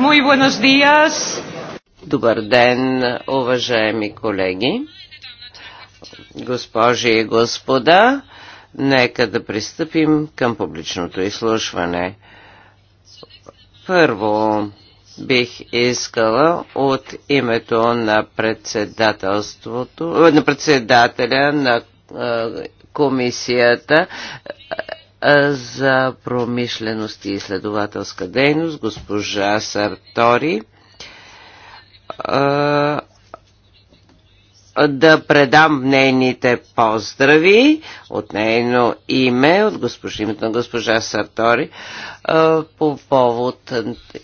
Muy buenos días. Добър ден, уважаеми колеги, госпожи и господа. Нека да пристъпим към публичното изслушване. Първо, бих искала от името на председателството, на председателя на комисията за промишленост и изследователска дейност, госпожа Сартори да предам нейните поздрави от нейно име, от името на госпожа Сартори, по повод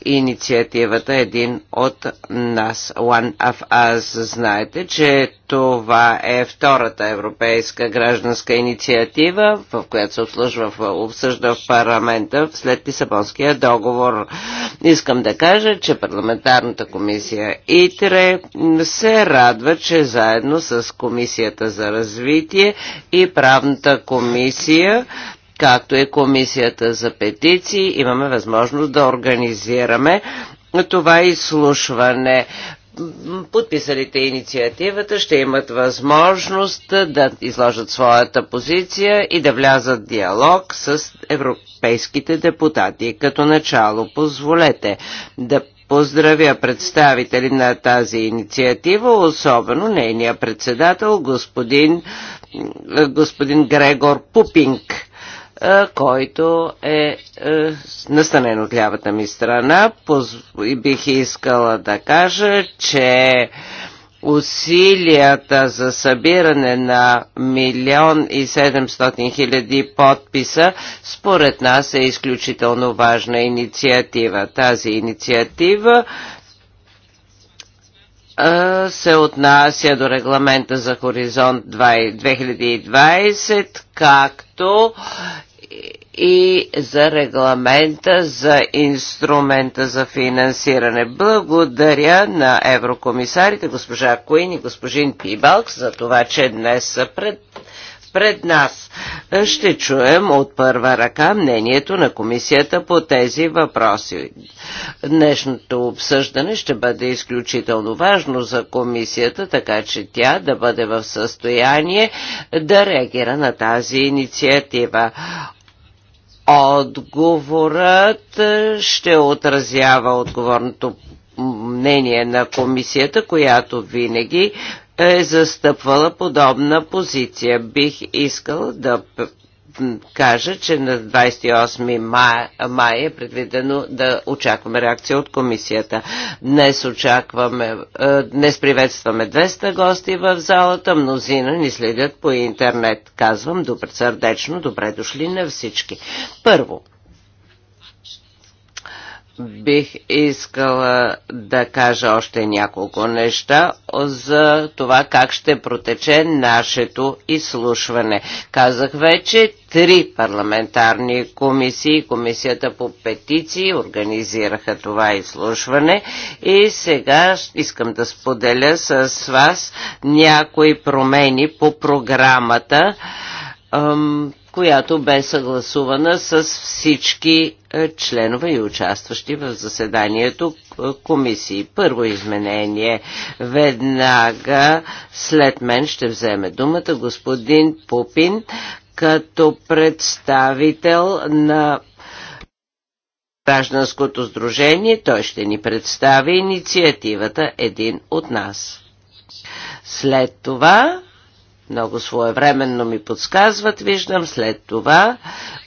инициативата един от нас, One of Us. Знаете, че това е втората европейска гражданска инициатива, в която се обслужва, обсъжда в парламента след Лисабонския договор. Искам да кажа, че парламентарната комисия ИТРЕ се радва, че заедно с Комисията за развитие и правната комисия както е комисията за петиции, имаме възможност да организираме това изслушване подписалите инициативата ще имат възможност да изложат своята позиция и да влязат диалог с европейските депутати. Като начало позволете да поздравя представители на тази инициатива, особено нейния председател господин, господин Грегор Пупинг който е, е, настанен от лявата ми страна. Бих искала да кажа, че усилията за събиране на милион и 700 хиляди подписа според нас е изключително важна инициатива. Тази инициатива се отнася до регламента за Хоризонт 2020, както и за регламента за инструмента за финансиране. Благодаря на еврокомисарите госпожа Куин и госпожин Пибалкс за това, че днес са пред пред нас. Ще чуем от първа ръка мнението на комисията по тези въпроси. Днешното обсъждане ще бъде изключително важно за комисията, така че тя да бъде в състояние да реагира на тази инициатива. Отговорът е, ще отразява отговорното мнение на комисията, която винаги е застъпвала подобна позиция. Бих искал да кажа, че на 28 май, май е предвидено да очакваме реакция от комисията. Днес очакваме, е, днес приветстваме 200 гости в залата, мнозина ни следят по интернет. Казвам добре, сърдечно, добре дошли на всички. Първо, бих искала да кажа още няколко неща за това как ще протече нашето изслушване. Казах вече, три парламентарни комисии. Комисията по петиции организираха това изслушване и сега искам да споделя с вас някои промени по програмата която бе съгласувана с всички е, членове и участващи в заседанието е, комисии. Първо изменение. Веднага след мен ще вземе думата господин Пупин, като представител на гражданското сдружение, той ще ни представи инициативата един от нас. След това много своевременно ми подсказват, виждам след това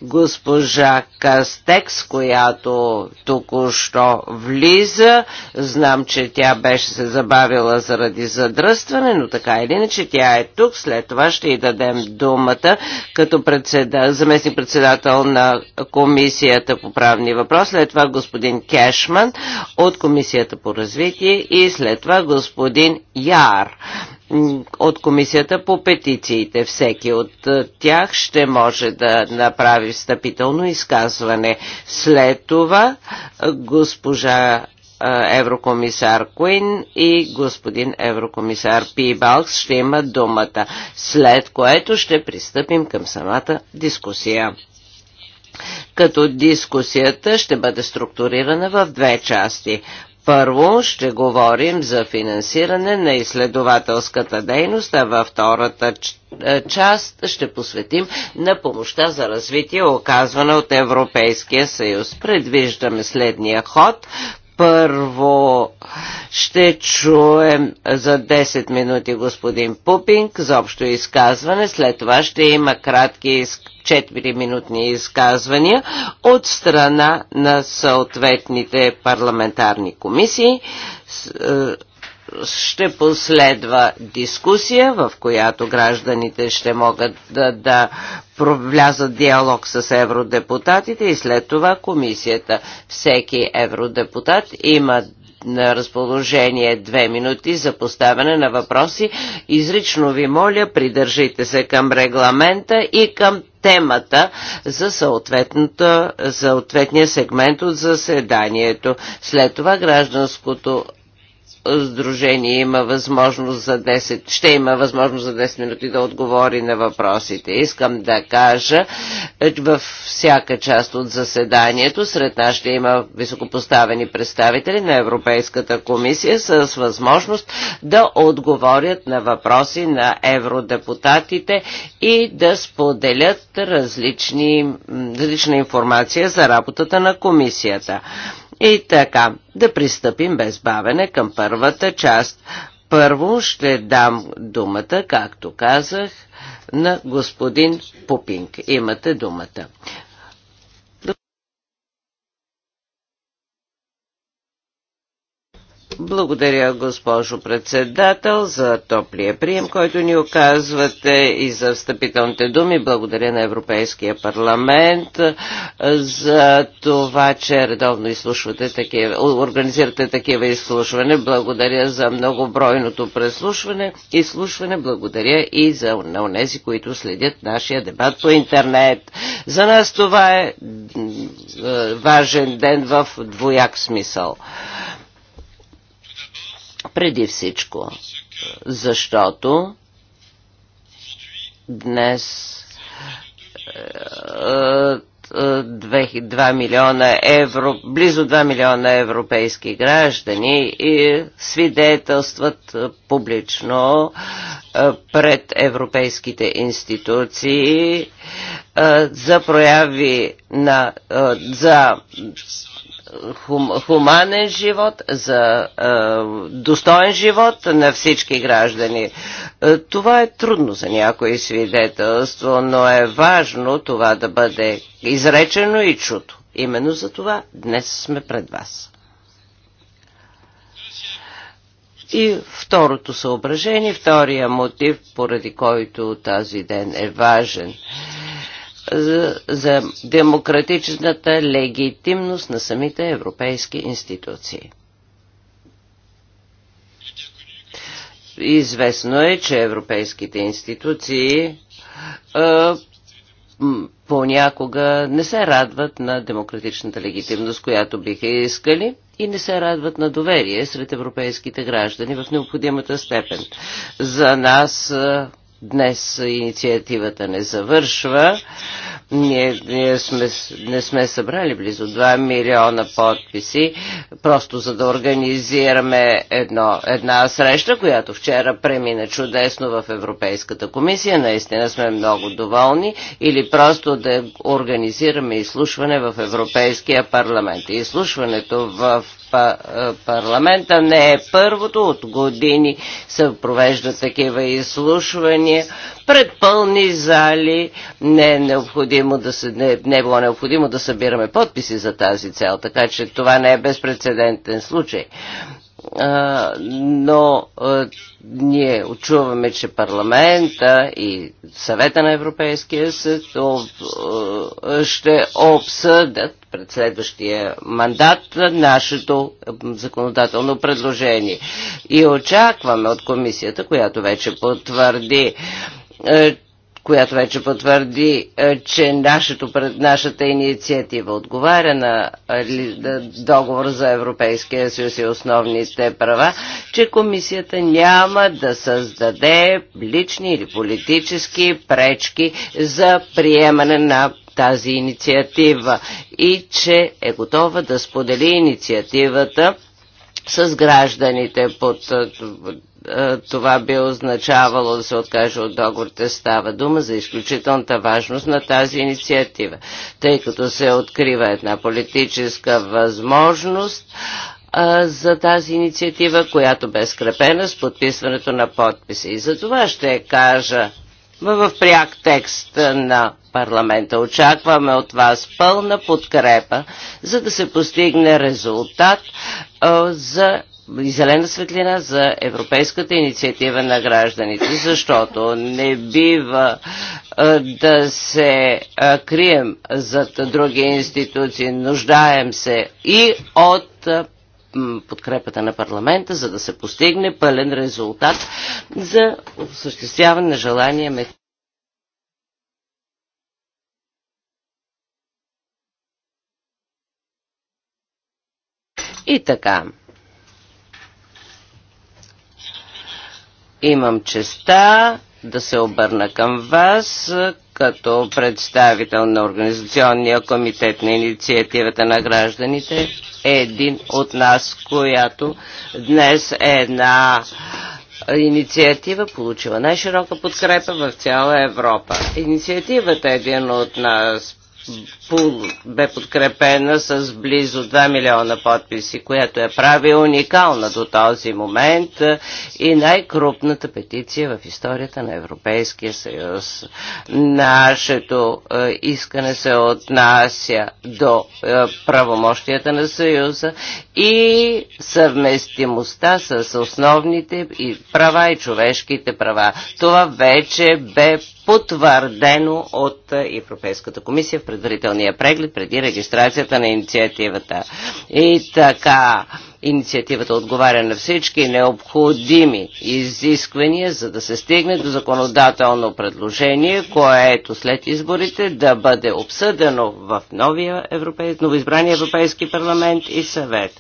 госпожа Кастекс, която току-що влиза. Знам, че тя беше се забавила заради задръстване, но така или иначе тя е тук. След това ще й дадем думата като председа, заместник председател на Комисията по правни въпроси. След това господин Кешман от Комисията по развитие и след това господин Яр от комисията по петициите. Всеки от е, тях ще може да направи встъпително изказване. След това е, госпожа е, еврокомисар Куин и господин еврокомисар Пибалкс ще имат думата, след което ще пристъпим към самата дискусия като дискусията ще бъде структурирана в две части. Първо ще говорим за финансиране на изследователската дейност, а във втората е, част ще посветим на помощта за развитие, оказвана от Европейския съюз. Предвиждаме следния ход. Първо ще чуем за 10 минути господин Пупинг за общо изказване, след това ще има кратки 4-минутни изказвания от страна на съответните парламентарни комисии е, ще последва дискусия, в която гражданите ще могат да, да влязат диалог с евродепутатите и след това комисията. Всеки евродепутат има на разположение две минути за поставяне на въпроси. Изрично ви моля, придържайте се към регламента и към темата за, съответния сегмент от заседанието. След това гражданското Сдружение има възможност за 10, ще има възможност за 10 минути да отговори на въпросите. Искам да кажа, е, че във всяка част от заседанието сред нас ще има високопоставени представители на Европейската комисия с възможност да отговорят на въпроси на евродепутатите и да споделят различни, различна информация за работата на комисията. И така, да пристъпим без бавене към първата част. Първо ще дам думата, както казах, на господин Попинг. Имате думата. Благодаря, госпожо председател, за топлия прием, който ни оказвате и за встъпителните думи. Благодаря на Европейския парламент за това, че редовно изслушвате такива, организирате такива изслушване. Благодаря за многобройното преслушване. Изслушване благодаря и за на унези, които следят нашия дебат по интернет. За нас това е важен ден в двояк смисъл. Преди всичко, защото днес 2 е, е, милиона евро, близо 2 милиона европейски граждани и свидетелстват публично е, пред европейските институции за прояви на, за хум, хуманен живот, за а, достоен живот на всички граждани. Това е трудно за някои свидетелство, но е важно това да бъде изречено и чуто. Именно за това днес сме пред вас. И второто съображение, втория мотив, поради който тази ден е важен – за, демократичната легитимност на самите европейски институции. Известно е, че европейските институции а, понякога не се радват на демократичната легитимност, която биха искали и не се радват на доверие сред европейските граждани в необходимата степен. За нас Днес инициативата не завършва. Ние, ние сме, не сме събрали близо 2 милиона подписи, просто за да организираме едно, една среща, която вчера премина чудесно в Европейската комисия. Наистина сме много доволни. Или просто да организираме изслушване в Европейския парламент. Изслушването в парламента не е първото. От години се провеждат такива изслушвания пред пълни зали. Не е, необходимо да се, не, не е било необходимо да събираме подписи за тази цел, така че това не е безпредседентен случай но ние очуваме, че парламента и съвета на Европейския съд ще обсъдят пред следващия мандат нашето законодателно предложение. И очакваме от комисията, която вече потвърди, която вече потвърди, е, че нашето, нашата инициатива отговаря е, на договор за Европейския съюз и основните права, че комисията няма да създаде лични или политически пречки за приемане на тази инициатива и че е готова да сподели инициативата с гражданите под е, е, това би означавало да се откаже от договорите. Става дума за изключителната важност на тази инициатива, тъй като се открива една политическа възможност е, за тази инициатива, която бе скрепена с подписването на подписи. И за това ще кажа в пряк текст на парламента. Очакваме от вас пълна подкрепа, за да се постигне резултат е, за и зелена светлина за европейската инициатива на гражданите, защото не бива да се крием зад други институции. Нуждаем се и от подкрепата на парламента, за да се постигне пълен резултат за осъществяване на желания механизъм. И така. Имам честа да се обърна към вас като представител на Организационния комитет на инициативата на гражданите. Един от нас, която днес е една инициатива получила най-широка подкрепа в цяла Европа. Инициативата е един от нас пул бе подкрепена с близо 2 милиона подписи, която я е прави уникална до този момент и най-крупната петиция в историята на Европейския съюз. Нашето е, искане се отнася до е, правомощията на съюза и съвместимостта с основните права и човешките права. Това вече бе потвърдено от Европейската комисия в предварителния преглед преди регистрацията на инициативата. И така, Инициативата отговаря на всички необходими изисквания, за да се стигне до законодателно предложение, което след изборите да бъде обсъдено в новия европей... новоизбрания Европейски парламент и съвет.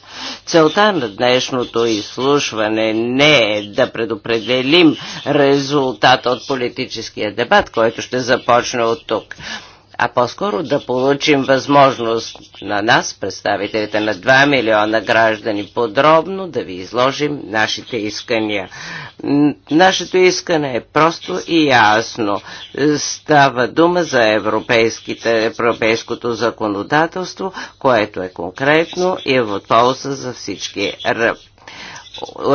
Целта на днешното изслушване не е да предопределим резултата от политическия дебат, който ще започне от тук а по-скоро да получим възможност на нас, представителите на 2 милиона граждани, подробно да ви изложим нашите искания. Нашето искане е просто и ясно. Става дума за европейското законодателство, което е конкретно и е в полза за всички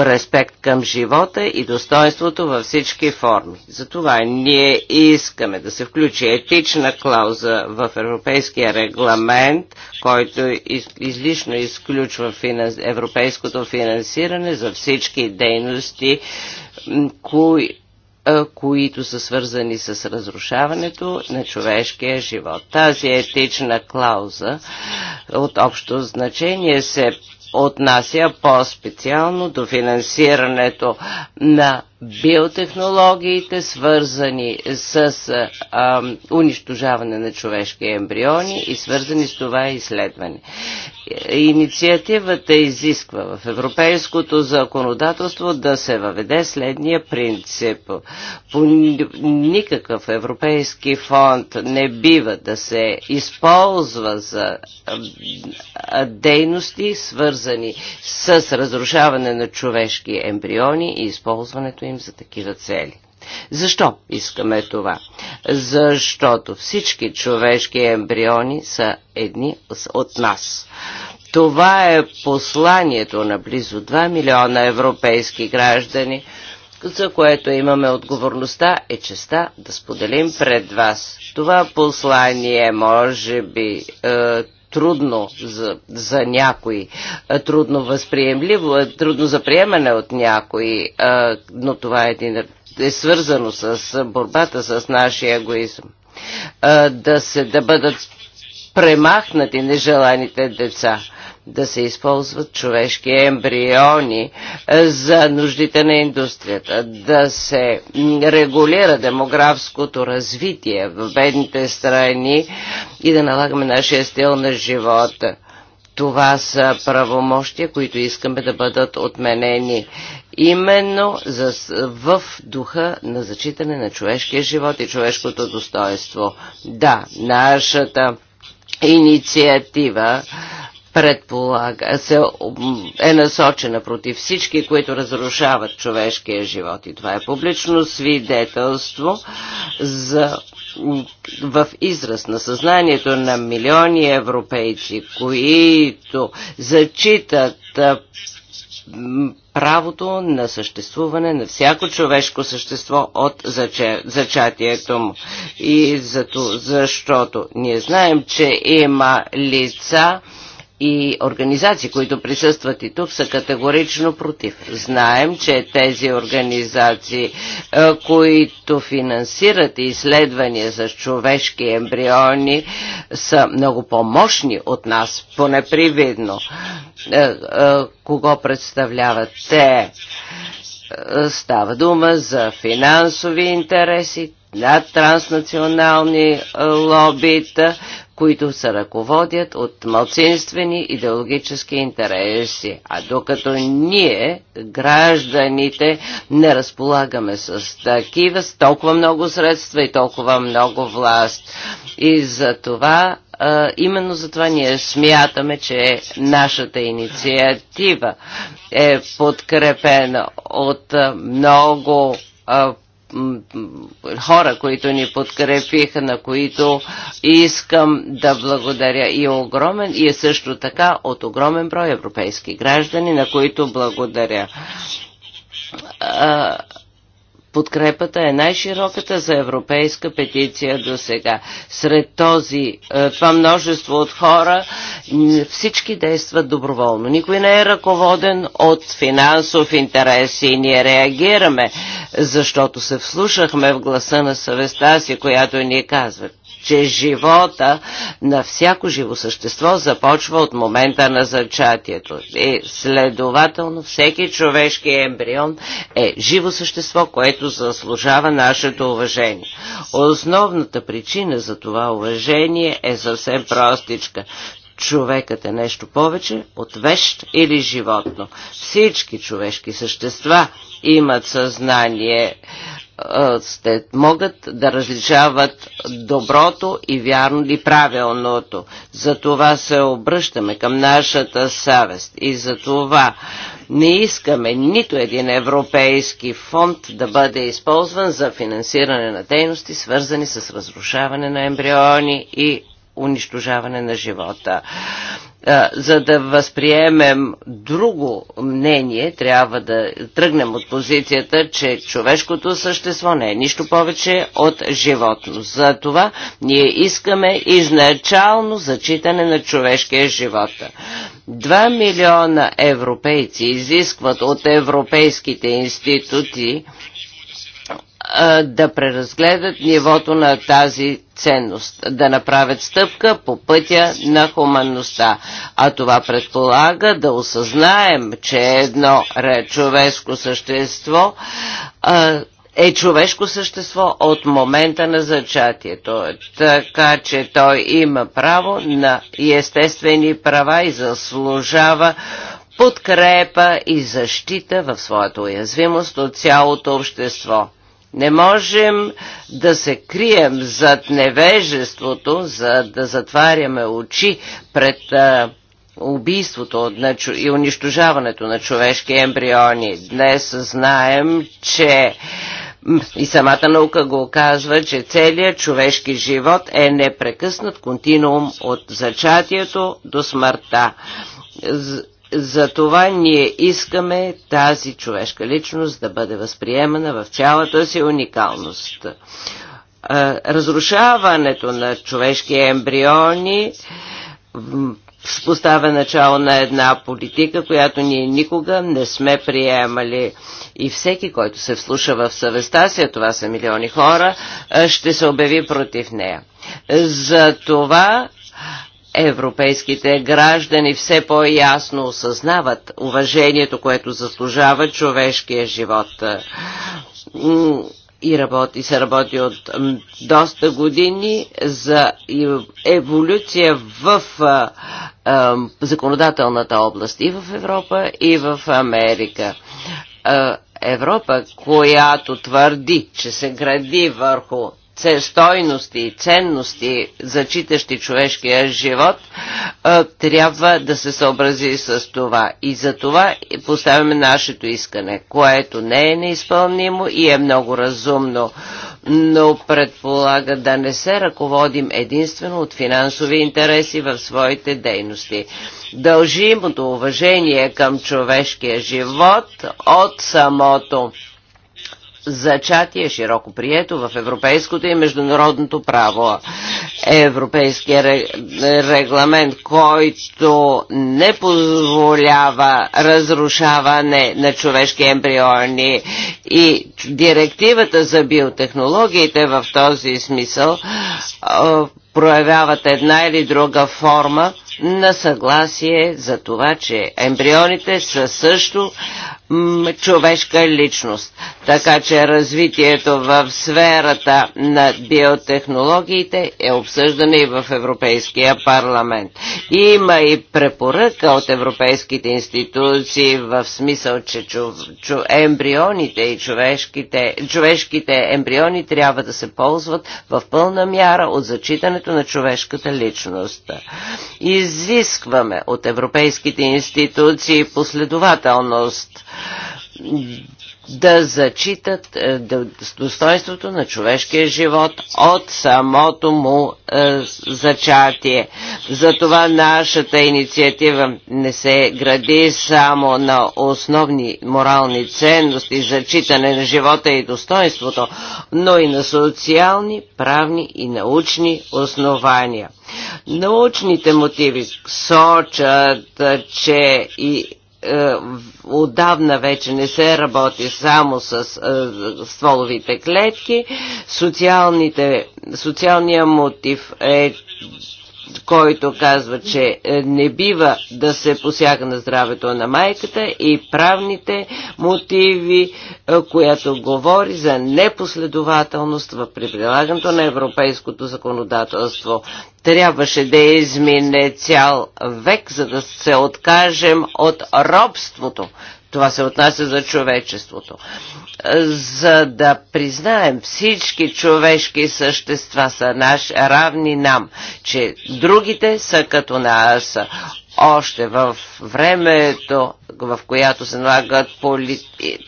респект към живота и достоинството във всички форми. Затова ние искаме да се включи етична клауза в Европейския регламент, който излишно изключва финанс... европейското финансиране за всички дейности, кои които са свързани с разрушаването на човешкия живот. Тази етична клауза от общо значение се отнася по-специално до финансирането на биотехнологиите, свързани с а, унищожаване на човешки ембриони и свързани с това изследване. Инициативата изисква в европейското законодателство да се въведе следния принцип. По никакъв европейски фонд не бива да се използва за дейности, свързани с разрушаване на човешки ембриони и използването им за такива цели. Защо искаме това? Защото всички човешки ембриони са едни от нас. Това е посланието на близо 2 милиона европейски граждани, за което имаме отговорността и честа да споделим пред вас. Това послание може би е, трудно за, за някои, е, трудно възприемливо, е, трудно за приемане от някои, е, но това е един е свързано с борбата с нашия егоизъм. Да, се, да бъдат премахнати нежеланите деца, да се използват човешки ембриони за нуждите на индустрията, да се регулира демографското развитие в бедните страни и да налагаме нашия стил на живота. Това са правомощия, които искаме да бъдат отменени именно за, в духа на зачитане на човешкия живот и човешкото достоинство. Да, нашата инициатива предполага, се, е насочена против всички, които разрушават човешкия живот. И това е публично свидетелство за, в израз на съзнанието на милиони европейци, които зачитат правото на съществуване на всяко човешко същество от зачатието му. И зато, защото ние знаем, че има лица, и организации, които присъстват и тук, са категорично против. Знаем, че тези организации, е, които финансират изследвания за човешки ембриони, са много по-мощни от нас, поне привидно. Е, е, кого представляват те? Става дума за финансови интереси, на транснационални лобита, които се ръководят от мълцинствени идеологически интереси. А докато ние, гражданите, не разполагаме с такива, с толкова много средства и толкова много власт. И за това именно затова ние смятаме, че нашата инициатива е подкрепена от много хора, които ни подкрепиха, на които искам да благодаря и е огромен, и е също така от огромен брой европейски граждани, на които благодаря. Подкрепата е най-широката за европейска петиция до сега. Сред този, е, това множество от хора всички действат доброволно. Никой не е ръководен от финансов интерес и ние реагираме, защото се вслушахме в гласа на съвестта си, която ни казват че живота на всяко живо същество започва от момента на зачатието. И следователно всеки човешки ембрион е живо същество, което заслужава нашето уважение. Основната причина за това уважение е съвсем простичка човекът е нещо повече от вещ или животно. Всички човешки същества имат съзнание могат да различават доброто и вярно и правилното. За това се обръщаме към нашата съвест и за това не искаме нито един европейски фонд да бъде използван за финансиране на дейности, свързани с разрушаване на ембриони и унищожаване на живота. За да възприемем друго мнение, трябва да тръгнем от позицията, че човешкото същество не е нищо повече от животно. За това ние искаме изначално зачитане на човешкия живот. Два милиона европейци изискват от европейските институти да преразгледат нивото на тази ценност, да направят стъпка по пътя на хуманността. А това предполага да осъзнаем, че едно човешко същество е човешко същество от момента на зачатието, така че той има право на естествени права и заслужава подкрепа и защита в своята уязвимост от цялото общество. Не можем да се крием зад невежеството, за да затваряме очи пред убийството и унищожаването на човешки ембриони. Днес знаем, че и самата наука го казва, че целият човешки живот е непрекъснат континуум от зачатието до смъртта затова ние искаме тази човешка личност да бъде възприемана в цялата си уникалност. Разрушаването на човешки ембриони поставя начало на една политика, която ние никога не сме приемали. И всеки, който се вслуша в съвестта си, а това са милиони хора, ще се обяви против нея. За това Европейските граждани все по-ясно осъзнават уважението, което заслужава човешкия живот и работи, се работи от доста години за еволюция в законодателната област и в Европа, и в Америка. Европа, която твърди, че се гради върху стойности и ценности, зачитащи човешкия живот, трябва да се съобрази с това. И за това поставяме нашето искане, което не е неизпълнимо и е много разумно, но предполага да не се ръководим единствено от финансови интереси в своите дейности. Дължимото уважение към човешкия живот от самото зачатие, широко прието в европейското и международното право. Европейския регламент, който не позволява разрушаване на човешки ембриони и директивата за биотехнологиите в този смисъл проявяват една или друга форма на съгласие за това, че ембрионите са също човешка личност. Така че развитието в сферата на биотехнологиите е обсъждане и в Европейския парламент. Има и препоръка от европейските институции в смисъл, че чу, чу, ембрионите и човешките, човешките ембриони трябва да се ползват в пълна мяра от зачитането на човешката личност. И изискваме от европейските институции последователност да зачитат е, достоинството на човешкия живот от самото му е, зачатие. Затова нашата инициатива не се гради само на основни морални ценности, зачитане на живота и достоинството, но и на социални, правни и научни основания. Научните мотиви сочат, че и е, отдавна вече не се работи само с е, стволовите клетки. социалният мотив е който казва, че е, не бива да се посяга на здравето на майката и правните мотиви, е, която говори за непоследователност в прилагането на европейското законодателство. Трябваше да измине цял век, за да се откажем от робството. Това се отнася за човечеството. За да признаем всички човешки същества са наши, равни нам, че другите са като нас още в времето, в която се налагат полит...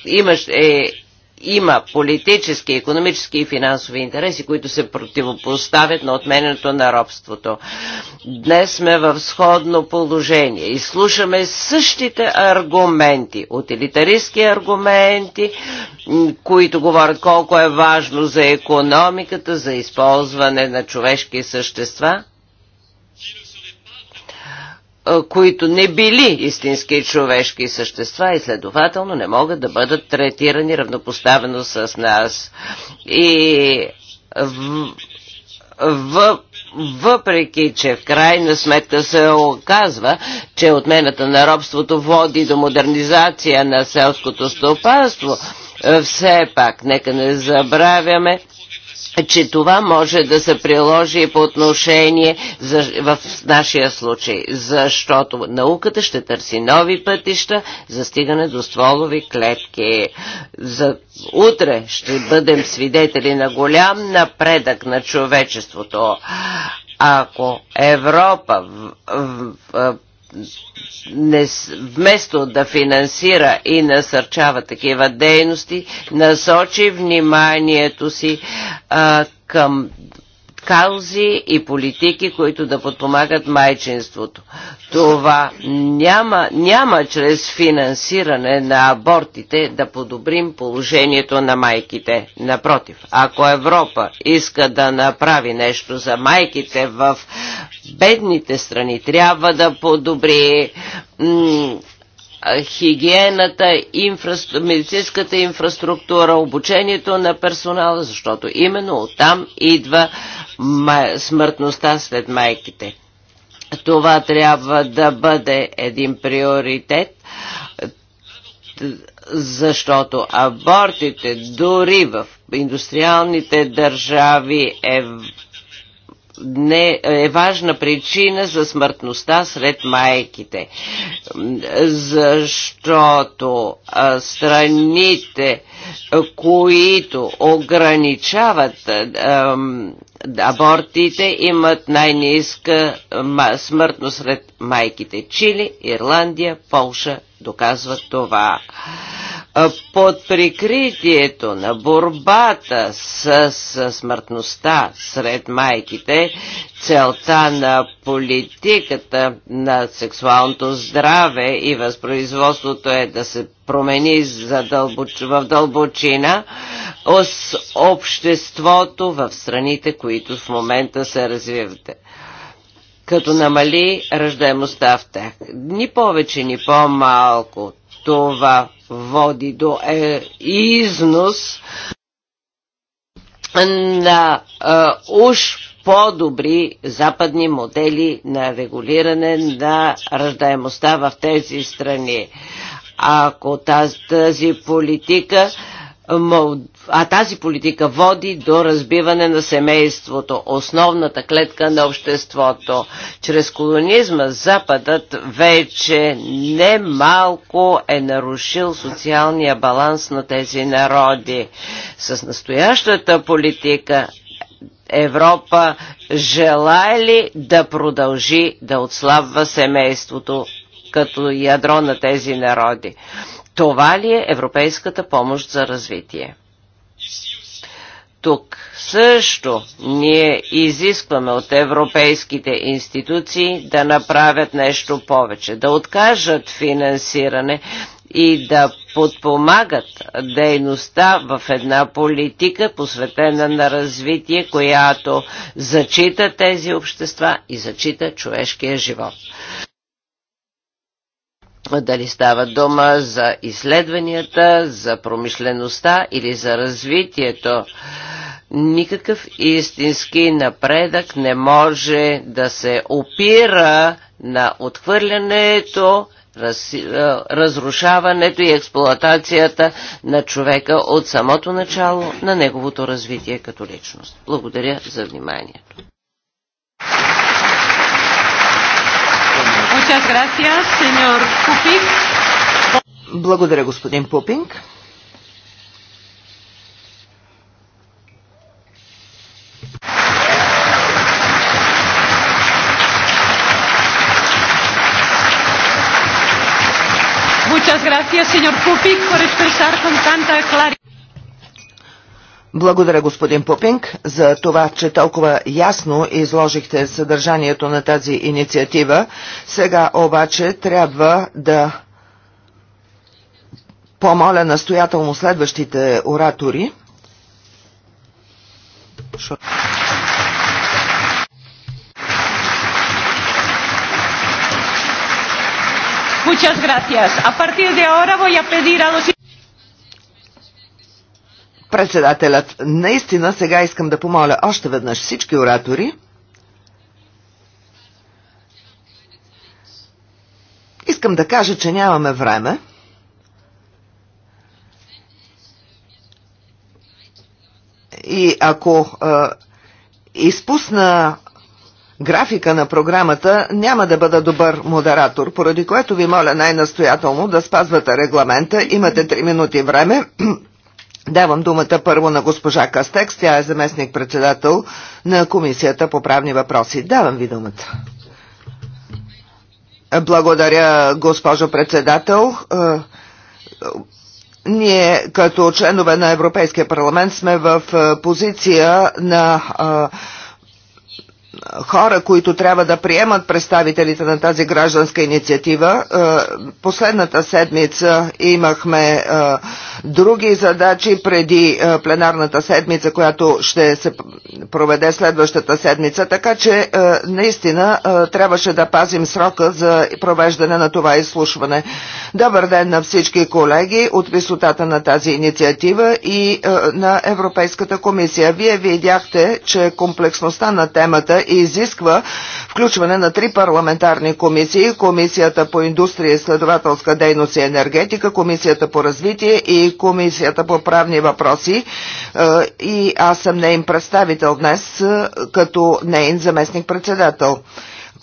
имаш, е, има политически, економически и финансови интереси, които се противопоставят на отменянето на робството. Днес сме в сходно положение и слушаме същите аргументи, утилитаристски аргументи, които говорят колко е важно за економиката, за използване на човешки същества, които не били истински човешки същества и следователно не могат да бъдат третирани равнопоставено с нас. И в, в, въпреки че в крайна сметка се оказва, че отмената на робството води до модернизация на селското стопанство, все пак нека не забравяме, че това може да се приложи по отношение за, в нашия случай, защото науката ще търси нови пътища за стигане до стволови клетки. За утре ще бъдем свидетели на голям напредък на човечеството. Ако Европа в, в, в, не, вместо да финансира и насърчава такива дейности, насочи вниманието си а, към каузи и политики, които да подпомагат майчинството. Това няма, няма чрез финансиране на абортите да подобрим положението на майките. Напротив, ако Европа иска да направи нещо за майките в бедните страни, трябва да подобри хигиената, инфра... медицинската инфраструктура, обучението на персонала, защото именно оттам идва смъртността след майките. Това трябва да бъде един приоритет, защото абортите дори в индустриалните държави е не е важна причина за смъртността сред майките. Защото страните, които ограничават абортите, имат най-низка смъртност сред майките. Чили, Ирландия, Полша доказват това. Под прикритието на борбата с смъртността сред майките, целта на политиката на сексуалното здраве и възпроизводството е да се промени в дълбочина с обществото в страните, които в момента се развивате като намали ръждаемостта в тях. Ни повече, ни по-малко. Това води до е, износ на е, уж по-добри западни модели на регулиране на ръждаемостта в тези страни. Ако тази, тази политика а тази политика води до разбиване на семейството, основната клетка на обществото. Чрез колонизма Западът вече немалко е нарушил социалния баланс на тези народи. С настоящата политика Европа желая ли да продължи да отслабва семейството като ядро на тези народи? Това ли е европейската помощ за развитие? Тук също ние изискваме от европейските институции да направят нещо повече, да откажат финансиране и да подпомагат дейността в една политика, посветена на развитие, която зачита тези общества и зачита човешкия живот дали става дума за изследванията, за промишлеността или за развитието. Никакъв истински напредък не може да се опира на отхвърлянето, раз, е, разрушаването и експлоатацията на човека от самото начало на неговото развитие като личност. Благодаря за вниманието. Благодаря, господин Пупинг. Muchas gracias, señor Pupik, por expresar con tanta claridad. Благодаря, господин Попинг, за това, че толкова ясно изложихте съдържанието на тази инициатива. Сега обаче трябва да помоля настоятелно следващите оратори. Muchas gracias. A partir de ahora voy a pedir a los Председателят, наистина сега искам да помоля още веднъж всички оратори Искам да кажа, че нямаме време. И ако е, изпусна графика на програмата, няма да бъда добър модератор, поради което ви моля най-настоятелно да спазвате регламента. Имате 3 минути време. Давам думата първо на госпожа Кастекс, тя е заместник-председател на Комисията по правни въпроси. Давам ви думата. Благодаря, госпожо председател. Е, ние като членове на Европейския парламент сме в е, позиция на е, хора, които трябва да приемат представителите на тази гражданска инициатива. Е, последната седмица имахме е, други задачи преди е, пленарната седмица, която ще се проведе следващата седмица, така че наистина трябваше да пазим срока за провеждане на това изслушване. Добър ден на всички колеги от висотата на тази инициатива и на Европейската комисия. Вие видяхте, че комплексността на темата изисква включване на три парламентарни комисии – Комисията по индустрия и следователска дейност и енергетика, Комисията по развитие и Комисията по правни въпроси. Е, и аз съм нейн представител днес е, като нейн заместник-председател.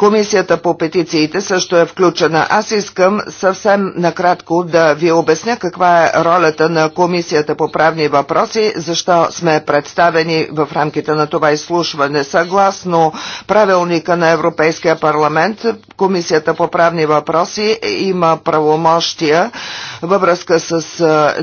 Комисията по петициите също е включена. Аз искам съвсем накратко да ви обясня каква е ролята на Комисията по правни въпроси, защо сме представени в рамките на това изслушване. Съгласно правилника на Европейския парламент, Комисията по правни въпроси има правомощия във връзка с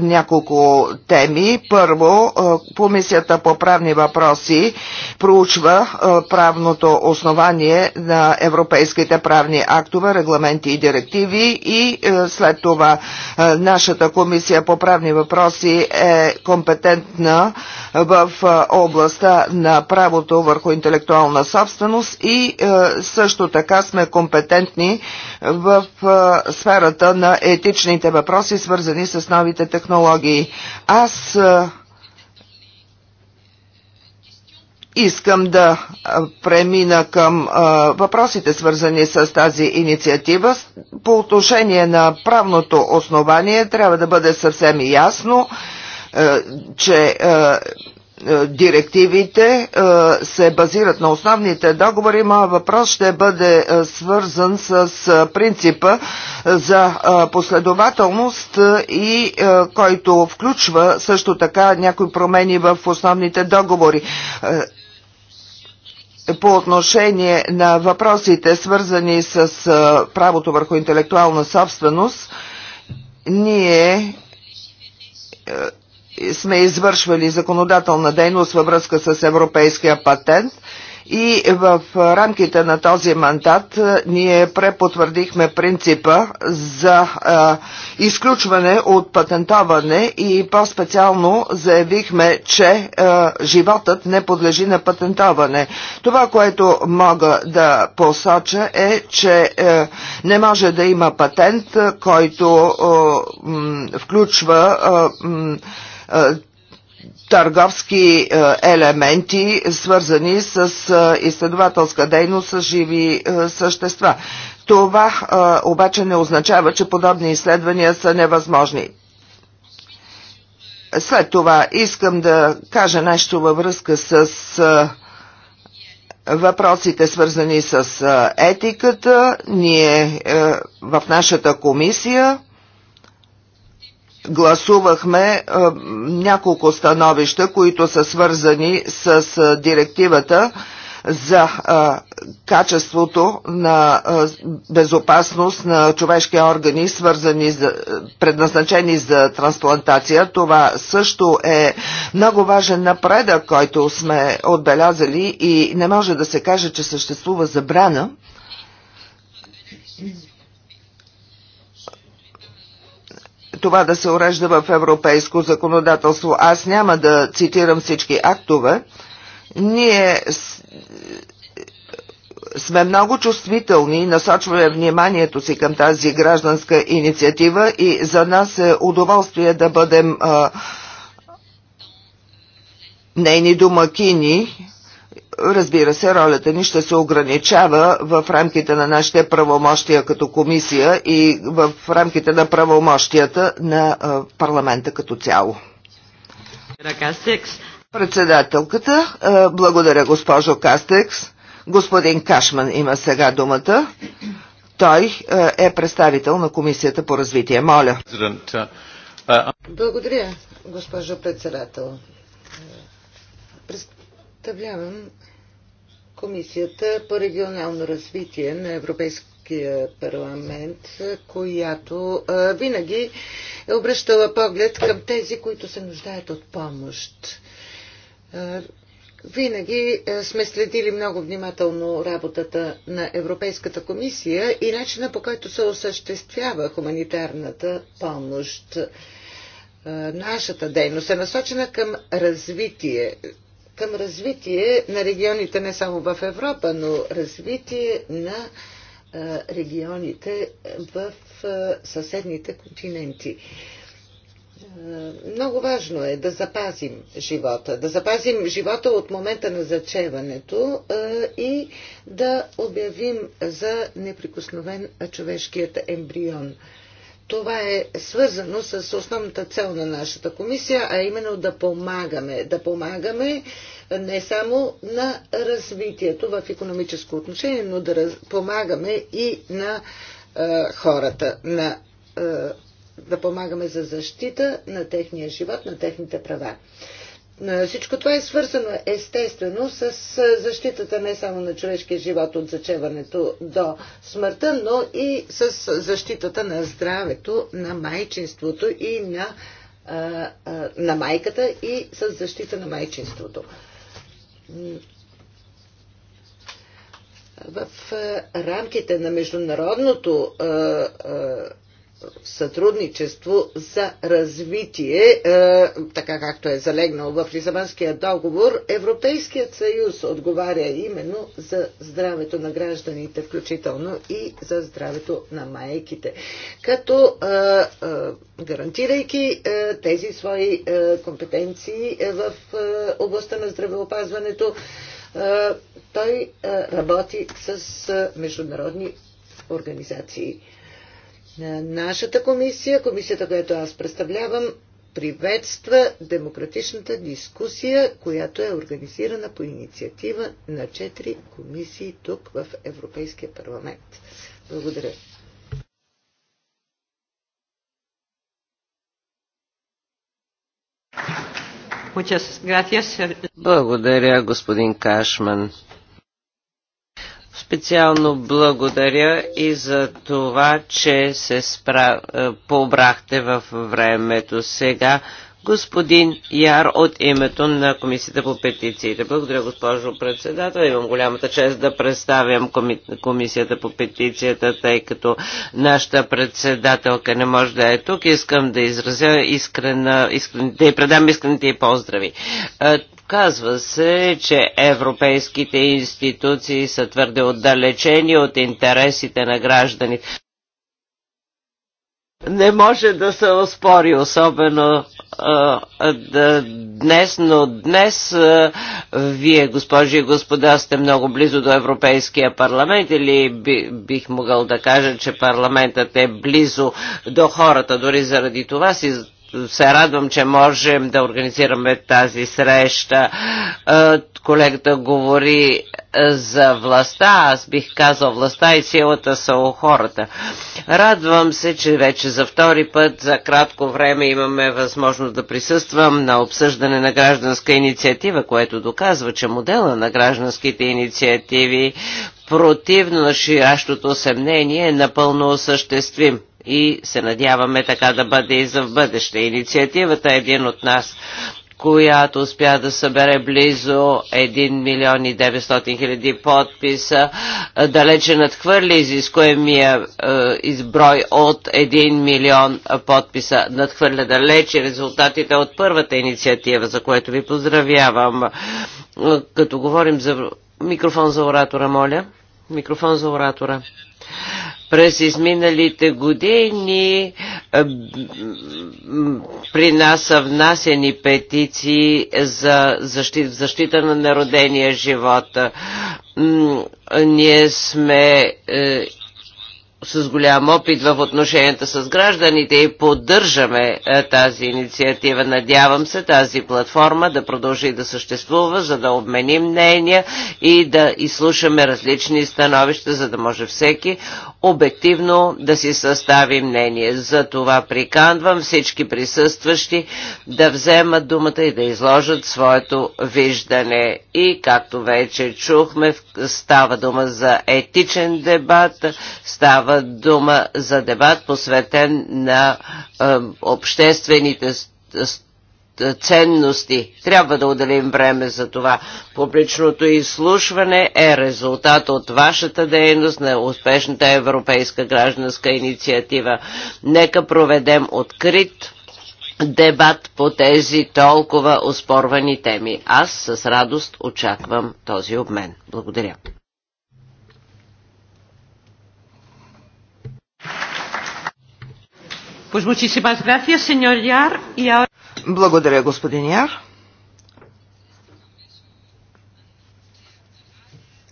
няколко теми. Първо, Комисията по правни въпроси проучва правното основание на Европейския европейските правни актове, регламенти и директиви и е, след това е, нашата комисия по правни въпроси е компетентна в е, областта на правото върху интелектуална собственост и също така сме компетентни в сферата на етичните въпроси, свързани с новите технологии. Аз Искам да премина към въпросите, свързани с тази инициатива. По отношение на правното основание трябва да бъде съвсем ясно, че е, директивите е, се базират на основните договори. Моя въпрос ще бъде е, свързан с принципа за последователност и който включва също така някои промени в основните договори по отношение на въпросите, свързани с правото върху интелектуална собственост, ние сме извършвали законодателна дейност във връзка с европейския патент и в рамките на този мандат е, ние препотвърдихме принципа за а, е, изключване от патентоване и по-специално заявихме, че а, е, животът не подлежи на патентоване. Това, което мога да посоча е, че а, не може да има патент, който а, м, включва а, м, е, търговски е, елементи, свързани с е, изследователска дейност с живи същества. Това обаче не означава, че подобни изследвания са невъзможни. След това искам да кажа нещо във връзка с въпросите свързани с етиката. Ние в нашата комисия гласувахме е, няколко становища, които са свързани с е, директивата за а, е, качеството на а, безопасност на човешки органи, свързани за, предназначени за трансплантация. Това също е много важен напредък, който сме отбелязали и не може да се каже, че съществува забрана това да се урежда в европейско законодателство. Аз няма да цитирам всички актове. Ние сме много чувствителни, насочваме вниманието си към тази гражданска инициатива и за нас е удоволствие да бъдем а, нейни домакини разбира се, ролята ни ще се ограничава в рамките на нашите правомощия като комисия и в рамките на правомощията на е, парламента като цяло. Председателката, е, благодаря госпожо Кастекс. Господин Кашман има сега думата. Той е, е представител на Комисията по развитие. Моля. Благодаря, госпожо председател. Представлявам Комисията по регионално развитие на Европейския парламент, която винаги е обръщала поглед към тези, които се нуждаят от помощ. Винаги сме следили много внимателно работата на Европейската комисия и начина по който се осъществява хуманитарната помощ. Нашата дейност е насочена към развитие към развитие на регионите не само в Европа, но развитие на регионите в съседните континенти. Много важно е да запазим живота, да запазим живота от момента на зачеването и да обявим за неприкосновен човешкият ембрион – това е свързано с основната цел на нашата комисия, а именно да помагаме. Да помагаме не само на развитието в економическо отношение, но да раз... помагаме и на е, хората, на, е, да помагаме за защита на техния живот, на техните права. Е, всичко това е свързано естествено с е, защитата не само на човешкия живот от зачеването до смъртта, но и с защитата на здравето, на майчинството и на, е, на майката и с защита на майчинството. В рамките на международното сътрудничество за развитие, е, така както е залегнал в Лисабонския договор, Европейският съюз отговаря именно за здравето на гражданите, включително и за здравето на майките, като е, е, гарантирайки тези свои компетенции в областта на здравеопазването, той работи с международни организации е, нашата комисия, комисията, която аз представлявам, приветства демократичната дискусия, която е организирана по инициатива на четири комисии тук в Европейския парламент. Благодаря. Благодаря, господин Кашман. Специално благодаря и за това, че се спра... Е, побрахте в времето сега господин Яр от името на Комисията по петициите. Благодаря, госпожо председател. Имам голямата чест да представям коми... Комисията по петицията, тъй като нашата председателка не може да е тук. Искам да изразя искрена, искрен, да й предам искрените и поздрави. Е, Казва се, че европейските институции са твърде отдалечени от интересите на гражданите. Не може да се оспори, особено а, да, днес, но днес а, вие, госпожи и господа, сте много близо до Европейския парламент или би, бих могъл да кажа, че парламентът е близо до хората. Дори заради това си се радвам, че можем да организираме тази среща. Е, колегата говори е, за властта, аз бих казал властта и силата са у хората. Радвам се, че вече за втори път, за кратко време имаме възможност да присъствам на обсъждане на гражданска инициатива, което доказва, че модела на гражданските инициативи противно на ширащото съмнение е напълно осъществим и се надяваме така да бъде и за в бъдеще. Инициативата е един от нас която успя да събере близо 1 милион и 900 хиляди подписа, далече надхвърли изискуемия е, изброй от 1 милион подписа, надхвърля далече резултатите от първата инициатива, за което ви поздравявам. Като говорим за микрофон за оратора, моля. Микрофон за оратора. През изминалите години при нас са внасени петиции за защита, защита на народения живот. Ние сме е, с голям опит в отношенията с гражданите и поддържаме е, тази инициатива. Надявам се тази платформа да продължи да съществува, за да обменим мнения и да изслушаме различни становища, за да може всеки обективно да си състави мнение. За това приканвам всички присъстващи да вземат думата и да изложат своето виждане. И както вече чухме, става дума за етичен дебат, става става дума за дебат посветен на е, обществените ценности. Трябва да отделим време за това. Публичното изслушване е резултат от вашата дейност на успешната европейска гражданска инициатива. Нека проведем открит дебат по тези толкова оспорвани теми. Аз с радост очаквам този обмен. Благодаря. Благодаря, господин Яр.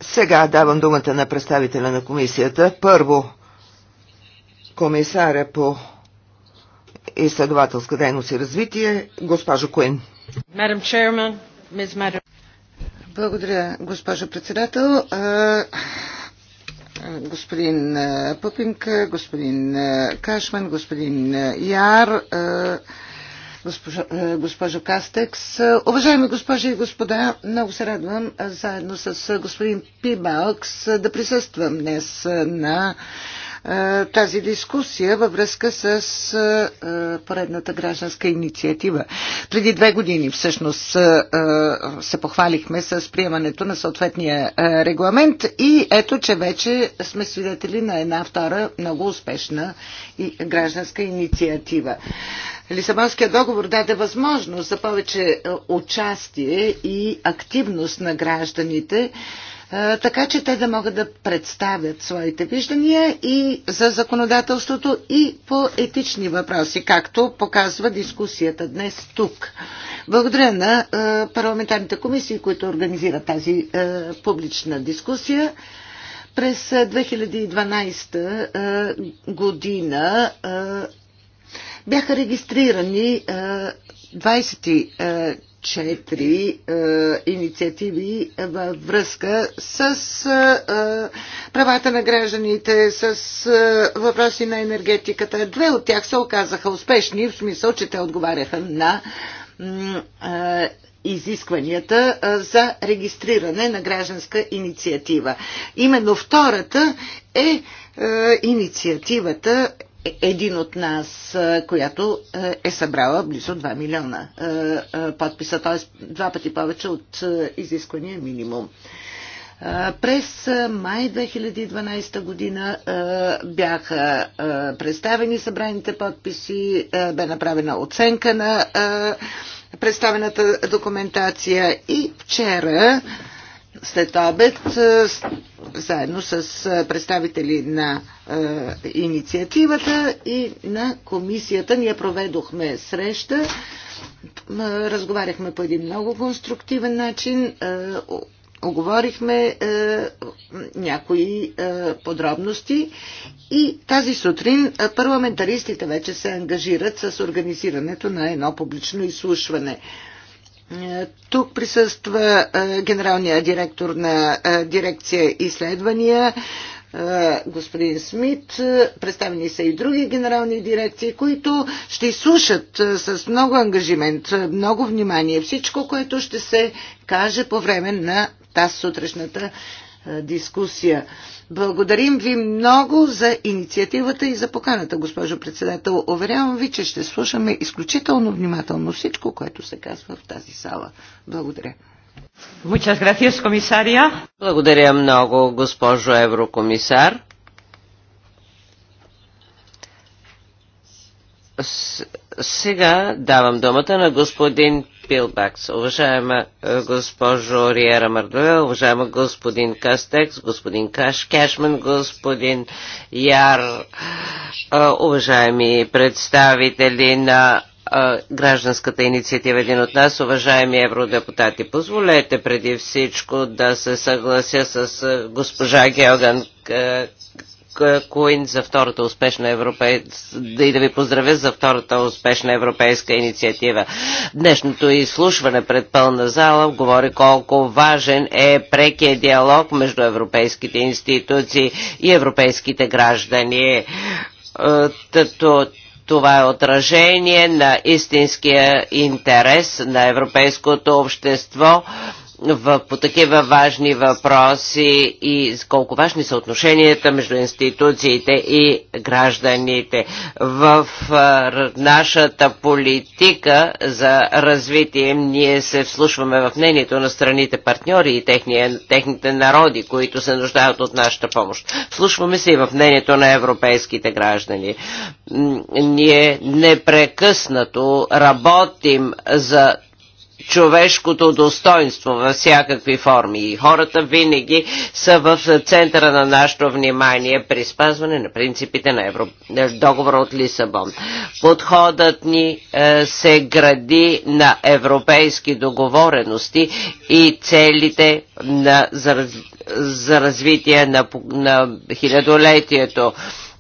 Сега давам думата на представителя на комисията. Първо, комисаря по изследователска дейност и развитие, госпожо Куин. Благодаря, госпожо председател господин Пъпинка, господин Кашман, господин Яр, госпожо, госпожо Кастекс. Уважаеми госпожи и господа, много се радвам заедно с господин Пибалкс да присъствам днес на е, тази дискусия във връзка с е, е, поредната гражданска инициатива. Преди две години всъщност се похвалихме с приемането на съответния регламент и ето, че вече сме свидетели на една втора много успешна гражданска инициатива. Лисабонският договор даде възможност за повече участие и активност на гражданите е, така че те да могат да представят своите виждания и за законодателството и по етични въпроси, както показва дискусията днес тук. Благодаря на е, парламентарните комисии, които организират тази е, публична дискусия. През 2012 година бяха регистрирани 24 четири е, инициативи във връзка с е, правата на гражданите, с е, въпроси на енергетиката. Две от тях се оказаха успешни, в смисъл, че те отговаряха на е, изискванията е, за регистриране на гражданска инициатива. Именно втората е, е инициативата един от нас, е, която е, е събрала близо 2 милиона е, подписа, т.е. два пъти повече от изисквания минимум. През май 2012 година бяха представени събраните подписи, бе направена оценка на представената документация и вчера след обед е, заедно с е, представители на е, инициативата и на комисията. Ние проведохме среща, разговаряхме по един много конструктивен начин, оговорихме някои подробности и тази сутрин парламентаристите вече се ангажират с организирането на едно публично изслушване. Тук присъства генералния директор на дирекция изследвания господин Смит, представени са и други генерални дирекции, които ще изслушат с много ангажимент, много внимание всичко, което ще се каже по време на тази сутрешната дискусия. Благодарим ви много за инициативата и за поканата, госпожо председател. Уверявам ви, че ще слушаме изключително внимателно всичко, което се казва в тази сала. Благодаря. Muchas gracias, комисария. Благодаря много, госпожо еврокомисар. Сега давам думата на господин Пилбакс, уважаема е, госпожо Риера Мардове, уважаема господин Кастекс, господин Каш, Кешман, господин Яр, е, уважаеми представители на е, гражданската инициатива един от нас, уважаеми евродепутати. Позволете преди всичко да се съглася с госпожа Геоган Куин за втората успешна европейска и да ви поздравя за втората успешна европейска инициатива. Днешното изслушване пред пълна зала говори колко важен е прекия диалог между европейските институции и европейските граждани. Е, Тато това е отражение на истинския интерес на европейското общество в, по такива важни въпроси и колко важни са отношенията между институциите и гражданите. В а, нашата политика за развитие ние се вслушваме в мнението на страните партньори и техни, техните народи, които се нуждаят от нашата помощ. Вслушваме се и в мнението на европейските граждани. Ние непрекъснато работим за човешкото достоинство във всякакви форми. И хората винаги са в центъра на нашето внимание при спазване на принципите на Европ... договора от Лисабон. Подходът ни е, се гради на европейски договорености и целите на, за, за развитие на, на хилядолетието.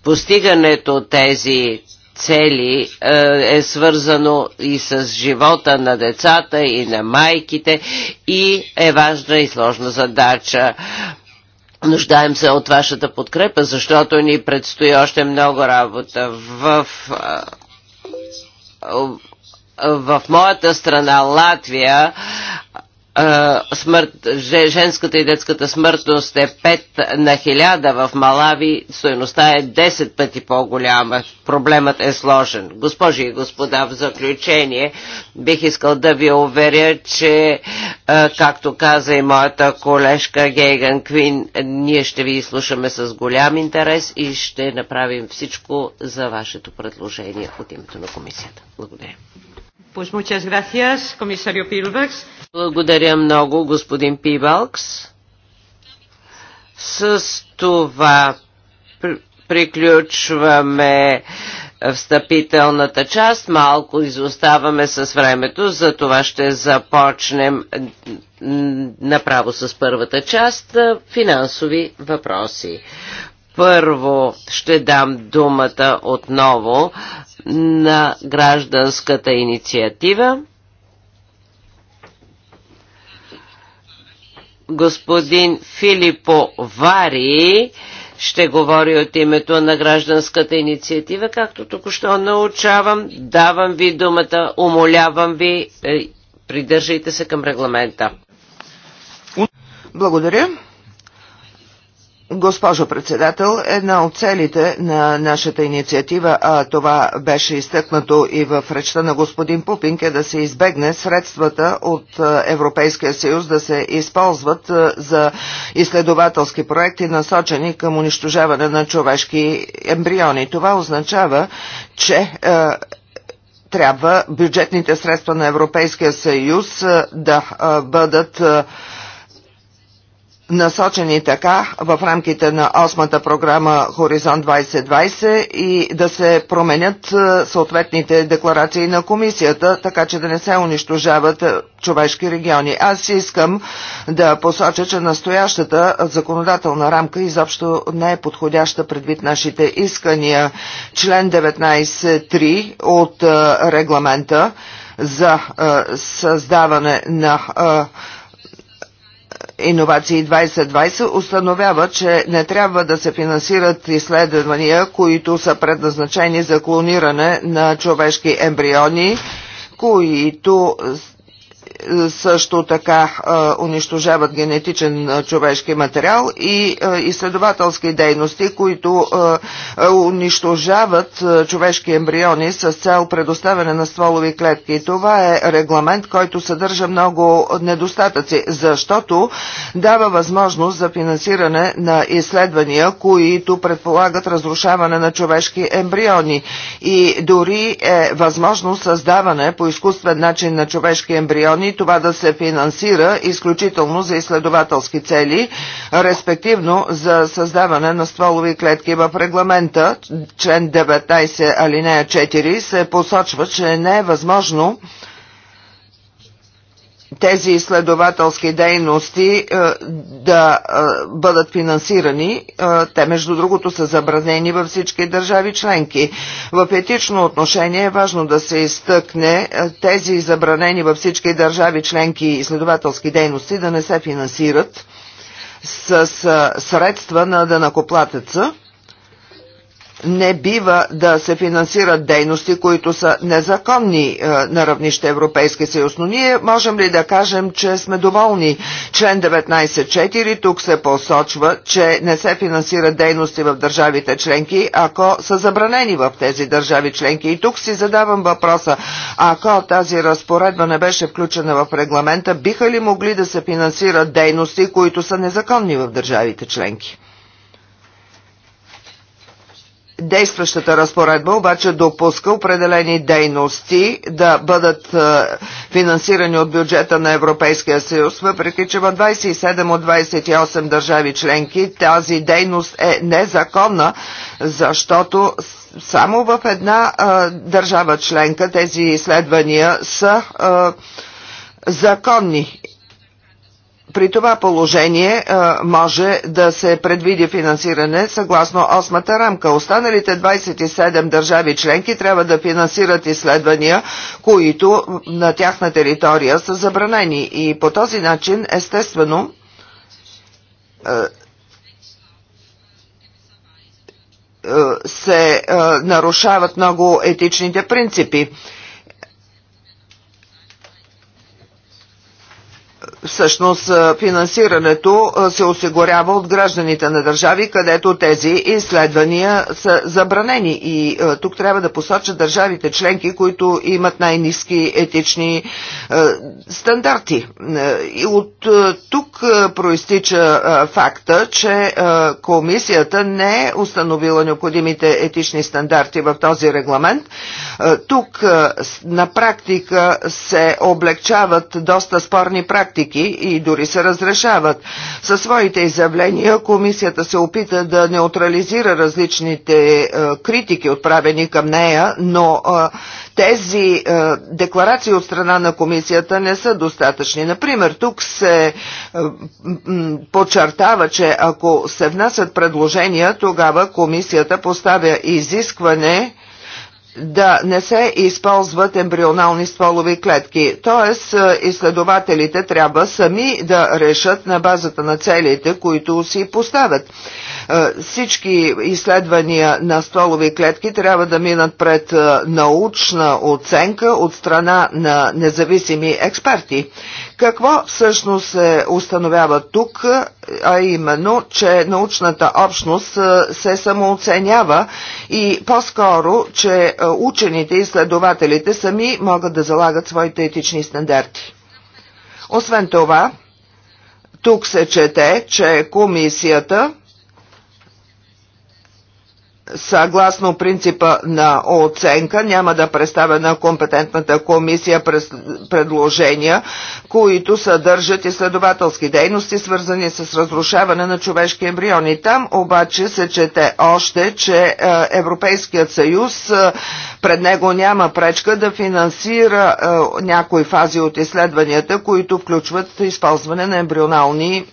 Постигането тези цели е, е свързано и с живота на децата и на майките и е важна и сложна задача. Нуждаем се от вашата подкрепа, защото ни предстои още много работа. В, е, в моята страна Латвия смърт, женската и детската смъртност е 5 на 1000 в Малави, стоеността е 10 пъти по-голяма. Проблемът е сложен. Госпожи и господа, в заключение бих искал да ви уверя, че както каза и моята колежка Гейган Квин, ние ще ви изслушаме с голям интерес и ще направим всичко за вашето предложение от името на комисията. Благодаря muchas gracias, комисарио Благодаря много, господин Пибалкс. С това приключваме встъпителната част. Малко изоставаме с времето, за това ще започнем направо с първата част – финансови въпроси. Първо ще дам думата отново на гражданската инициатива. Господин Филипо Вари ще говори от името на гражданската инициатива, както току-що научавам. Давам ви думата, умолявам ви, е, придържайте се към регламента. Благодаря. Госпожо председател, една от целите на нашата инициатива, а това беше изтъкнато и в речта на господин Пупинг, е да се избегне средствата от Европейския съюз да се използват за изследователски проекти, насочени към унищожаване на човешки ембриони. Това означава, че трябва бюджетните средства на Европейския съюз да бъдат насочени така в рамките на 8-та програма Хоризонт 2020 и да се променят е, съответните декларации на комисията, така че да не се унищожават е, човешки региони. Аз искам да посоча, че настоящата законодателна рамка изобщо не е подходяща предвид нашите искания. Член 19.3 от е, регламента за създаване на иновации 2020 установява, че не трябва да се финансират изследвания, които са предназначени за клониране на човешки ембриони, които също така унищожават генетичен човешки материал и изследователски дейности, които унищожават човешки ембриони с цел предоставяне на стволови клетки. Това е регламент, който съдържа много недостатъци, защото дава възможност за финансиране на изследвания, които предполагат разрушаване на човешки ембриони и дори е възможно създаване по изкуствен начин на човешки ембриони причини това да се финансира изключително за изследователски цели, респективно за създаване на стволови клетки в регламента, член 19 алинея 4, се посочва, че не е възможно тези изследователски дейности е, да е, бъдат финансирани. Е, те, между другото, са забранени във всички държави членки. В етично отношение е важно да се изтъкне тези забранени във всички държави членки изследователски дейности да не се финансират с средства на дънакоплатеца не бива да се финансират дейности, които са незаконни е, на равнище Европейски съюз. Но ние можем ли да кажем, че сме доволни? Член 19.4 тук се посочва, че не се финансират дейности в държавите членки, ако са забранени в тези държави членки. И тук си задавам въпроса, ако тази разпоредба не беше включена в регламента, биха ли могли да се финансират дейности, които са незаконни в държавите членки? Действащата разпоредба обаче допуска определени дейности да бъдат е, финансирани от бюджета на Европейския съюз, въпреки че в 27 от 28 държави членки тази дейност е незаконна, защото само в една е, държава членка тези изследвания са е, законни при това положение може да се предвиди финансиране съгласно осмата рамка. Останалите 27 държави членки трябва да финансират изследвания, които на тяхна територия са забранени. И по този начин, естествено, се нарушават много етичните принципи. всъщност финансирането се осигурява от гражданите на държави, където тези изследвания са забранени. И тук трябва да посоча държавите членки, които имат най-низки етични стандарти. И от тук проистича факта, че комисията не е установила необходимите етични стандарти в този регламент. Тук на практика се облегчават доста спорни практики критики и дори се разрешават. Със своите изявления комисията се опита да неутрализира различните е, критики, отправени към нея, но е, тези е, декларации от страна на комисията не са достатъчни. Например, тук се е, подчертава, че ако се внасят предложения, тогава комисията поставя изискване да не се използват ембрионални стволови клетки. Т.е. изследователите трябва сами да решат на базата на целите, които си поставят. Е, всички изследвания на стволови клетки трябва да минат пред е, научна оценка от страна на независими експерти. Какво всъщност се установява тук, а именно, че научната общност се самооценява и по-скоро, че учените и следователите сами могат да залагат своите етични стандарти. Освен това, тук се чете, че комисията съгласно принципа на оценка няма да представя на компетентната комисия предложения, които съдържат изследователски дейности, свързани с разрушаване на човешки ембриони. Там обаче се чете още, че е, Европейският съюз е, пред него няма пречка да финансира е, някои фази от изследванията, които включват използване на ембрионални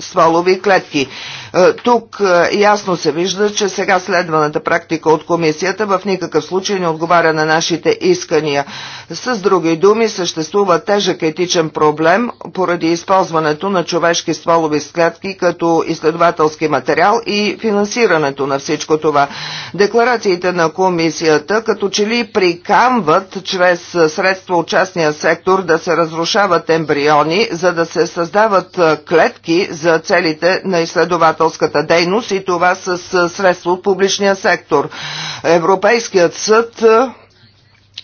стволови клетки. Е, тук е, ясно се вижда, че сега следваната практика от комисията в никакъв случай не отговаря на нашите искания. С други думи, съществува тежък етичен проблем поради използването на човешки стволови склетки като изследователски материал и финансирането на всичко това. Декларациите на комисията като че ли прикамват чрез средства от частния сектор да се разрушават ембриони, за да се създават е, клетки за целите на изследователите изследователската дейност и това с средства от публичния сектор. Европейският съд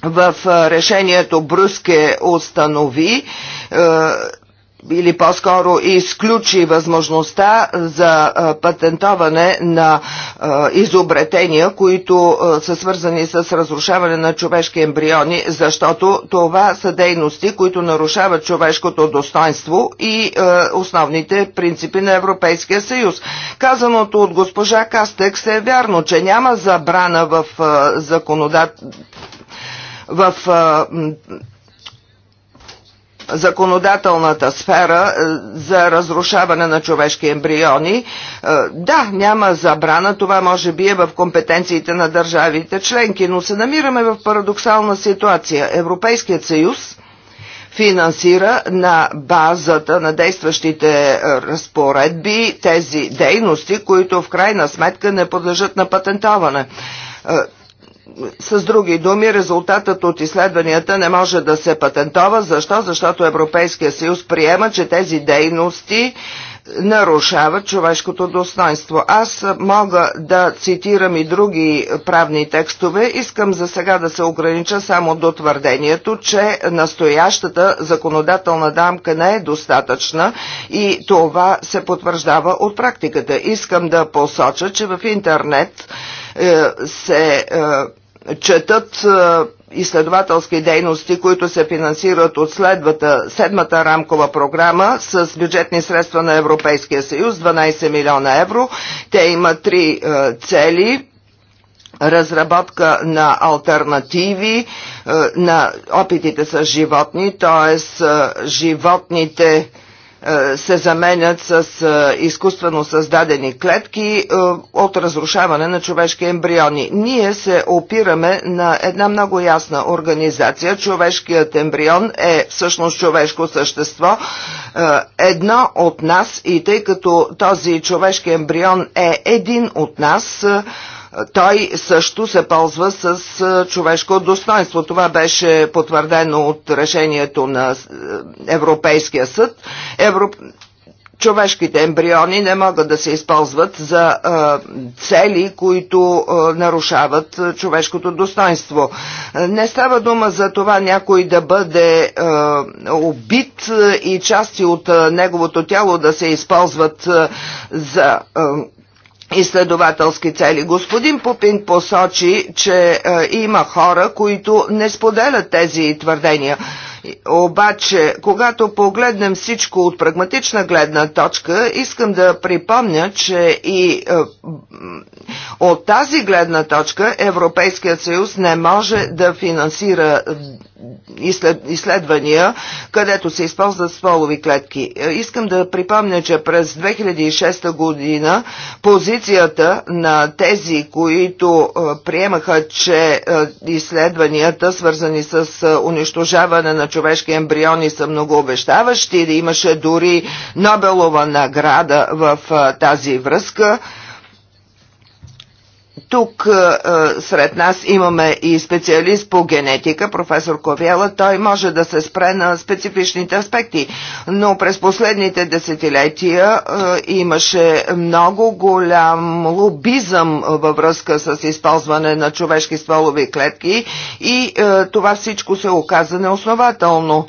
в решението Брюске установи или по-скоро изключи възможността за патентоване на изобретения, които са свързани с разрушаване на човешки ембриони, защото това са дейности, които нарушават човешкото достоинство и основните принципи на Европейския съюз. Казаното от госпожа Кастекс е вярно, че няма забрана в законодателството в законодателната сфера е, за разрушаване на човешки ембриони. Е, да, няма забрана, това може би е в компетенциите на държавите членки, но се намираме в парадоксална ситуация. Европейският съюз финансира на базата на действащите е, разпоредби тези дейности, които в крайна сметка не подлежат на патентоване с други думи, резултатът от изследванията не може да се патентова. Защо? Защото Европейския съюз приема, че тези дейности нарушават човешкото достоинство. Аз мога да цитирам и други правни текстове. Искам за сега да се огранича само до твърдението, че настоящата законодателна дамка не е достатъчна и това се потвърждава от практиката. Искам да посоча, че в интернет е, се е, четат е, изследователски дейности, които се финансират от следвата, седмата рамкова програма с бюджетни средства на Европейския съюз, 12 милиона евро. Те имат три цели разработка на альтернативи на опитите с животни, т.е. животните е, се заменят с е, изкуствено създадени клетки е, от разрушаване на човешки ембриони. Ние се опираме на една много ясна организация. Човешкият ембрион е всъщност човешко същество. Едно от нас и тъй като този човешки ембрион е един от нас, той също се ползва с човешко достоинство. Това беше потвърдено от решението на Европейския съд. Европ... Човешките ембриони не могат да се използват за а, цели, които а, нарушават а, човешкото достоинство. Не става дума за това някой да бъде а, убит и части от а, неговото тяло да се използват а, за. А, изследователски цели. Господин Пупин посочи, че е, има хора, които не споделят тези твърдения. Обаче, когато погледнем всичко от прагматична гледна точка, искам да припомня, че и е, от тази гледна точка Европейският съюз не може да финансира изследвания, където се използват стволови клетки. Е, искам да припомня, че през 2006 година позицията на тези, които е, приемаха, че изследванията, свързани с унищожаване на човешки ембриони са много обещаващи. Имаше дори Нобелова награда в тази връзка. Тук сред нас имаме и специалист по генетика, професор Ковяла. Той може да се спре на специфичните аспекти, но през последните десетилетия имаше много голям лобизъм във връзка с използване на човешки стволови клетки и това всичко се оказа неоснователно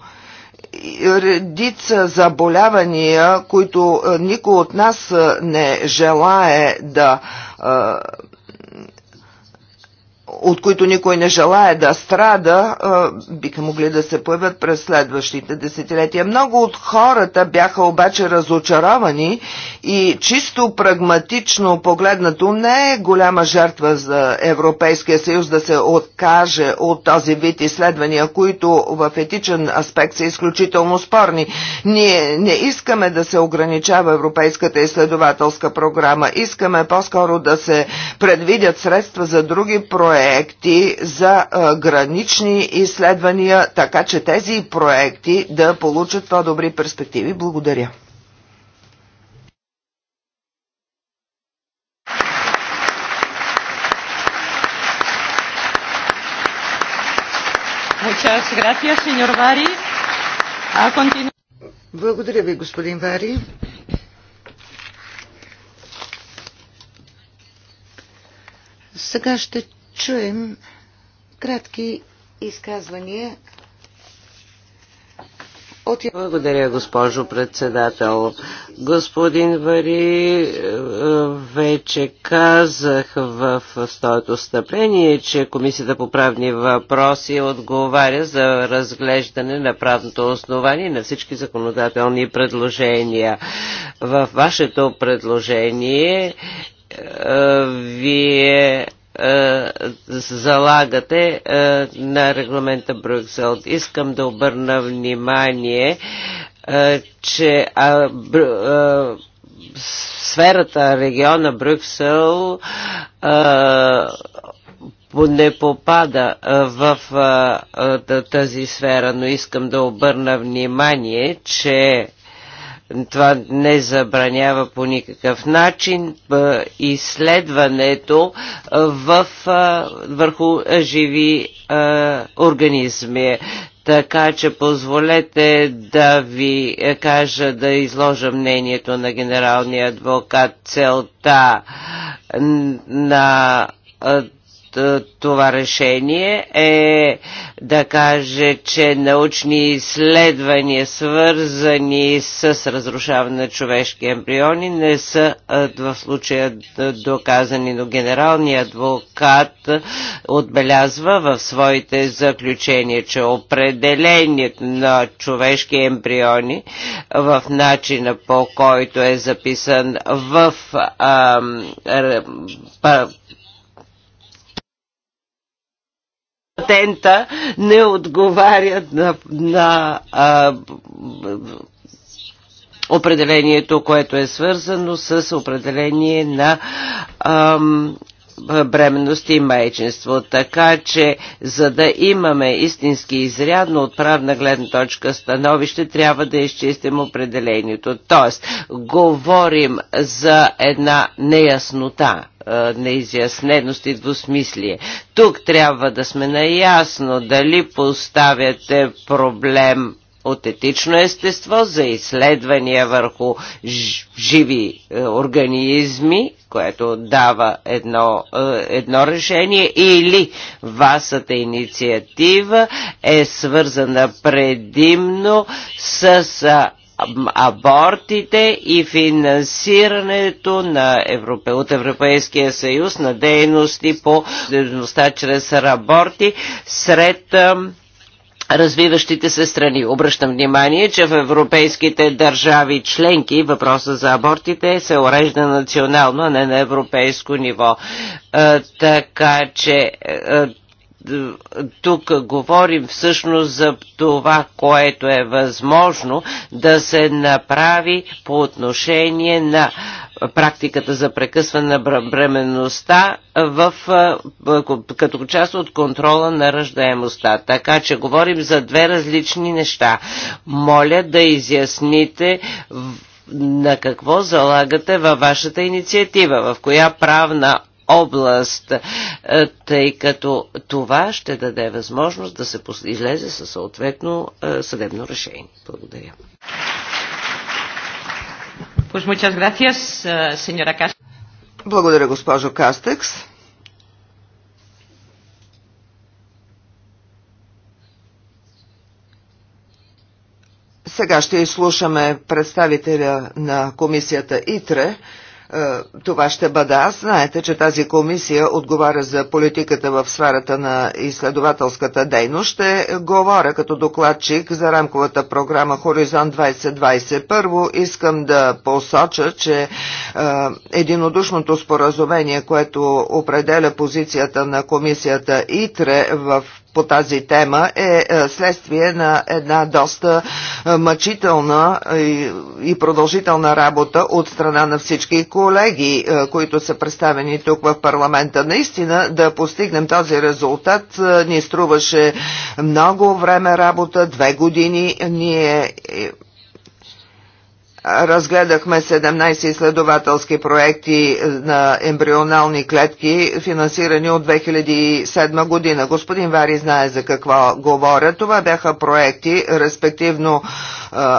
редица заболявания, които никой от нас не желае да от които никой не желая да страда, биха могли да се появят през следващите десетилетия. Много от хората бяха обаче разочаровани и чисто прагматично погледнато не е голяма жертва за Европейския съюз да се откаже от този вид изследвания, които в етичен аспект са изключително спорни. Ние не искаме да се ограничава Европейската изследователска програма, искаме по-скоро да се предвидят средства за други проекти, проекти за гранични изследвания, така че тези проекти да получат по-добри перспективи. Благодаря. Благодаря ви, господин Вари. Сега ще чуем кратки изказвания от... Благодаря, госпожо председател. Господин Вари, е, вече казах в своето стъпление, че Комисията по правни въпроси отговаря за разглеждане на правното основание на всички законодателни предложения. В вашето предложение е, вие е, залагате е, на регламента Брюксел. Искам да обърна внимание, е, че сферата, региона Брюксел не попада в тази сфера, но искам да обърна внимание, че това не забранява по никакъв начин изследването в, върху живи организми. Така че позволете да ви е, кажа да изложа мнението на генералния адвокат целта на това решение е да каже, че научни изследвания, свързани с разрушаване на човешки ембриони, не са в случая доказани, но генералният адвокат отбелязва в своите заключения, че определението на човешки ембриони в начина по който е записан в патента не отговарят на, на а, определението, което е свързано с определение на а, бременност и майчинство. Така че, за да имаме истински изрядно от правна гледна точка становище, трябва да изчистим определението. Тоест, говорим за една неяснота е, неизясненост и двусмислие. Тук трябва да сме наясно дали поставяте проблем от етично естество за изследвания върху живи е, организми, което дава едно, е, едно решение, или вашата инициатива е свързана предимно с абортите и финансирането на Европе, от Европейския съюз на дейности по дейността чрез аборти сред развиващите се страни. Обръщам внимание, че в европейските държави членки въпроса за абортите се урежда национално, а не на европейско ниво. Е, така че е, тук говорим всъщност за това, което е възможно да се направи по отношение на практиката за прекъсване на бременността в, като част от контрола на ръждаемостта. Така че говорим за две различни неща. Моля да изясните на какво залагате във вашата инициатива, в коя правна област, е, тъй като това ще даде възможност да се излезе със съответно е, съдебно решение. Благодаря. Е, Благодаря, госпожо Кастекс. Сега ще изслушаме представителя на комисията ИТРЕ, е, това ще бъда аз. Знаете, че тази комисия отговаря за политиката в сферата на изследователската дейност. Ще говоря като докладчик за рамковата програма Хоризонт 2020. Първо искам да посоча, че е, единодушното споразумение, което определя позицията на комисията ИТРЕ в по тази тема е, е следствие на една доста е, мъчителна е, и продължителна работа от страна на всички колеги, които са представени тук в парламента. Наистина да постигнем този резултат ни струваше много време работа, две години. Ние Разгледахме 17 изследователски проекти е, на ембрионални клетки, финансирани от 2007 година. Господин Вари знае за какво говоря. Това бяха проекти, респективно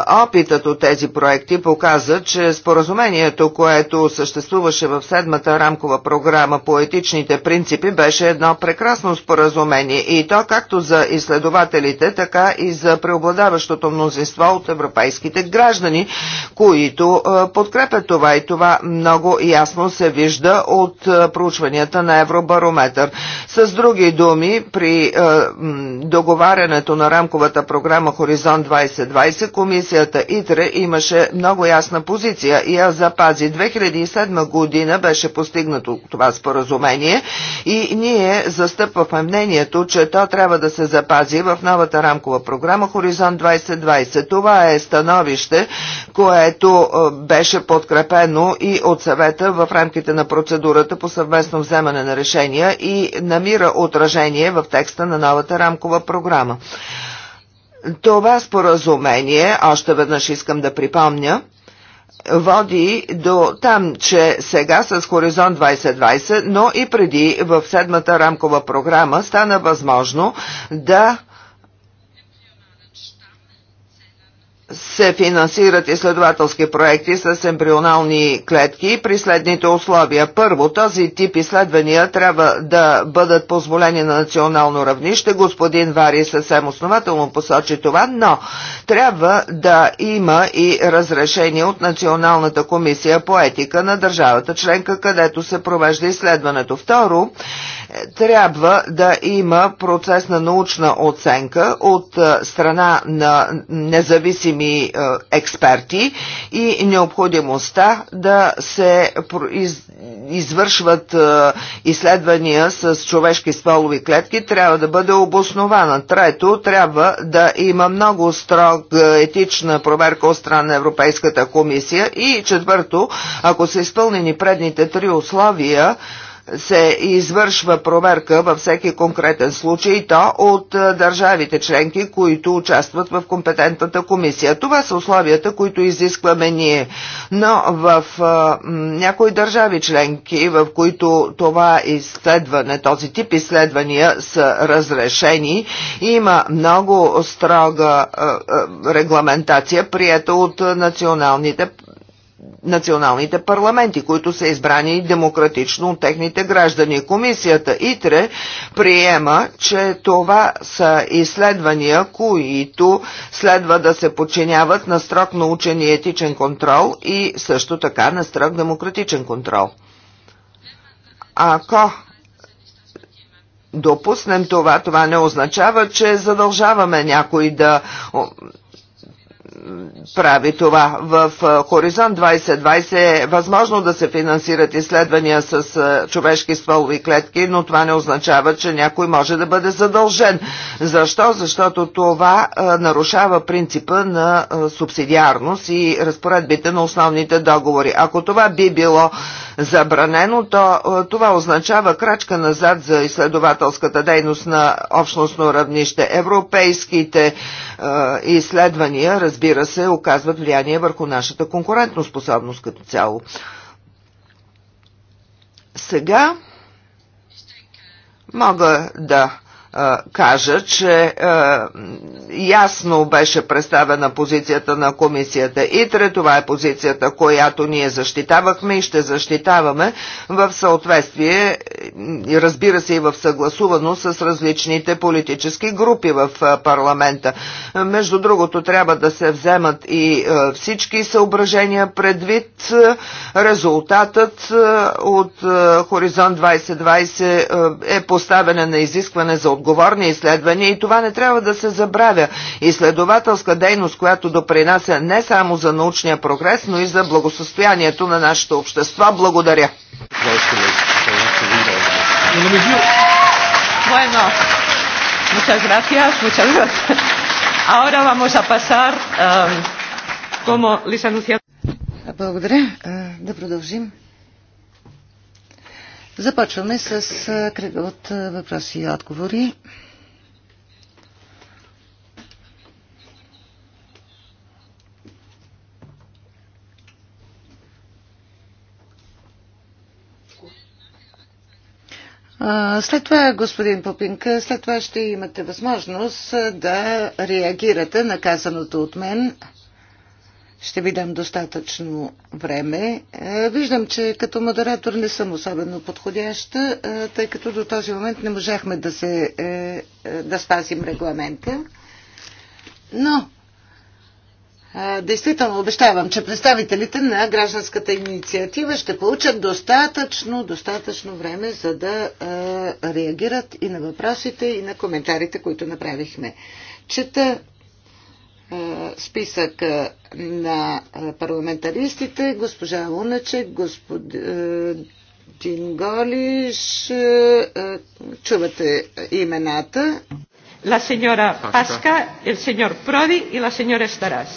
Опитът от тези проекти показа, че споразумението, което съществуваше в седмата рамкова програма по етичните принципи, беше едно прекрасно споразумение и то както за изследователите, така и за преобладаващото мнозинство от европейските граждани, които подкрепят това и това много ясно се вижда от проучванията на Евробарометър. С други думи, при договарянето на рамковата програма Хоризонт 2020, комисията ИТРЕ имаше много ясна позиция и я запази. 2007 година беше постигнато това споразумение и ние застъпваме мнението, че то трябва да се запази в новата рамкова програма Хоризонт 2020. Това е становище, което е, беше подкрепено и от съвета в рамките на процедурата по съвместно вземане на решения и намира отражение в текста на новата рамкова програма. Това споразумение, още веднъж искам да припомня, води до там, че сега с Хоризонт 2020, но и преди в седмата рамкова програма стана възможно да се финансират изследователски проекти с ембрионални клетки при следните условия. Първо, този тип изследвания трябва да бъдат позволени на национално равнище. Господин Вари съвсем основателно посочи това, но трябва да има и разрешение от Националната комисия по етика на държавата членка, където се провежда изследването. Второ, трябва да има процес на научна оценка от страна на независими експерти и необходимостта да се извършват изследвания с човешки стволови клетки трябва да бъде обоснована. Трето, трябва да има много строг етична проверка от страна на Европейската комисия и четвърто, ако са изпълнени предните три условия, се извършва проверка във всеки конкретен случай, то от е, държавите членки, които участват в компетентната комисия. Това са условията, които изискваме ние. Но в е, някои държави членки, в които това изследване, този тип изследвания са разрешени, има много строга е, регламентация, приета от националните националните парламенти, които са избрани демократично от техните граждани. Комисията ИТРЕ приема, че това са изследвания, които следва да се подчиняват на строг научен и етичен контрол и също така на строг демократичен контрол. Ако допуснем това, това не означава, че задължаваме някой да прави това. В Хоризонт 2020 е възможно да се финансират изследвания с човешки стволови клетки, но това не означава, че някой може да бъде задължен. Защо? Защото това нарушава принципа на субсидиарност и разпоредбите на основните договори. Ако това би било забранено, то това означава крачка назад за изследователската дейност на общностно равнище. Европейските изследвания, разбира разбира се, оказват влияние върху нашата конкурентоспособност като цяло. Сега мога да кажа, че е, ясно беше представена позицията на комисията ИТРЕ. Това е позицията, която ние защитавахме и ще защитаваме в съответствие и разбира се и в съгласувано с различните политически групи в парламента. Между другото, трябва да се вземат и е, всички съображения предвид резултатът от е, Хоризонт 2020 е поставене на изискване за отговорни изследвания и това не трябва да се забравя. Изследователска дейност, която допринася не само за научния прогрес, но и за благосостоянието на нашето общество. Благодаря. Bueno, muchas gracias, muchas gracias. Ahora vamos a pasar, um, como les anunciado. Благодаря. Да продължим. Започваме с кръга от въпроси и отговори. След това, господин Попинка, след това ще имате възможност да реагирате на казаното от мен. Ще ви дам достатъчно време. Е, виждам, че като модератор не съм особено подходяща, е, тъй като до този момент не можахме да, се, е, да спазим регламента. Но, действително обещавам, че представителите на гражданската инициатива ще получат достатъчно, достатъчно време, за да реагират и на въпросите, и на коментарите, които направихме. Чета списък на парламентаристите госпожа Луначек, господин Голиш, чувате имената. La señora Pasca, el señor Prodi y la señora Estarás.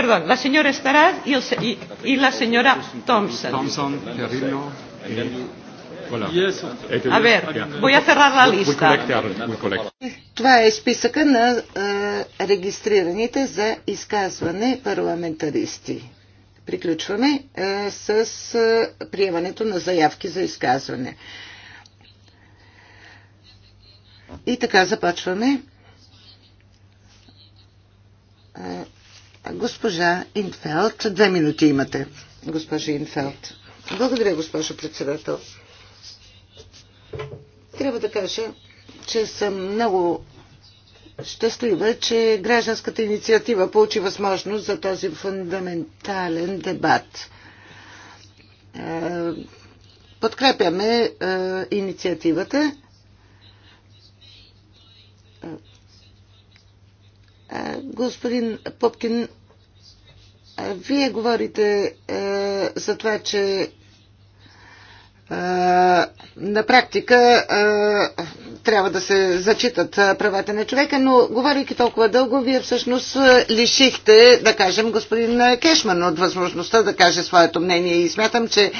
Perdón, la señora Estaraz y, el, y, y la señora Thompson. Thompson, Perino y Voilà. A ver, voy a cerrar la lista. Това е списъка на е, регистрираните за изказване парламентаристи. Приключваме е, с е, приемането на заявки за изказване. И така започваме. Е, госпожа Инфелд, две минути имате. Госпожа Инфелд. Благодаря, госпожо председател. Трябва да кажа, че съм много щастлива, че гражданската инициатива получи възможност за този фундаментален дебат. Е, подкрепяме е, инициативата. Е, господин Попкин, вие говорите за това, че на практика трябва да се зачитат правата на човека, но говорейки толкова дълго, вие всъщност лишихте, да кажем, господин Кешман от възможността да каже своето мнение и смятам, че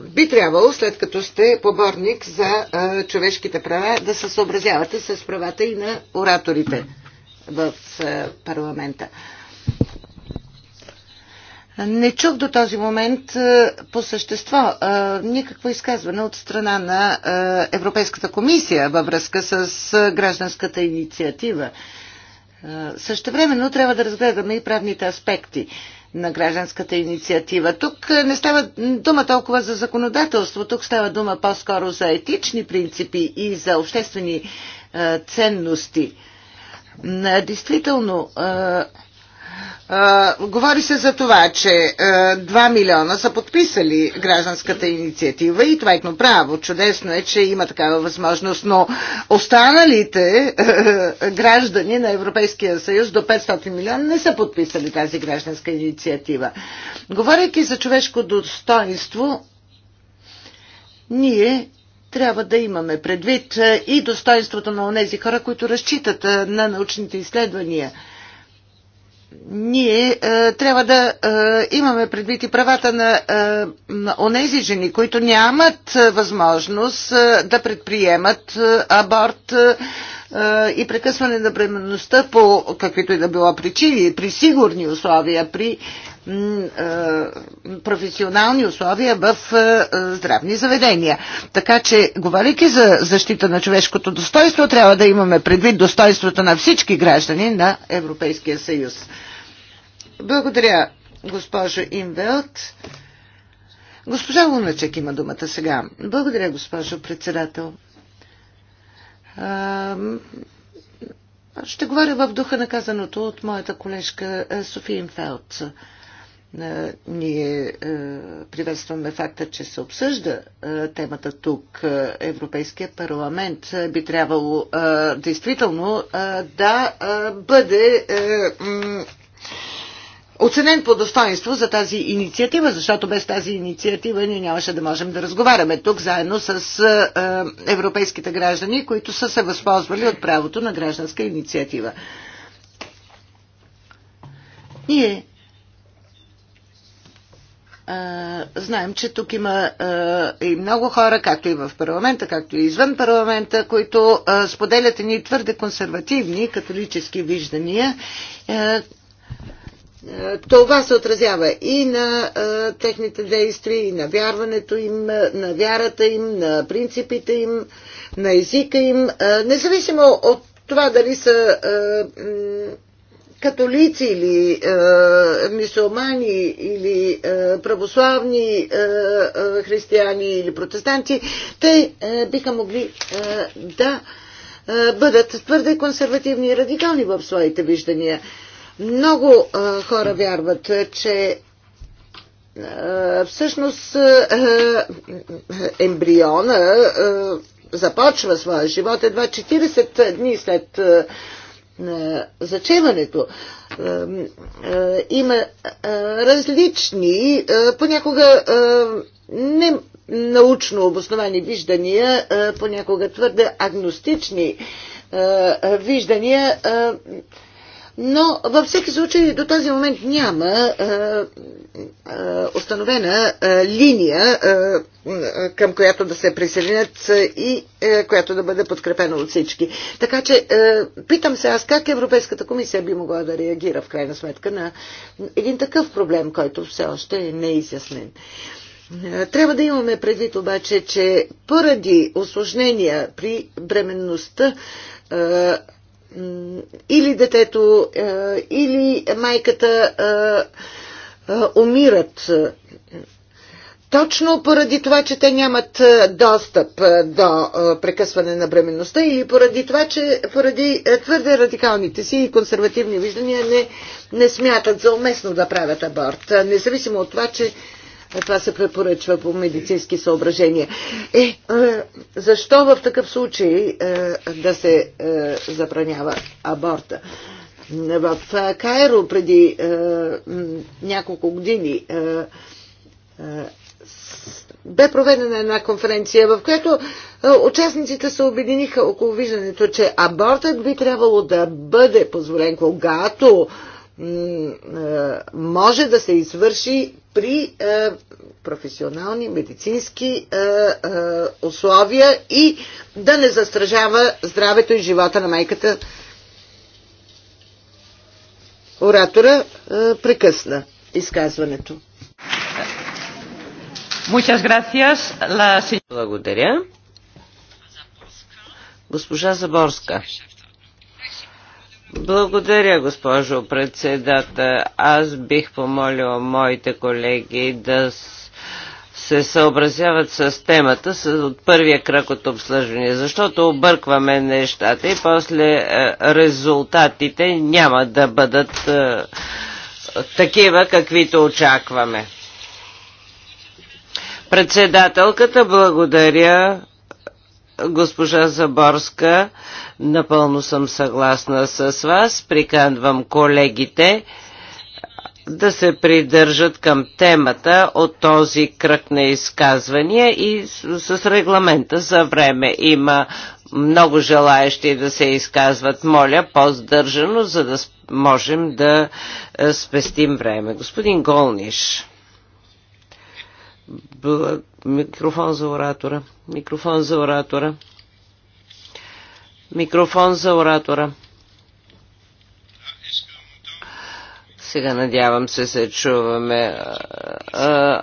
би трябвало, след като сте поборник за човешките права, да се съобразявате с правата и на ораторите в парламента. Не чух до този момент е, по същество е, никакво изказване от страна на е, Европейската комисия във връзка с гражданската инициатива. Същевременно трябва да разгледаме и правните аспекти на гражданската инициатива. Тук не става дума толкова за законодателство, тук става дума по-скоро за етични принципи и за обществени ценности. Действително, говори се за това, че 2 милиона са подписали гражданската инициатива и това е право. Чудесно е, че има такава възможност, но останалите граждани на Европейския съюз до 500 милиона не са подписали тази гражданска инициатива. Говорейки за човешко достоинство, ние трябва да имаме предвид и достоинството на тези хора, които разчитат на научните изследвания – ние е, трябва да е, имаме предвид и правата на, е, на онези жени, които нямат е, възможност е, да предприемат е, аборт е, и прекъсване на бременността по каквито и да било причини, при сигурни условия, при професионални условия в здравни заведения. Така че, говорейки за защита на човешкото достоинство, трябва да имаме предвид достоинството на всички граждани на Европейския съюз. Благодаря, госпожо Инвелт. Госпожа Луначек има думата сега. Благодаря, госпожо председател. Ще говоря в духа на казаното от моята колежка София Инфелт. Ние приветстваме факта, че се обсъжда темата тук. Европейския парламент би трябвало действително да бъде оценен по достоинство за тази инициатива, защото без тази инициатива ние нямаше да можем да разговаряме тук заедно с европейските граждани, които са се възползвали от правото на гражданска инициатива. Ние Знаем, че тук има и много хора, както и в парламента, както и извън парламента, които споделят ни твърде консервативни католически виждания. Това се отразява и на техните действия, и на вярването им, на вярата им, на принципите им, на езика им, независимо от това дали са католици или е, мисулмани или е, православни е, е, християни или протестанти, те е, биха могли е, да е, бъдат твърде консервативни и радикални в своите виждания. Много е, хора вярват, че е, всъщност е, е ембриона е, започва своя живот едва 40 дни след е, зачеването. Е, има е, различни, е, понякога не научно обосновани виждания, понякога твърде агностични виждания но във всеки случай до този момент няма а, е, а, е, установена а, е, линия, а, към която да се присъединят и а, която да бъде подкрепена от всички. Така че а, питам се аз как Европейската комисия би могла да реагира в крайна сметка на един такъв проблем, който все още е неизяснен. Трябва да имаме предвид обаче, че поради осложнения при бременността или детето, е, или майката е, е, умират. Точно поради това, че те нямат достъп до прекъсване на бременността или поради това, че поради твърде радикалните си и консервативни виждания не, не смятат за уместно да правят аборт. Независимо от това, че е, това се препоръчва по медицински съображения. Е, е защо в такъв случай е, да се забранява аборта? В Кайро преди няколко години бе проведена една конференция, в която участниците се обединиха около виждането, че абортът би трябвало да бъде позволен, когато може да се извърши при професионални медицински условия и да не застражава здравето и живота на майката. Оратора прекъсна изказването. Благодаря. Госпожа Заборска. Благодаря, госпожо председател. Аз бих помолил моите колеги да се съобразяват с темата с, от първия кръг от обслъжване, защото объркваме нещата и после е, резултатите няма да бъдат е, такива, каквито очакваме. Председателката благодаря Госпожа Заборска, напълно съм съгласна с вас. Приканвам колегите да се придържат към темата от този кръг на изказвания и с, с регламента за време има много желаящи да се изказват. Моля, по-здържано, за да можем да е, спестим време. Господин Голниш. Микрофон за оратора. Микрофон за оратора. Микрофон за оратора. Сега надявам се се чуваме. А,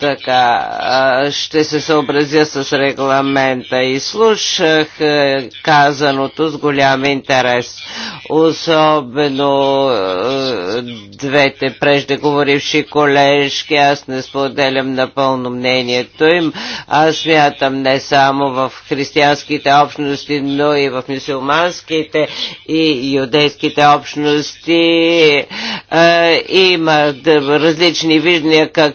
така, ще се съобразя с регламента и слушах е, казаното с голям интерес. Особено е, двете преждеговоривши колежки, аз не споделям напълно мнението им. Аз смятам не само в християнските общности, но и в мусулманските и юдейските общности е, има различни виждания как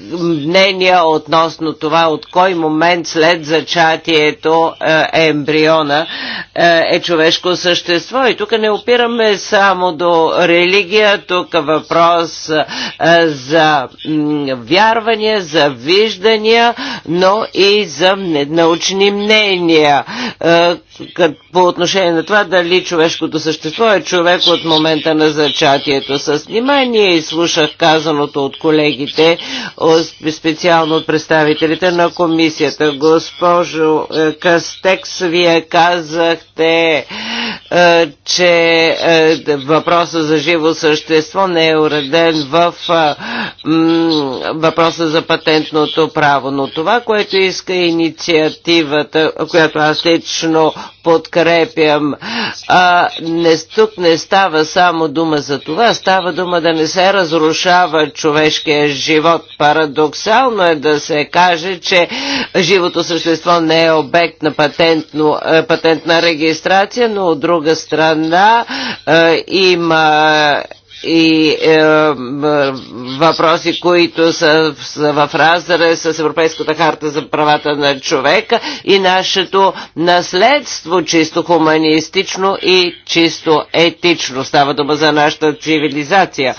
мнения относно това от кой момент след зачатието е, ембриона е, е човешко същество. И тук не опираме само до религия, тук въпрос е, за вярвания, за виждания, но и за научни мнения. Е, по отношение на това дали човешкото същество е човек от момента на зачатието. С внимание и слушах казаното от колегите специално от представителите на комисията. Госпожо е, Кастекс, вие казахте, е, че е, въпроса за живо същество не е уреден в въпроса за патентното право. Но това, което иска инициативата, която аз лично подкрепям. А, не, тук не става само дума за това, става дума да не се разрушава човешкия живот. Парадоксално е да се каже, че живото същество не е обект на патентно, е, патентна регистрация, но от друга страна а, е, има и е, въпроси, които са, са в разъра с Европейската харта за правата на човека и нашето наследство, чисто хуманистично и чисто етично. Става дума за нашата цивилизация.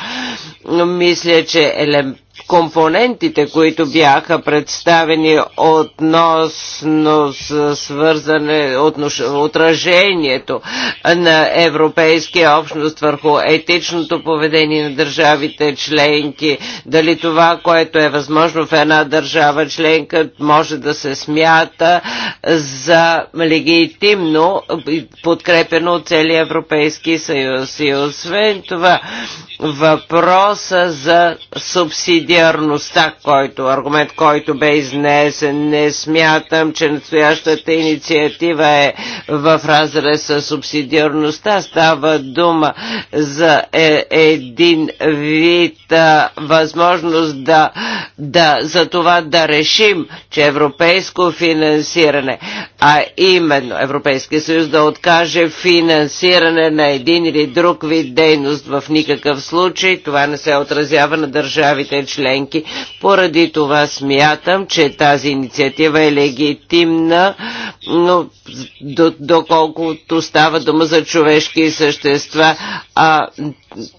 Мисля, че елемент компонентите, които бяха представени относно свързане, отнош, отражението на Европейския общност върху етичното поведение на държавите членки, дали това, което е възможно в една държава членка, може да се смята за легитимно, подкрепено от целия Европейски съюз. И освен това, въпроса за субсидия субсидиарността, който аргумент, който бе изнесен. Не смятам, че настоящата инициатива е в разрез с субсидиарността. Става дума за е, един вид а, възможност да, да, за това да решим, че европейско финансиране, а именно Европейския съюз да откаже финансиране на един или друг вид дейност в никакъв случай, това не се отразява на държавите членки членки. Поради това смятам, че тази инициатива е легитимна, но доколкото става дума за човешки същества, а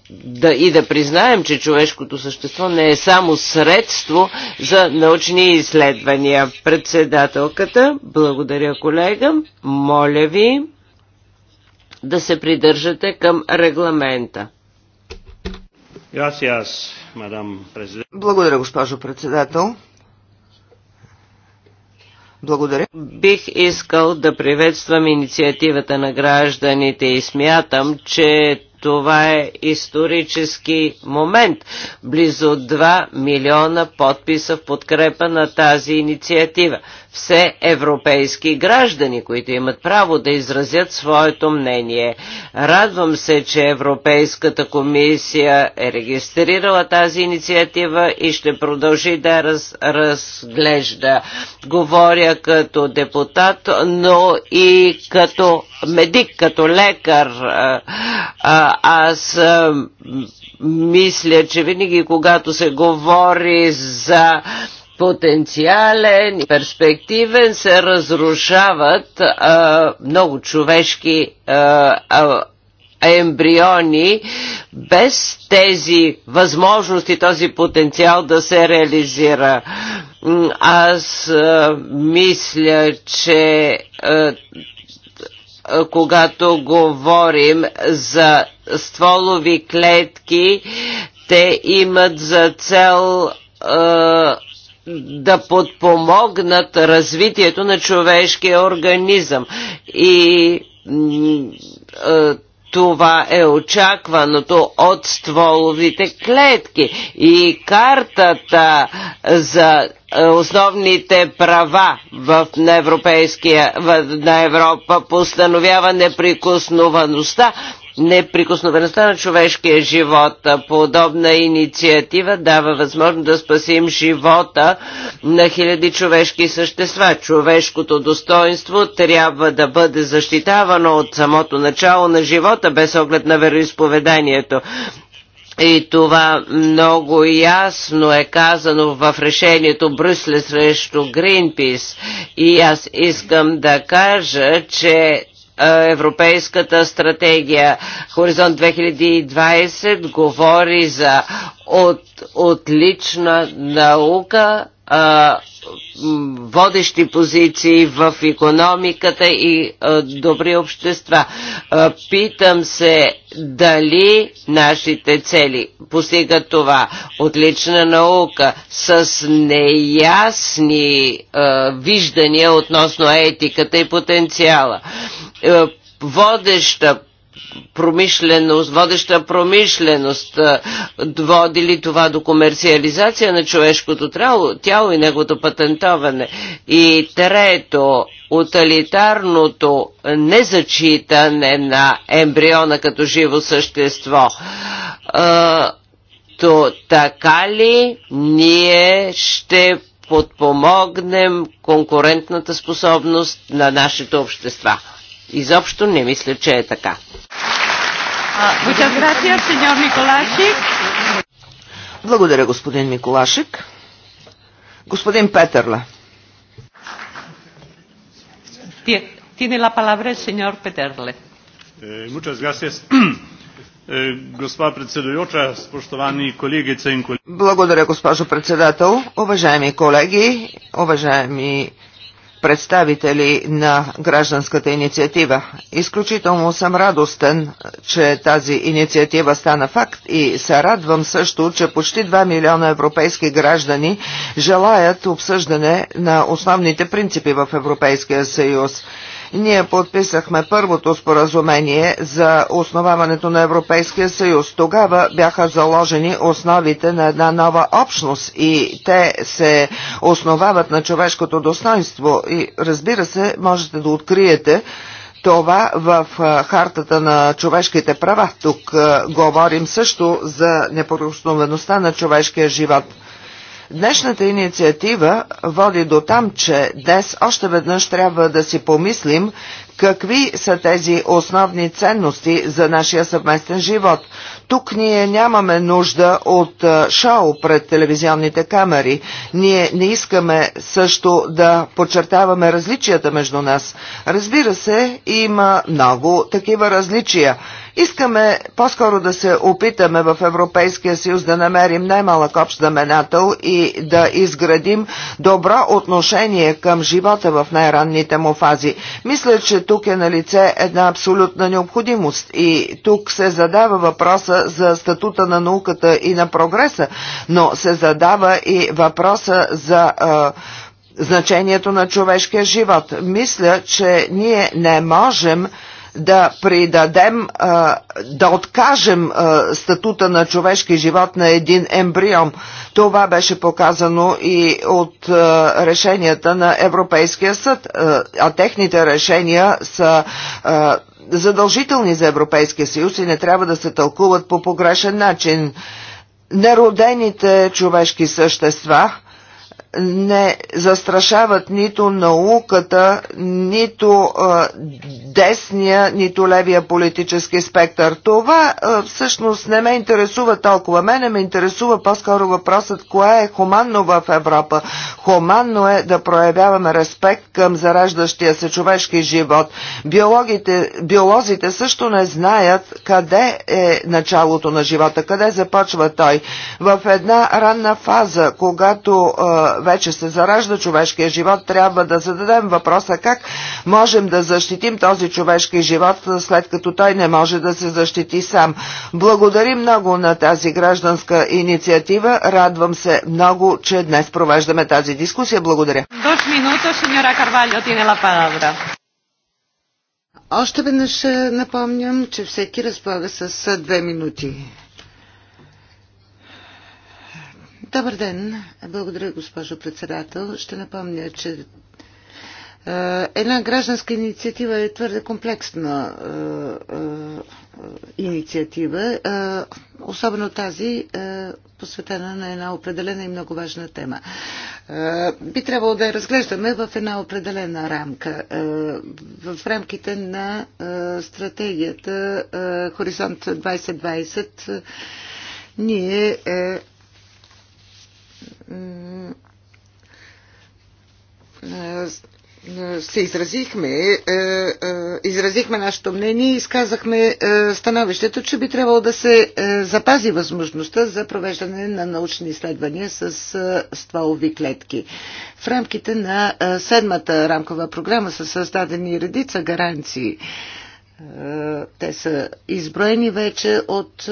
да, и да признаем, че човешкото същество не е само средство за научни изследвания. Председателката, благодаря колега, моля ви да се придържате към регламента. Gracias. Благодаря, госпожо председател. Благодаря. Бих искал да приветствам инициативата на гражданите и смятам, че това е исторически момент. Близо 2 милиона подписа в подкрепа на тази инициатива все европейски граждани, които имат право да изразят своето мнение. Радвам се, че Европейската комисия е регистрирала тази инициатива и ще продължи да раз, разглежда. Говоря като депутат, но и като медик, като лекар. Аз мисля, че винаги, когато се говори за потенциален и перспективен, се разрушават а, много човешки а, а, ембриони без тези възможности, този потенциал да се реализира. Аз а, мисля, че а, когато говорим за стволови клетки, те имат за цел а, да подпомогнат развитието на човешкия организъм. И това е очакваното от стволовите клетки и картата за основните права в, на, Европейския, в, на Европа постановява неприкосновеността Неприкосновеността на човешкия живот. Подобна инициатива дава възможност да спасим живота на хиляди човешки същества. Човешкото достоинство трябва да бъде защитавано от самото начало на живота, без оглед на вероисповеданието. И това много ясно е казано в решението Брюсле срещу Гринпис. И аз искам да кажа, че е, европейската стратегия Хоризонт 2020 говори за от, отлична наука, е, водещи позиции в економиката и е, добри общества. питам се дали нашите цели постигат това. Отлична наука с неясни виждания относно етиката и потенциала. Е, водеща промишленост, водеща промишленост, е, води ли това до комерциализация на човешкото тяло, и неговото патентоване. И трето, уталитарното незачитане на ембриона като живо същество. Е, то така ли ние ще подпомогнем конкурентната способност на нашите общества? Изобщо не мисля, че е така. Благодаря, господин Миколашик. Господин Петърла. Тине ла palabra сеньор Петърле. Мучас Muchas gracias. Eh, gospa predsedujoča, spoštovani kolegice in kolegi. Благодаря, госпожо председател. Уважаеми колеги, уважаеми представители на гражданската инициатива. Изключително съм радостен, че тази инициатива стана факт и се радвам също, че почти 2 милиона европейски граждани желаят обсъждане на основните принципи в Европейския съюз. Ние подписахме първото споразумение за основаването на Европейския съюз. Тогава бяха заложени основите на една нова общност и те се основават на човешкото достоинство. И разбира се, можете да откриете това в хартата на човешките права. Тук говорим също за непоръчновеността на човешкия живот. Днешната инициатива води до там, че днес още веднъж трябва да си помислим какви са тези основни ценности за нашия съвместен живот. Тук ние нямаме нужда от шоу пред телевизионните камери. Ние не искаме също да подчертаваме различията между нас. Разбира се, има много такива различия. Искаме по-скоро да се опитаме в Европейския съюз да намерим най-малък общ знаменател и да изградим добро отношение към живота в най-ранните му фази. Мисля, че тук е на лице една абсолютна необходимост и тук се задава въпроса за статута на науката и на прогреса, но се задава и въпроса за значението на човешкия живот. Мисля, че ние не можем да придадем, да откажем статута на човешки живот на един ембрион. Това беше показано и от решенията на Европейския съд, а техните решения са задължителни за Европейския съюз и не трябва да се тълкуват по погрешен начин. Неродените човешки същества – не застрашават нито науката, нито а, десния, нито левия политически спектър. Това а, всъщност не ме интересува толкова. Мене ме интересува по-скоро въпросът, кое е хуманно в Европа. Хуманно е да проявяваме респект към зараждащия се човешки живот. Биологите, биолозите също не знаят къде е началото на живота, къде започва той. В една ранна фаза, когато а, вече се заражда човешкия живот, трябва да зададем въпроса как можем да защитим този човешки живот, след като той не може да се защити сам. Благодарим много на тази гражданска инициатива. Радвам се много, че днес провеждаме тази дискусия. Благодаря. Още веднъж е, напомням, че всеки разполага с е, две минути. Добър ден. Благодаря, госпожо председател. Ще напомня, че е, една гражданска инициатива е твърде комплексна е, е, инициатива, особено тази посветена на една определена и много важна тема. Би трябвало да я разглеждаме в една определена рамка, в рамките на стратегията Хоризонт 2020 ние се изразихме, е, е, изразихме нашето мнение и изказахме е, становището, че би трябвало да се запази възможността за провеждане на научни изследвания с стволови клетки. В рамките на седмата рамкова програма са създадени редица гаранции. Те са изброени вече от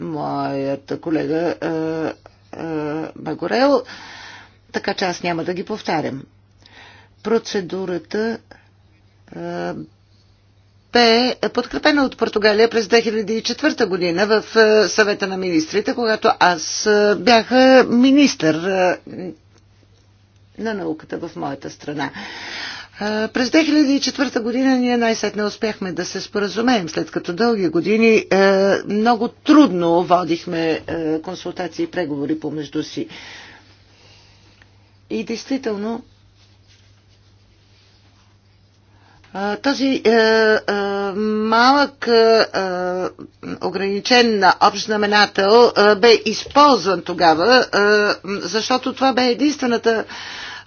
моята колега Магорел, е, така че аз няма да ги повтарям. Процедурата е, бе подкрепена от Португалия през 2004 година в е, съвета на министрите, когато аз бях министър на науката в моята страна. През 2004 година ние най-сетне успяхме да се споразумеем, след като дълги години е, много трудно водихме е, консултации и преговори помежду си. И действително е, този е, е, малък е, ограничен на общ знаменател е, бе използван тогава, е, защото това бе единствената е,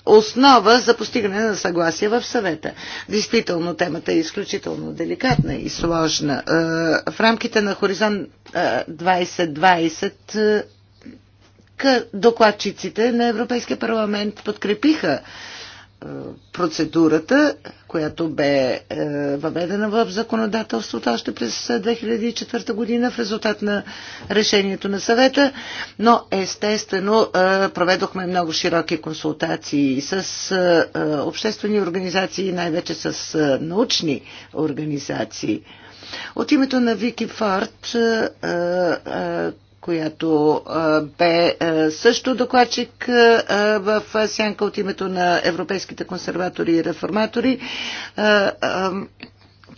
основа за постигане на съгласие в съвета. Действително темата е изключително деликатна и сложна. Е, в рамките на Хоризонт 2020 е, е, докладчиците на Европейския парламент подкрепиха процедурата, която бе е, въведена в законодателството още през 2004 е, година в резултат на решението на съвета, но естествено е, проведохме много широки консултации с обществени организации и най-вече с научни организации. От името на Вики Фарт която бе също докладчик в сянка от името на европейските консерватори и реформатори.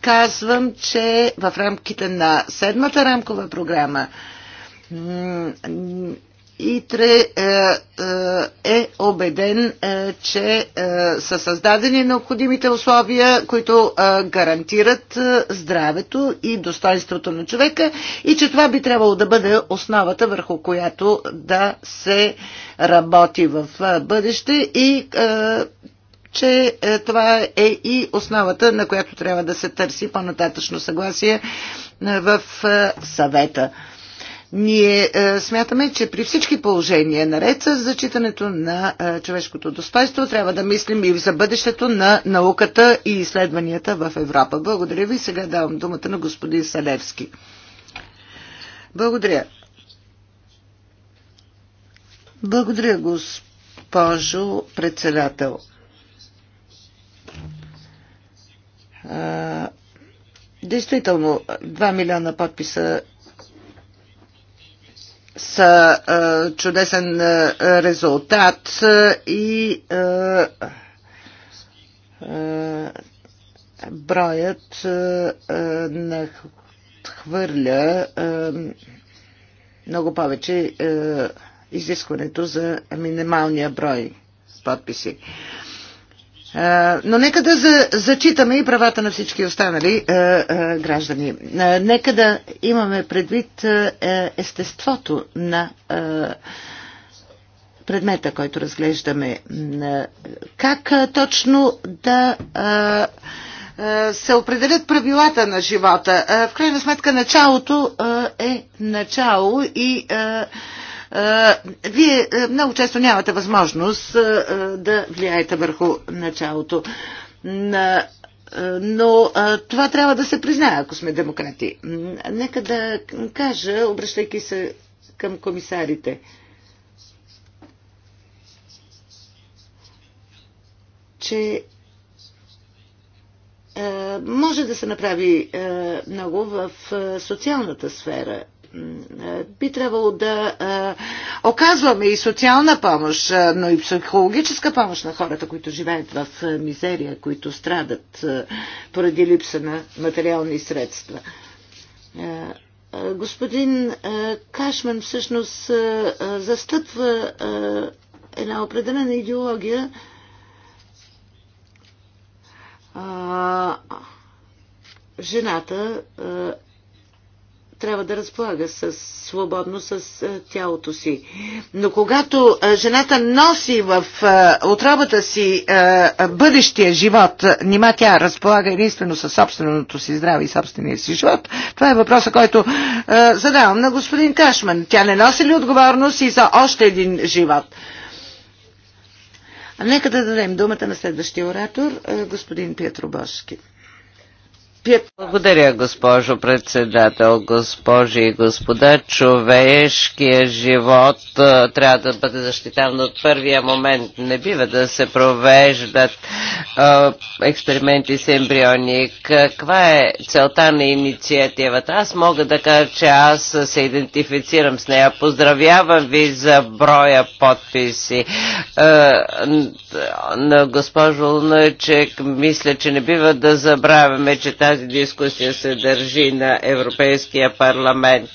Казвам, че в рамките на седмата рамкова програма ИТРЕ е, е, е убеден, е, че са създадени необходимите условия, които гарантират здравето и достоинството на човека и че това би трябвало да бъде основата върху която да се работи в бъдеще и че това е и основата, на която трябва да се търси по-нататъчно съгласие в съвета. Ние е, смятаме, че при всички положения, наред с зачитането на е, човешкото достоинство, трябва да мислим и за бъдещето на науката и изследванията в Европа. Благодаря ви. Сега давам думата на господин Салевски. Благодаря. Благодаря, госпожо председател. Е, действително, 2 милиона подписа с а, е, чудесен а, е, резултат а, е, и а, а, броят а, на хвърля а, много повече а, изискването за минималния брой подписи. А, е, но нека да за, зачитаме и правата на всички останали е, е, граждани. Е, нека да имаме предвид е, е естеството на е, предмета, който разглеждаме. Е, как е, точно да е, се определят правилата на живота? В крайна сметка началото е начало и. Е, вие много често нямате възможност да влияете върху началото. Но това трябва да се признае, ако сме демократи. Нека да кажа, обръщайки се към комисарите. че е, може да се направи е, много в е, социалната сфера би трябвало да оказваме и социална помощ, но и психологическа помощ на хората, които живеят в мизерия, които страдат поради липса на материални средства. Господин Кашман всъщност застъпва една определена идеология, жената трябва да разполага с, свободно с е, тялото си. Но когато е, жената носи в е, отробата си бъдещия живот, нима тя разполага единствено с собственото си здраве и собствения си живот, това е въпроса, който задавам на господин Кашман. Тя не носи ли отговорност и за още един живот? А нека да дадем думата на следващия оратор, господин Петро Бошки. Благодаря, госпожо председател, госпожи и господа. Човешкият живот трябва да бъде защитаван от първия момент. Не бива да се провеждат експерименти с ембриони. Каква е целта на инициативата? Аз мога да кажа, че аз се идентифицирам с нея. Поздравявам ви за броя подписи. на госпожо Луначек, мисля, че не бива да забравяме, че тази тази дискусия се държи на Европейския парламент.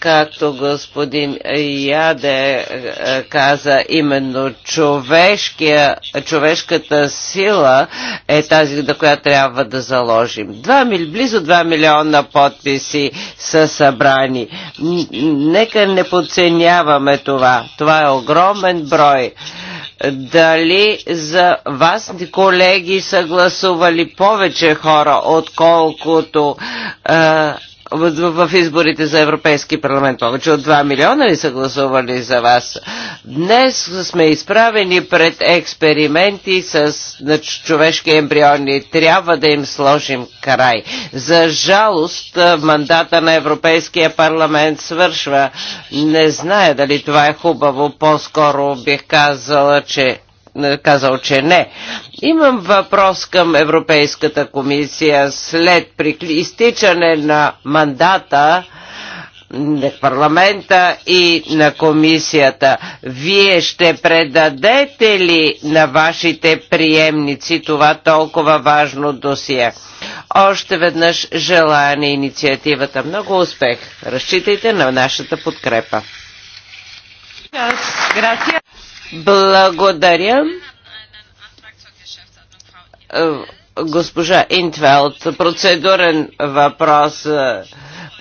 Както господин Яде е, каза, именно човешката сила е тази, на която трябва да заложим. Два, близо 2 милиона подписи са събрани. Нека не подценяваме това. Това е огромен брой. Дали за вас, колеги, са гласували повече хора, отколкото е, в, в изборите за Европейски парламент. Повече от 2 милиона ли са гласували за вас? Днес сме изправени пред експерименти с човешки ембриони. Трябва да им сложим край. За жалост, мандата на Европейския парламент свършва. Не зная дали това е хубаво. По-скоро бих казала, че е, казал, че не. Имам въпрос към Европейската комисия след изтичане на мандата на парламента и на комисията. Вие ще предадете ли на вашите приемници това толкова важно досие? Още веднъж желая на инициативата много успех. Разчитайте на нашата подкрепа. Благодаря. Е, госпожа Интвелт, процедурен въпрос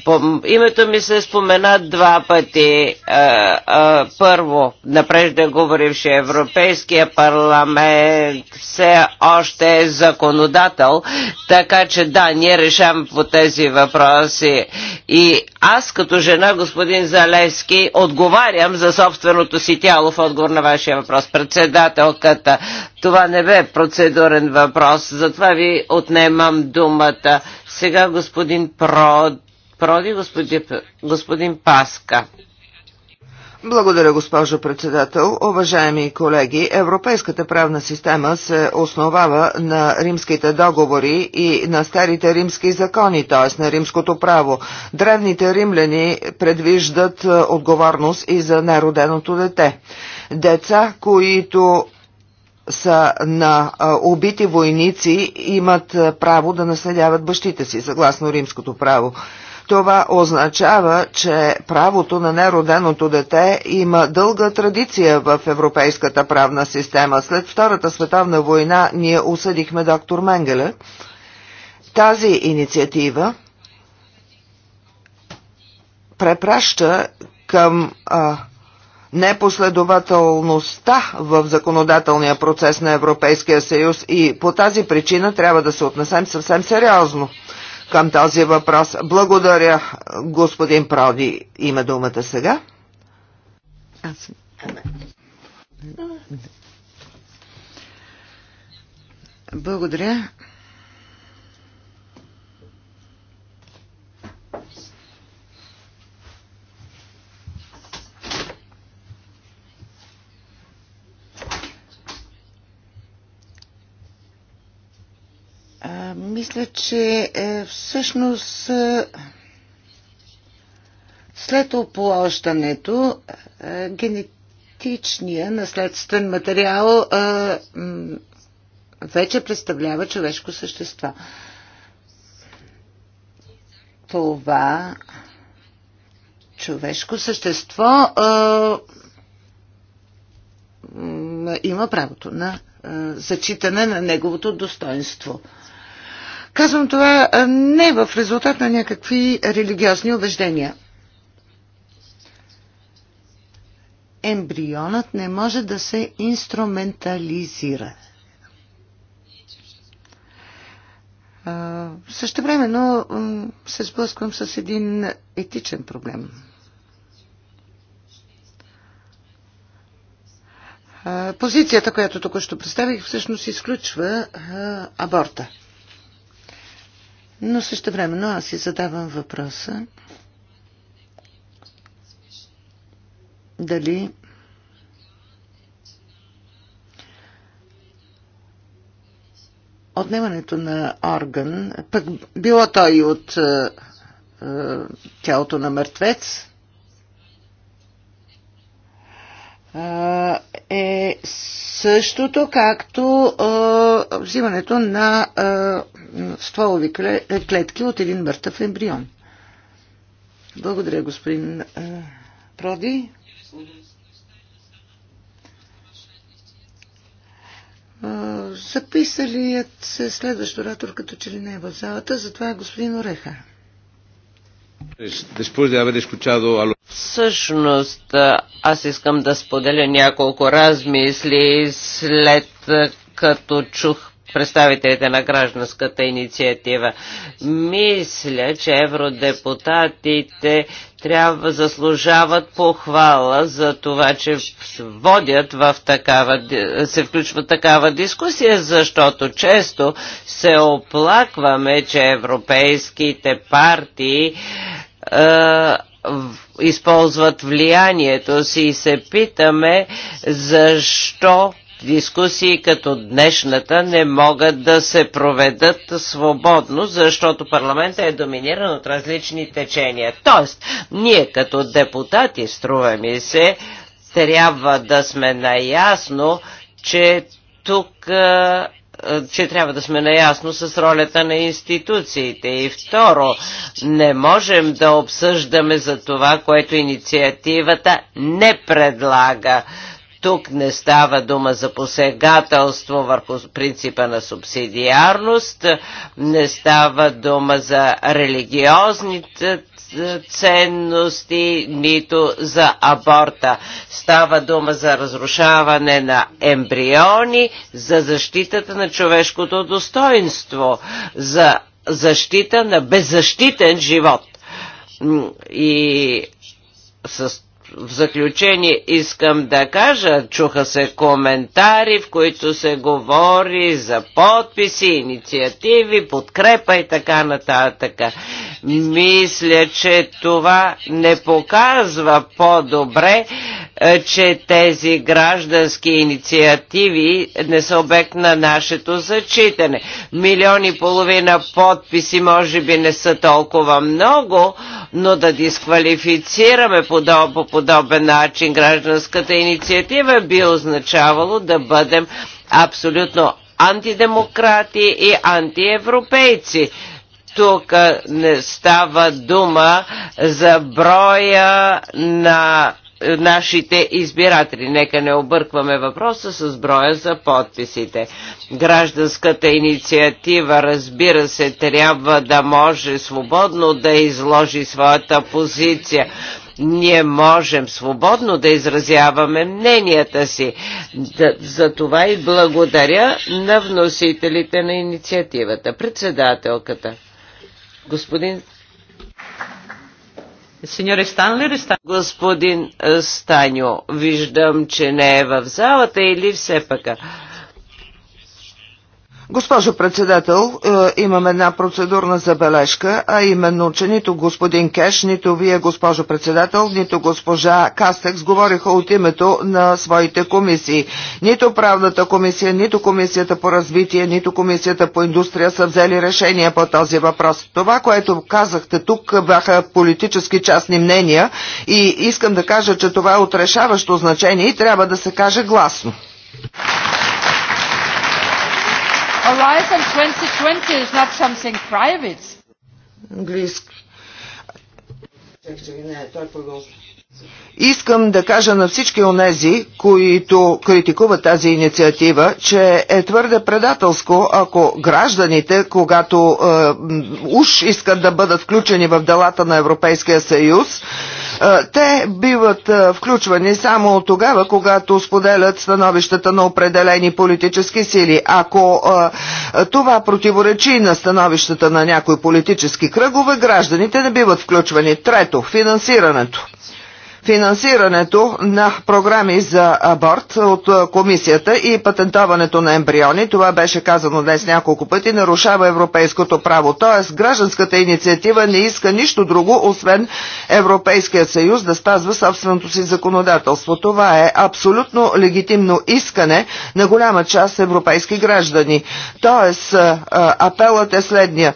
по, името ми се спомена два пъти. А, е, а, е, първо, напреждеговоривши Европейския парламент все още е законодател, така че да, ние решавам по тези въпроси. И аз като жена, господин Залевски, отговарям за собственото си тяло в отговор на вашия въпрос. Председателката, това не бе процедурен въпрос, затова ви отнемам думата. Сега господин Прод Проди, господин Паска. Благодаря, госпожо председател. Уважаеми колеги, европейската правна система се основава на римските договори и на старите римски закони, т.е. на римското право. Древните римляни предвиждат е, отговорност и за нероденото дете. Деца, които са на е, убити войници, имат е, право да наследяват бащите си, съгласно римското право. Това означава, че правото на нероденото дете има дълга традиция в европейската правна система. След Втората световна война ние осъдихме доктор Менгеле. Тази инициатива препраща към а, непоследователността в законодателния процес на Европейския съюз и по тази причина трябва да се отнесем съвсем сериозно към този въпрос. Благодаря, господин Проди. Има думата сега. Аз... Благодаря. А, мисля, че е, всъщност е, след оплощането е, генетичния наследствен материал е, вече представлява човешко същество. Това човешко същество е, има правото на е, зачитане на неговото достоинство. Казвам това не в резултат на някакви религиозни убеждения. Ембрионът не може да се инструментализира. Също време, но се сблъсквам с един етичен проблем. Позицията, която току-що представих, всъщност изключва аборта. Но също но аз си задавам въпроса дали отнемането на орган, пък било той от е, е, тялото на мъртвец, е, е същото, както е, взимането на е, стволови клетки от един мъртъв ембрион. Благодаря, господин е, Проди. Записали се следващ оратор, като че ли не е в залата, затова е господин Ореха. Всъщност, аз искам да споделя няколко размисли след като чух представителите на гражданската инициатива. Мисля, че евродепутатите трябва заслужават похвала за това, че водят в такава, се включва такава дискусия, защото често се оплакваме, че европейските партии е, използват влиянието си и се питаме защо Дискусии като днешната не могат да се проведат свободно, защото парламента е доминиран от различни течения. Тоест, ние като депутати, струва ми се, трябва да сме наясно, че тук че трябва да сме наясно с ролята на институциите. И второ, не можем да обсъждаме за това, което инициативата не предлага. Тук не става дума за посегателство върху принципа на субсидиарност, не става дума за религиозните ценности, нито за аборта. Става дума за разрушаване на ембриони, за защитата на човешкото достоинство, за защита на беззащитен живот. И с в заключение искам да кажа, чуха се коментари, в които се говори за подписи, инициативи, подкрепа и така нататък. Мисля, че това не показва по-добре че тези граждански инициативи не са обект на нашето зачитане. Милиони и половина подписи може би не са толкова много, но да дисквалифицираме по подобен начин гражданската инициатива би означавало да бъдем абсолютно антидемократи и антиевропейци. Тук не става дума за броя на нашите избиратели. Нека не объркваме въпроса с броя за подписите. Гражданската инициатива, разбира се, трябва да може свободно да изложи своята позиция. Ние можем свободно да изразяваме мненията си. За това и благодаря на вносителите на инициативата. Председателката. Господин Господин е, Станю, виждам, че не е в залата или все пък. Госпожо председател, е, имам една процедурна забележка, а именно, че нито господин Кеш, нито вие, госпожо председател, нито госпожа Кастекс говориха от името на своите комисии. Нито правната комисия, нито комисията по развитие, нито комисията по индустрия са взели решение по този въпрос. Това, което казахте тук, бяха политически частни мнения и искам да кажа, че това е отрешаващо значение и трябва да се каже гласно. Horizon 2020 is not something private. Искам да кажа на всички онези, които критикуват тази инициатива, че е твърде предателско, ако гражданите, когато е, уж искат да бъдат включени в делата на Европейския съюз, те биват включвани само от тогава, когато споделят становищата на определени политически сили. Ако това противоречи на становищата на някои политически кръгове, гражданите не биват включвани. Трето, финансирането финансирането на програми за аборт от комисията и патентоването на ембриони, това беше казано днес няколко пъти, нарушава европейското право. Тоест, гражданската инициатива не иска нищо друго, освен Европейският съюз да спазва собственото си законодателство. Това е абсолютно легитимно искане на голяма част европейски граждани. Тоест, апелът е следния.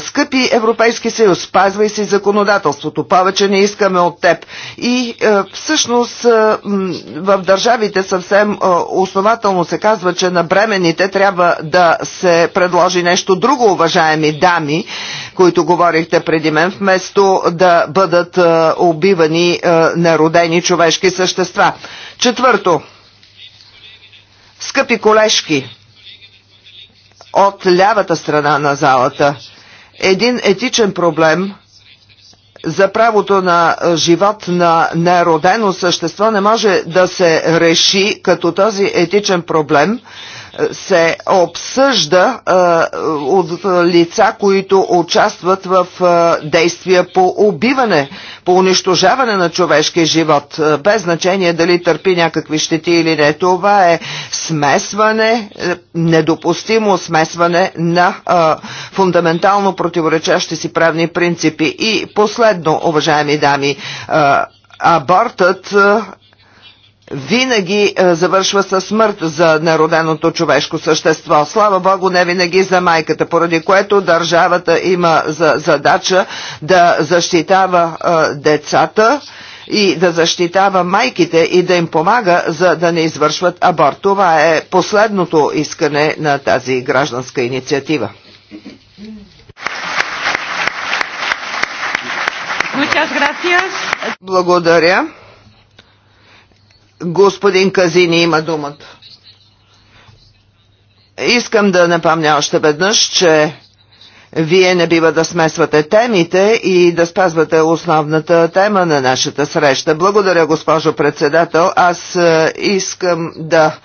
Скъпи Европейски съюз, спазвай си законодателството. Повече не искаме от теб. И е, всъщност е, в държавите съвсем е, основателно се казва, че на бременните трябва да се предложи нещо друго, уважаеми дами, които говорихте преди мен, вместо да бъдат убивани народени човешки същества. Четвърто. Скъпи колежки от лявата страна на залата, един етичен проблем – за правото на живот на неродено същество не може да се реши като този етичен проблем се обсъжда е, от лица, които участват в е, действия по убиване, по унищожаване на човешкия живот, е, без значение дали търпи някакви щети или не. Това е смесване, недопустимо смесване на фундаментално противоречащи си правни принципи. И последно, уважаеми дами, абортът винаги е, завършва със смърт за народеното човешко същество. Слава Богу, не винаги за майката, поради което държавата има за задача да защитава е, децата и да защитава майките и да им помага, за да не извършват аборт. Това е последното искане на тази гражданска инициатива. Благодаря. Господин Казини има думата. Искам да напомня още веднъж, че вие не бива да смесвате темите и да спазвате основната тема на нашата среща. Благодаря, госпожо председател. Аз е, искам да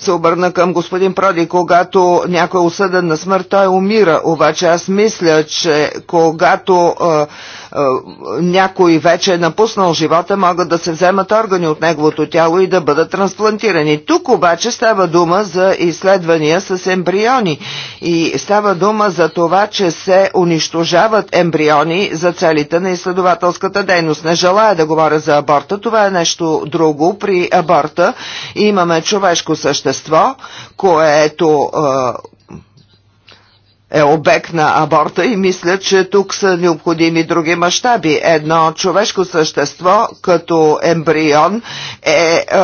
се обърна към господин Проди. Когато някой е осъден на смърт, той умира. Обаче аз мисля, че когато а, а, някой вече е напуснал живота, могат да се вземат органи от неговото тяло и да бъдат трансплантирани. Тук обаче става дума за изследвания с ембриони. И става дума за това, че се унищожават ембриони за целите на изследователската дейност. Не желая да говоря за аборта. Това е нещо друго. При аборта имаме човешко същество вещество, което е обект на аборта и мисля, че тук са необходими други мащаби. Едно човешко същество като ембрион е, е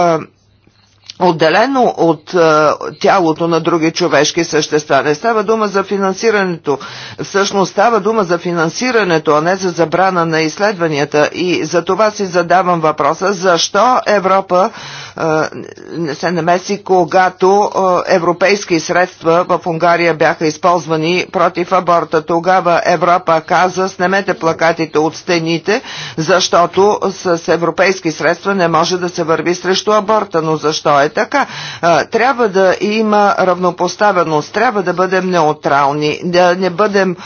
отделено от а, е, тялото на други човешки същества. Не става дума за финансирането. Всъщност става дума за финансирането, а не за забрана на изследванията. И за това си задавам въпроса, защо Европа а, е, не се намеси, когато а, е, европейски средства в Унгария бяха използвани против аборта. Тогава Европа каза, снемете плакатите от стените, защото с европейски средства не може да се върви срещу аборта. Но защо е така. Трябва да има равнопоставеност, трябва да бъдем неутрални, да не бъдем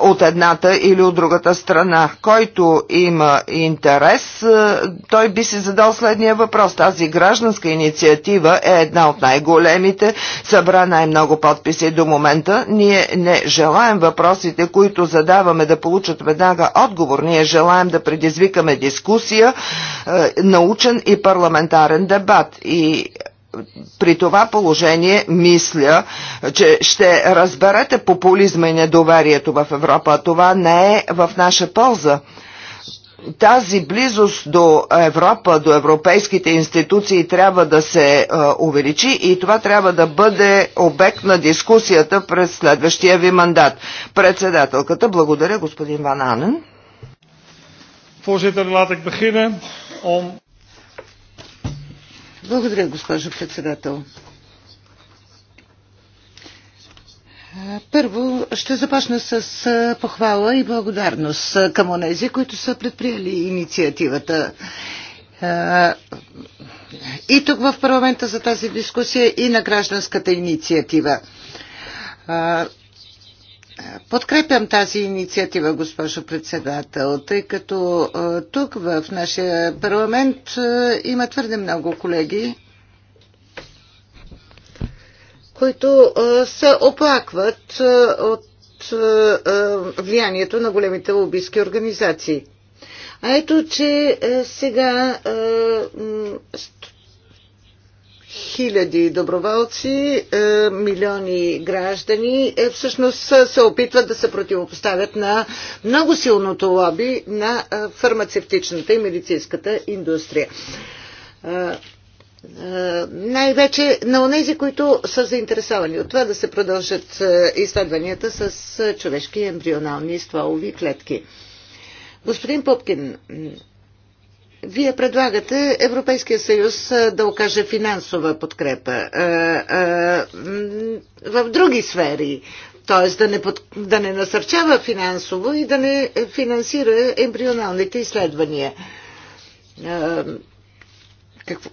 от едната или от другата страна. Който има интерес, той би си задал следния въпрос. Тази гражданска инициатива е една от най-големите, събра най-много подписи до момента. Ние не желаем въпросите, които задаваме да получат веднага отговор. Ние желаем да предизвикаме дискусия, научен и парламентарен дебат. И при това положение мисля, че ще разберете популизма и недоверието в Европа. Това не е в наша полза тази близост до Европа, до европейските институции трябва да се е, увеличи и това трябва да бъде обект на дискусията през следващия ви мандат. Председателката, благодаря господин Ван Анен. Voorzitter, laat ik beginnen om благодаря, госпожо председател. Първо ще започна с похвала и благодарност към онези, които са предприели инициативата и тук в парламента за тази дискусия и на гражданската инициатива. Подкрепям тази инициатива, госпожо председател, тъй като тук в нашия парламент има твърде много колеги, които се оплакват от влиянието на големите лобистки организации. А ето, че сега хиляди доброволци, е, милиони граждани е, всъщност се опитват да се противопоставят на много силното лоби на е, фармацевтичната и медицинската индустрия най-вече на онези, които са заинтересовани от това да се продължат изследванията с човешки ембрионални стволови клетки. Господин Попкин, вие предлагате Европейския съюз да окаже финансова подкрепа в други сфери, т.е. Да не, под, да не насърчава финансово и да не финансира ембрионалните изследвания. Какво?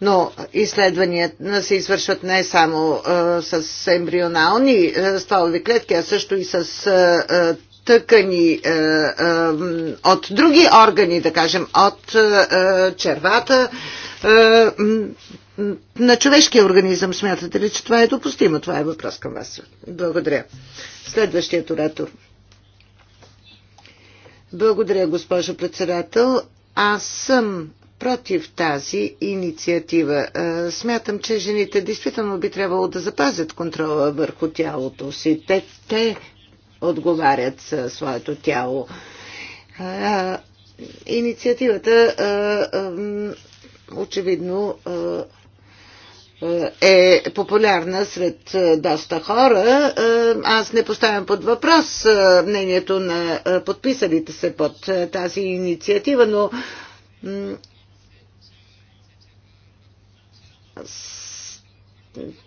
Но изследванията се извършват не само а, с ембрионални а, стволови клетки, а също и с а, тъкани е, е, от други органи, да кажем, от е, червата на човешкия организъм. Смятате ли, че това е допустимо? Това е въпрос към вас. Благодаря. Следващият оратор. Благодаря, госпожо председател. Аз съм против тази инициатива. Смятам, че жените действително би трябвало да запазят контрола върху тялото си. Те, те отговарят със своето тяло. Инициативата очевидно е популярна сред доста хора. Аз не поставям под въпрос мнението на подписалите се под тази инициатива, но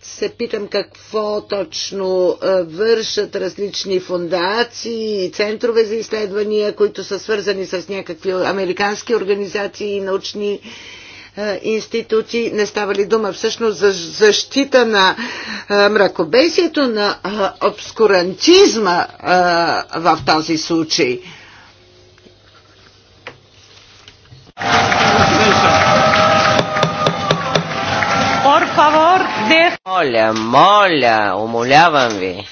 се питам какво точно вършат различни фундации и центрове за изследвания, които са свързани с някакви американски организации и научни институти. Не става ли дума всъщност за защита на мракобесието, на обскурантизма в този случай? Thank you. there. Моля, моля, умолявам ви.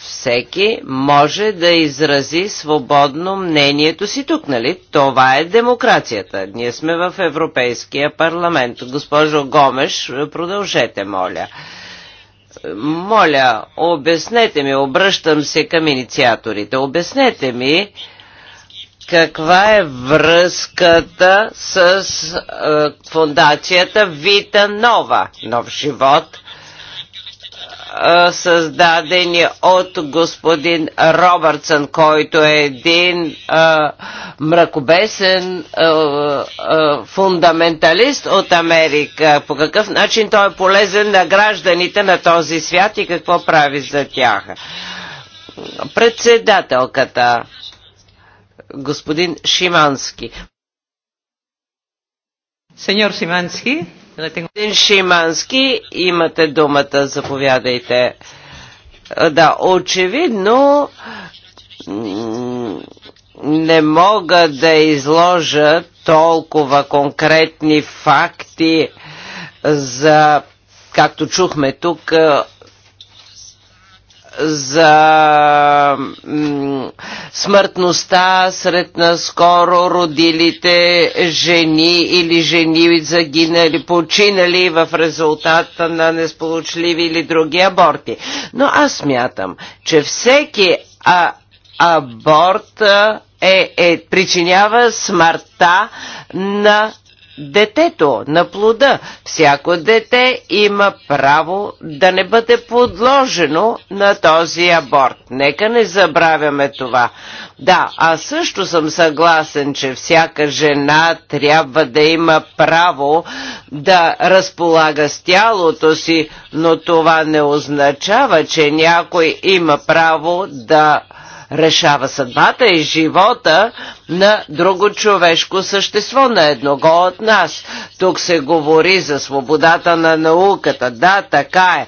Всеки може да изрази свободно мнението си тук, нали? Това е демокрацията. Ние сме в Европейския парламент. Госпожо Гомеш, продължете, моля. Моля, обяснете ми, обръщам се към инициаторите, обяснете ми, каква е връзката с е, фундацията Вита Нова, нов живот, е, създадени от господин Робъртсън, който е един е, мракобесен е, е, фундаменталист от Америка. По какъв начин той е полезен на гражданите на този свят и какво прави за тях? Председателката господин Шимански. Сеньор Шимански. Господин Шимански, имате думата, заповядайте. Да, очевидно не мога да изложа толкова конкретни факти за, както чухме тук, за смъртността сред наскоро родилите жени или жени загинали, починали в резултата на несполучливи или други аборти. Но аз смятам, че всеки а, аборт е, е, причинява смъртта на детето, на плода. Всяко дете има право да не бъде подложено на този аборт. Нека не забравяме това. Да, аз също съм съгласен, че всяка жена трябва да има право да разполага с тялото си, но това не означава, че някой има право да решава съдбата и живота на друго човешко същество, на едного от нас. Тук се говори за свободата на науката. Да, така е.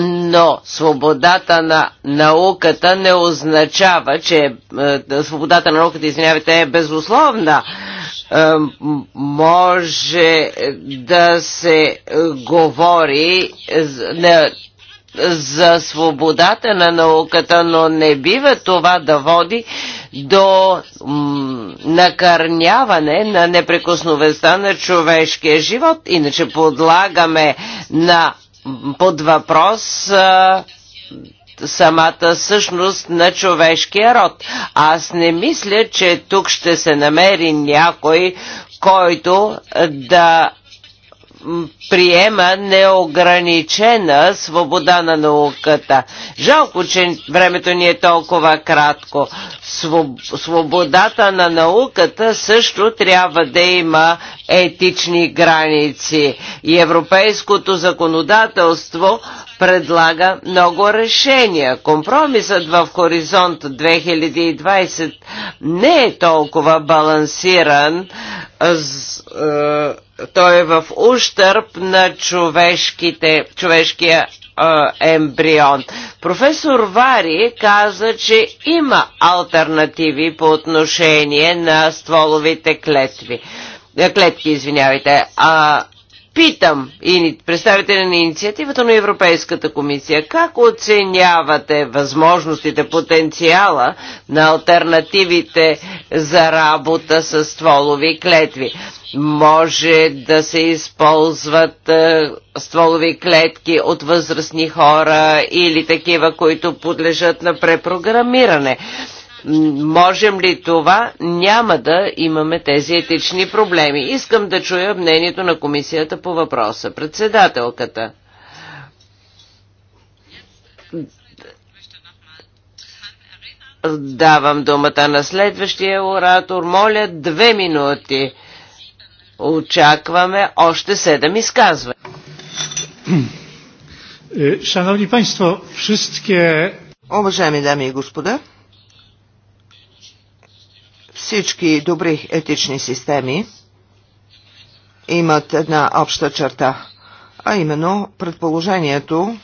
Но свободата на науката не означава, че е, свободата на науката, извинявайте, е безусловна. Е, може да се е, говори, не, за свободата на науката, но не бива това да води до накърняване на непрекосновеността на човешкия живот. Иначе подлагаме на под въпрос а, самата същност на човешкия род. Аз не мисля, че тук ще се намери някой, който да приема неограничена свобода на науката. Жалко, че времето ни е толкова кратко. Свободата на науката също трябва да има етични граници. И европейското законодателство предлага много решения. Компромисът в Хоризонт 2020 не е толкова балансиран с, той е в ущърп на човешките, човешкия ембрион. Професор Вари каза, че има альтернативи по отношение на стволовите клетви. Клетки, извинявайте. А питам и представители на инициативата на Европейската комисия, как оценявате възможностите, потенциала на альтернативите за работа с стволови клетви? Може да се използват е, стволови клетки от възрастни хора или такива, които подлежат на препрограмиране. Можем ли това? Няма да имаме тези етични проблеми. Искам да чуя мнението на комисията по въпроса. Председателката. Давам думата на следващия оратор. Моля, две минути. Очакваме още седем изказвания. Е, шановни панство, всички... Уважаеми дами и господа, всички добри етични системи имат една обща черта, а именно предположението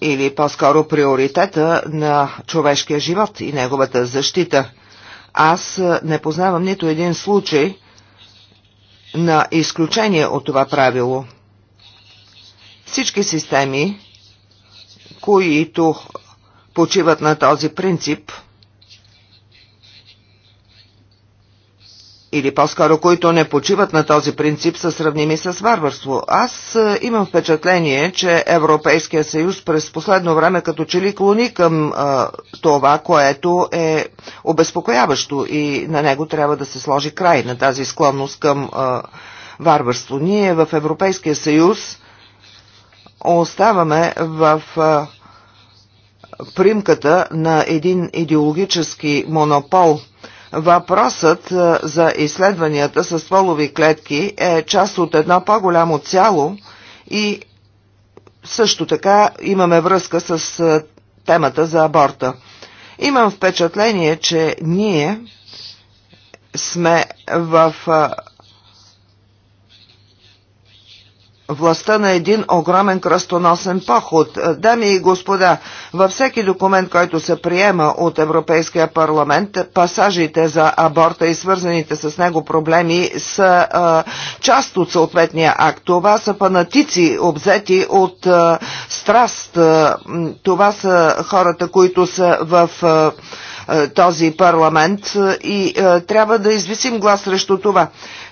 или по-скоро приоритета на човешкия живот и неговата защита. Аз не познавам нито един случай на изключение от това правило. Всички системи, които почиват на този принцип – или по-скоро които не почиват на този принцип, са сравними с варварство. Аз е, имам впечатление, че Европейския съюз през последно време като че ли клони към а, е, това, което е обезпокояващо и на него трябва да се сложи край на тази склонност към а, е, варварство. Ние в Европейския съюз оставаме в а, примката на един идеологически монопол – Въпросът е, за изследванията с полови клетки е част от едно по-голямо цяло и също така имаме връзка с е, темата за аборта. Имам впечатление, че ние сме в е, властта на един огромен кръстоносен поход. Дами и господа, във всеки документ, който се приема от Европейския парламент, пасажите за аборта и свързаните с него проблеми са а, част от съответния акт. Това са фанатици, обзети от а, страст. Това са хората, които са в. А, е, този парламент е, и е, трябва да извисим глас срещу това.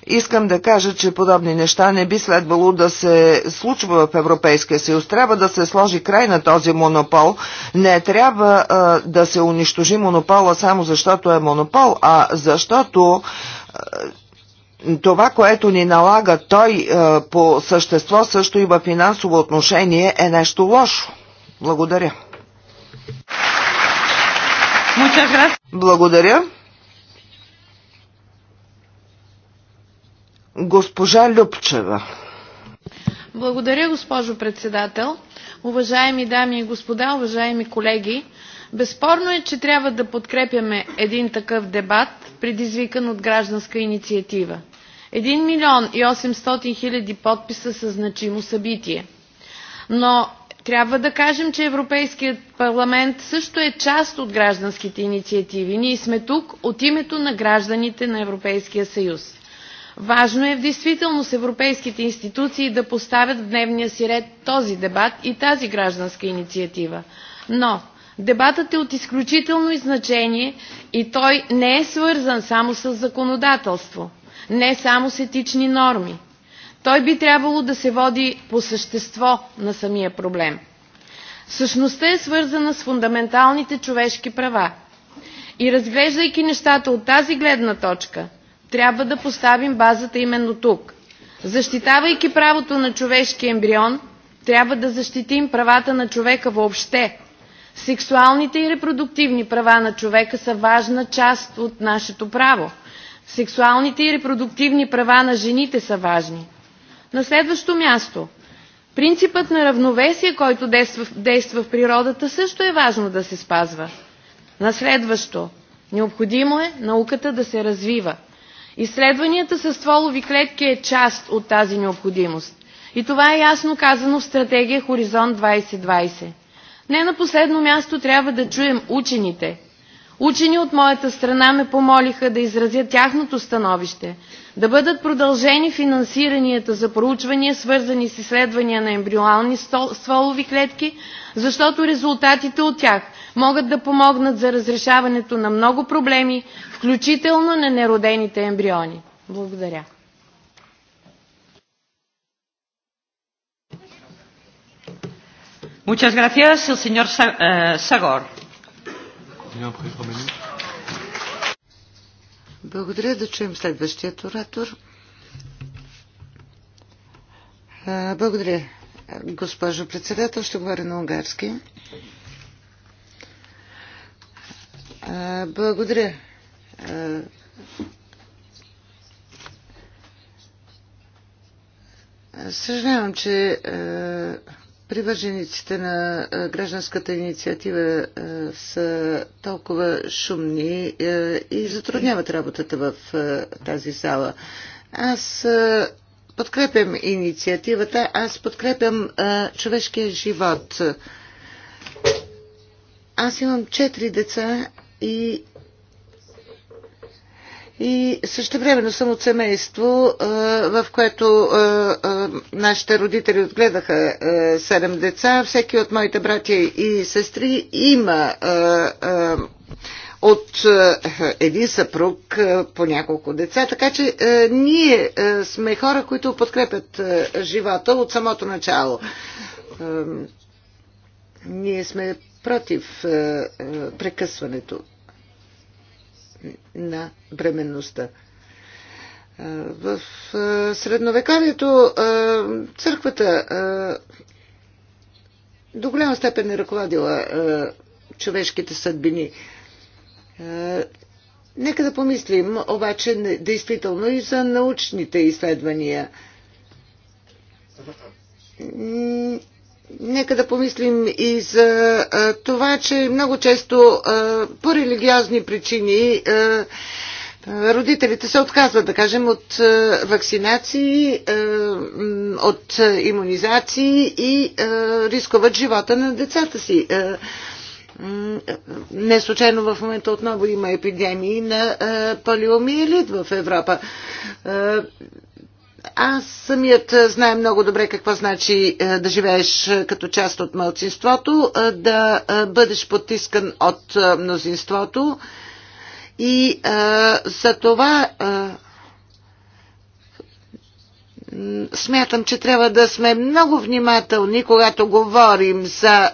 Искам да кажа, че подобни неща не би следвало да се случва в Европейския съюз. Трябва да се сложи край на този монопол. Не трябва а, да се унищожи монопола само защото е монопол, а защото а, това, което ни налага той а, по същество, също и в финансово отношение, е нещо лошо. Благодаря. Благодаря. Госпожа Любчева. Благодаря, госпожо председател. Уважаеми дами и господа, уважаеми колеги, безспорно е, че трябва да подкрепяме един такъв дебат, предизвикан от гражданска инициатива. 1 милион и 800 хиляди подписа са значимо събитие. Но трябва да кажем, че Европейският парламент също е част от гражданските инициативи. Ние сме тук от името на гражданите на Европейския съюз. Важно е в действителност европейските институции да поставят в дневния си ред този дебат и тази гражданска инициатива. Но дебатът е от изключително значение и той не е свързан само с законодателство, не само с етични норми. Той би трябвало да се води по същество на самия проблем. Същността е свързана с фундаменталните човешки права. И разглеждайки нещата от тази гледна точка, трябва да поставим базата именно тук. Защитавайки правото на човешки ембрион, трябва да защитим правата на човека въобще. Сексуалните и репродуктивни права на човека са важна част от нашето право. Сексуалните и репродуктивни права на жените са важни. На следващо място, принципът на равновесие, който действа, действа в природата, също е важно да се спазва. На следващо, необходимо е науката да се развива. Изследванията с стволови клетки е част от тази необходимост. И това е ясно казано в стратегия Хоризонт 2020. Не на последно място трябва да чуем учените – Учени от моята страна ме помолиха да изразя тяхното становище, да бъдат продължени финансиранията за проучвания, свързани с изследвания на ембрионални стволови клетки, защото резултатите от тях могат да помогнат за разрешаването на много проблеми, включително на неродените ембриони. Благодаря. Muchas gracias, el señor э, Sagor. Благодаря да чуем следващият оратор. Благодаря, госпожо председател. Ще говоря на унгарски. Благодаря. Съжалявам, че привържениците на гражданската инициатива са толкова шумни и затрудняват работата в тази зала. Аз подкрепям инициативата, аз подкрепям човешкия живот. Аз имам четири деца и и също времено съм от семейство, е, в което е, е, нашите родители отгледаха седем деца. Всеки от моите братя и сестри има от един съпруг по няколко деца. Така че ние сме хора, които подкрепят живота от самото начало. Ние сме против прекъсването на бременността. В средновековието църквата до голяма степен е ръководила човешките съдбини. Нека да помислим обаче действително и за научните изследвания Нека да помислим и за а, това, че много често а, по религиозни причини а, родителите се отказват, да кажем, от а, вакцинации, а, от иммунизации и а, рискуват живота на децата си. А, не случайно в момента отново има епидемии на полиомиелит в Европа. Аз самият е, знае много добре какво значи е, да живееш е, като част от мълцинството, да бъдеш потискан от мнозинството. И за това смятам, че трябва да сме много внимателни, когато говорим за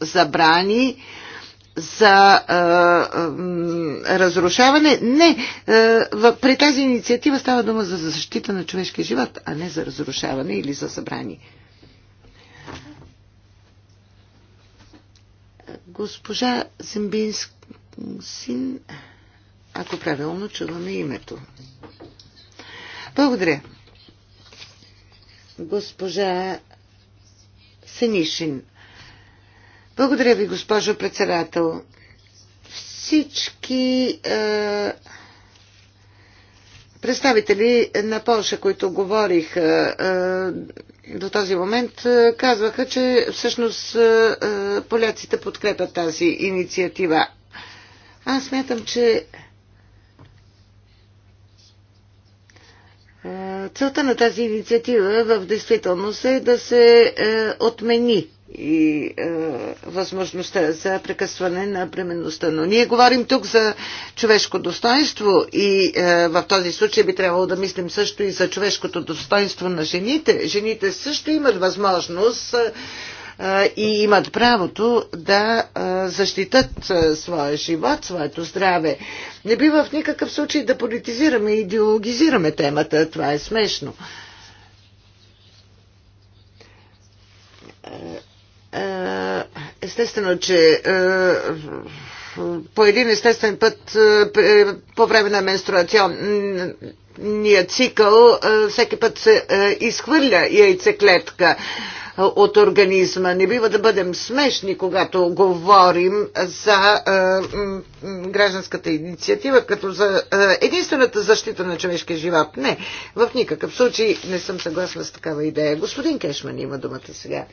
забрани за а, а, разрушаване. Не, а, при тази инициатива става дума за защита на човешкия живот, а не за разрушаване или за събрание. Госпожа Зембинсин, ако правилно чуваме името. Благодаря. Госпожа Сенишин. Благодаря ви, госпожо председател. Всички е, представители на Польша, които говорих е, е, до този момент, е, казваха, че всъщност е, е, поляците подкрепят тази инициатива. Аз смятам, че Целта на тази инициатива в действителност е да се отмени и е, възможността за прекъсване на бременността. Но ние говорим тук за човешко достоинство и е, в този случай би трябвало да мислим също и за човешкото достоинство на жените. Жените също имат възможност е, и имат правото да е, защитат е, своя живот, своето здраве. Не бива в никакъв случай да политизираме и идеологизираме темата. Това е смешно е, е, естествено, че е, по един естествен път е, по време на менструационния цикъл всеки път се изхвърля яйцеклетка от организма. Не бива да бъдем смешни, когато говорим за гражданската инициатива, като за единствената защита на човешкия живот. Не, в никакъв случай не съм съгласна с такава идея. Господин Кешман има думата сега.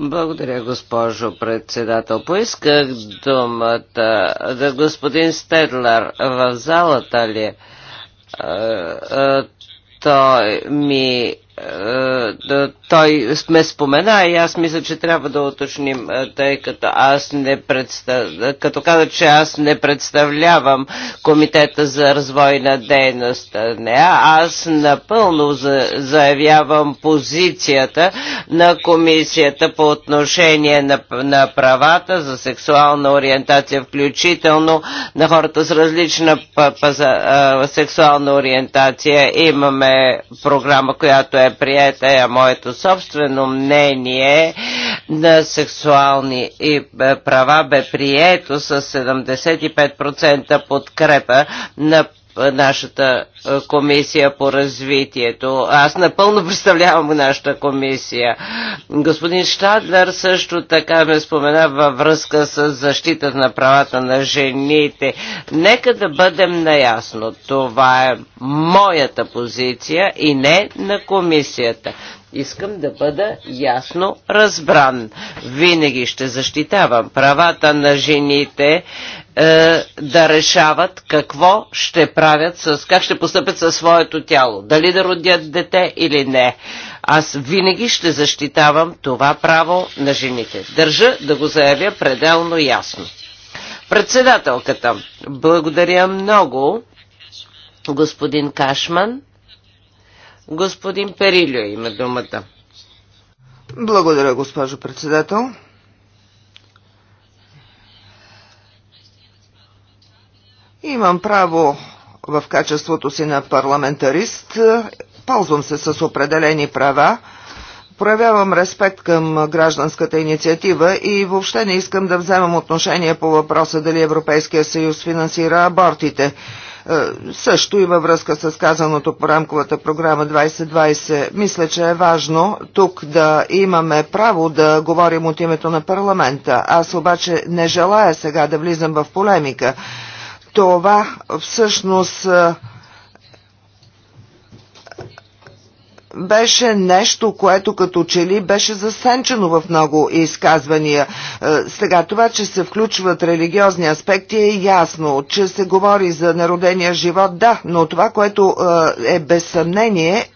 Благодаря, госпожо председател. Поисках думата да господин Стедлар в залата ли? Е, е, той ми е, е, той сме спомена и аз мисля, че трябва да уточним, е, тъй като аз не представ... Е, като каза, че аз не представлявам Комитета за развойна дейност. Не, аз напълно заявявам позицията на Комисията по отношение на, на правата за сексуална ориентация, включително на хората с различна паза... сексуална ориентация. Имаме програма, която е приета изразя моето собствено мнение на сексуални и е, права бе прието с 75% подкрепа на нашата комисия по развитието. Аз напълно представлявам нашата комисия. Господин Штадлер също така ме спомена във връзка с защита на правата на жените. Нека да бъдем наясно. Това е моята позиция и не на комисията. Искам да бъда ясно разбран. Винаги ще защитавам правата на жените е, да решават какво ще правят, с, как ще постъпят със своето тяло. Дали да родят дете или не. Аз винаги ще защитавам това право на жените. Държа да го заявя пределно ясно. Председателката, благодаря много, господин Кашман. Господин Перилио има думата. Благодаря, госпожо председател. Имам право в качеството си на парламентарист, ползвам се с определени права, проявявам респект към гражданската инициатива и въобще не искам да вземам отношение по въпроса дали Европейския съюз финансира абортите е, също и във връзка с казаното по рамковата програма 2020. Мисля, че е важно тук да имаме право да говорим от името на парламента. Аз обаче не желая сега да влизам в полемика това всъщност е, беше нещо, което като че ли беше засенчено в много изказвания. Е, сега това, че се включват религиозни аспекти е ясно, че се говори за народения живот, да, но това, което е, е без съмнение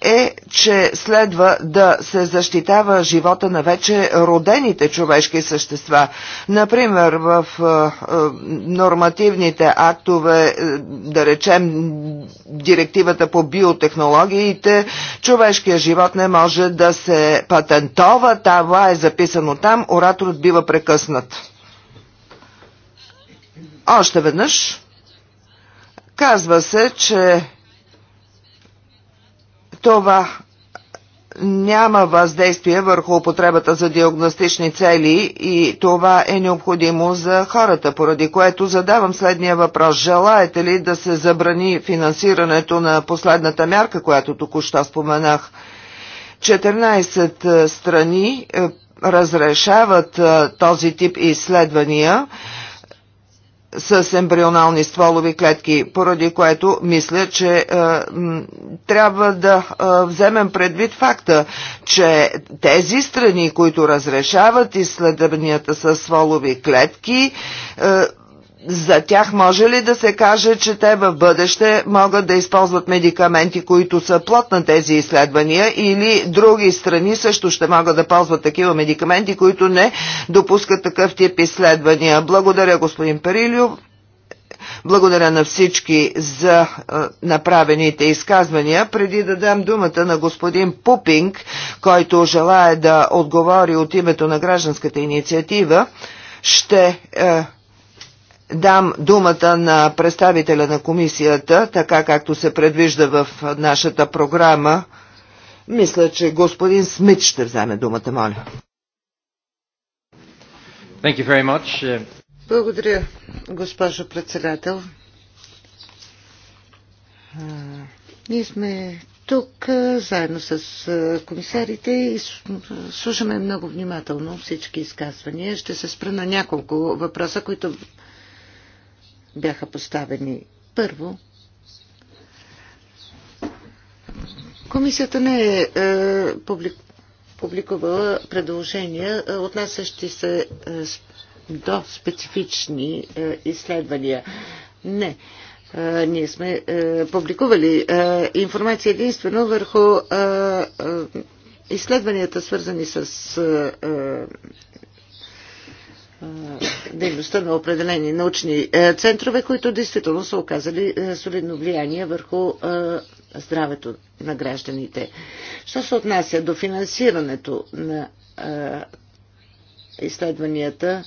е че следва да се защитава живота на вече родените човешки същества. Например, в е, е, нормативните актове, е, да речем директивата по биотехнологиите, човешкият живот не може да се патентова, това е записано там, ораторът бива прекъснат. Още веднъж казва се, че това няма въздействие върху употребата за диагностични цели и това е необходимо за хората, поради което задавам следния въпрос. Желаете ли да се забрани финансирането на последната мярка, която току-що споменах? 14 е, страни е, разрешават е, този тип изследвания с ембрионални стволови клетки, поради което мисля, че е, трябва да е, вземем предвид факта, че тези страни, които разрешават изследванията с стволови клетки, е, за тях може ли да се каже, че те в бъдеще могат да използват медикаменти, които са плод на тези изследвания или други страни също ще могат да ползват такива медикаменти, които не допускат такъв тип изследвания? Благодаря, господин Перилю. Благодаря на всички за е, направените изказвания. Преди да дам думата на господин Пупинг, който желая да отговори от името на гражданската инициатива, ще е, дам думата на представителя на комисията, така както се предвижда в нашата програма. Мисля, че господин Смит ще вземе думата, моля. Thank you very much. Благодаря, госпожо председател. Ние сме тук заедно с комисарите и слушаме много внимателно всички изказвания. Ще се спра на няколко въпроса, които бяха поставени. Първо, комисията не е, е публик, публикувала предложения, е, отнасящи се е, до специфични е, изследвания. Не. Е, ние сме е, публикували е, информация единствено върху е, е, изследванията, свързани с е, е дейността на определени научни е, центрове, които действително са оказали е, солидно влияние върху е, здравето на гражданите. Що се отнася до финансирането на изследванията,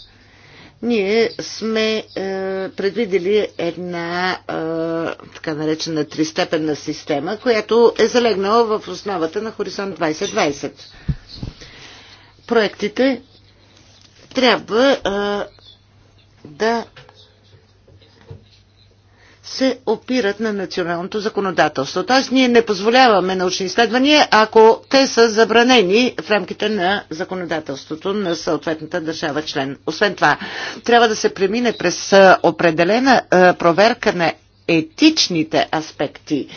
ние сме е, предвидели една е, така наречена тристепенна система, която е залегнала в основата на Хоризонт 2020. Проектите трябва а, да се опират на националното законодателство. Т.е. ние не позволяваме научни изследвания, ако те са забранени в рамките на законодателството на съответната държава член. Освен това, трябва да се премине през определена проверка на етичните аспекти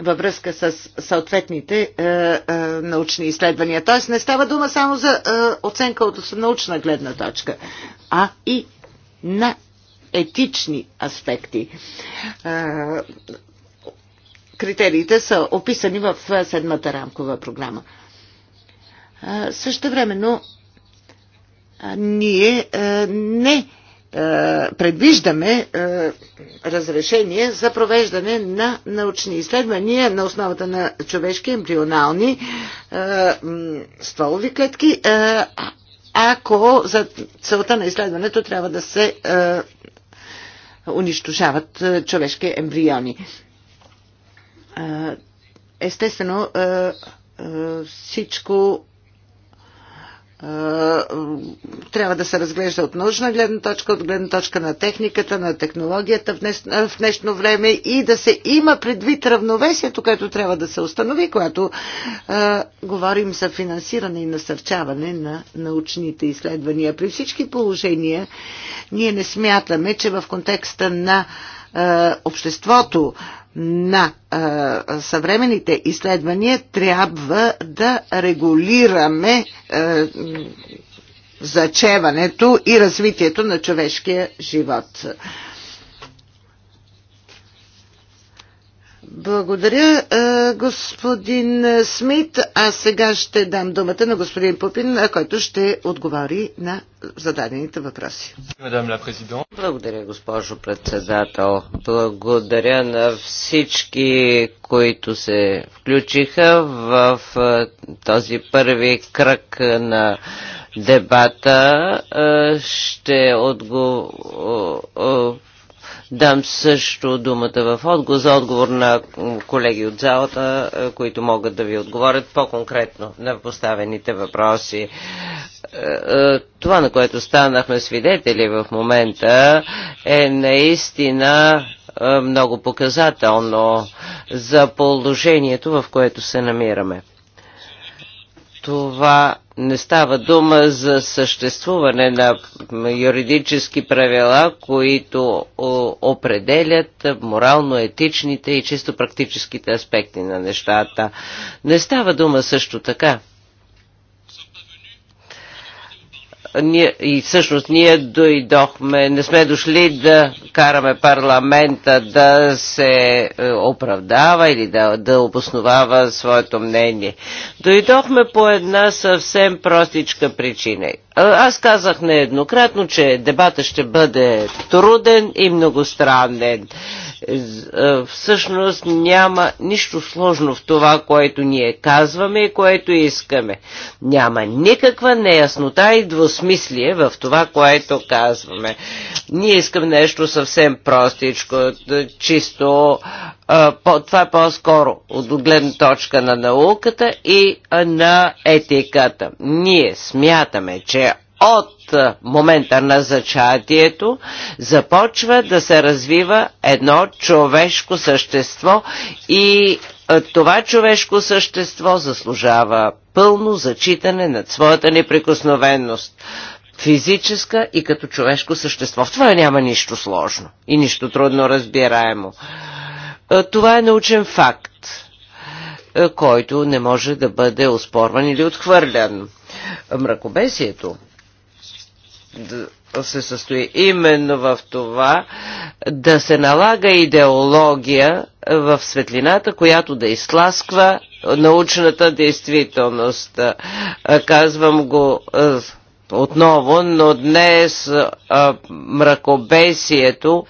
във връзка с съответните е, е, научни изследвания. Тоест не става дума само за е, оценка от научна гледна точка, а и на етични аспекти. Е, критериите са описани в е, седмата рамкова програма. Е, също времено е, ние е, не е, предвиждаме е, разрешение за провеждане на научни изследвания на основата на човешки ембрионални е, стволови клетки, ако за целта на изследването трябва да се унищожават човешки ембриони. Естествено, всичко трябва да се разглежда от научна гледна точка, от гледна точка на техниката, на технологията в, днес, в днешно време и да се има предвид равновесието, което трябва да се установи, когато е, говорим за финансиране и насърчаване на научните изследвания. При всички положения ние не смятаме, че в контекста на обществото, на а, съвременните изследвания трябва да регулираме а, зачеването и развитието на човешкия живот. Благодаря, господин Смит. а сега ще дам думата на господин Пупин, който ще отговори на зададените въпроси. Благодаря, госпожо председател. Благодаря на всички, които се включиха в този първи кръг на дебата. Ще отговоря дам също думата в отговор, за отговор на колеги от залата, е, които могат да ви отговорят по-конкретно на поставените въпроси. Е, е, това, на което станахме свидетели в момента, е наистина много показателно за положението, в което се намираме това не става дума за съществуване на юридически правила, които определят морално-етичните и чисто практическите аспекти на нещата. Не става дума също така ние, и всъщност ние дойдохме, не сме дошли да караме парламента да се е, оправдава или да, да обосновава своето мнение. Дойдохме по една съвсем простичка причина. Аз казах нееднократно, че дебата ще бъде труден и многостранен. Всъщност няма нищо сложно в това, което ние казваме и което искаме. Няма никаква неяснота и двусмислие в това, което казваме. Ние искаме нещо съвсем простичко, чисто това е по-скоро от гледна точка на науката и на етиката. Ние смятаме, че от момента на зачатието, започва да се развива едно човешко същество и това човешко същество заслужава пълно зачитане над своята неприкосновенност. Физическа и като човешко същество. В това няма нищо сложно и нищо трудно разбираемо. Това е научен факт, който не може да бъде оспорван или отхвърлян. Мракобесието се състои именно в това да се налага идеология е, в светлината, която да изтласква научната действителност. Е, казвам го е, отново, но днес мракобесието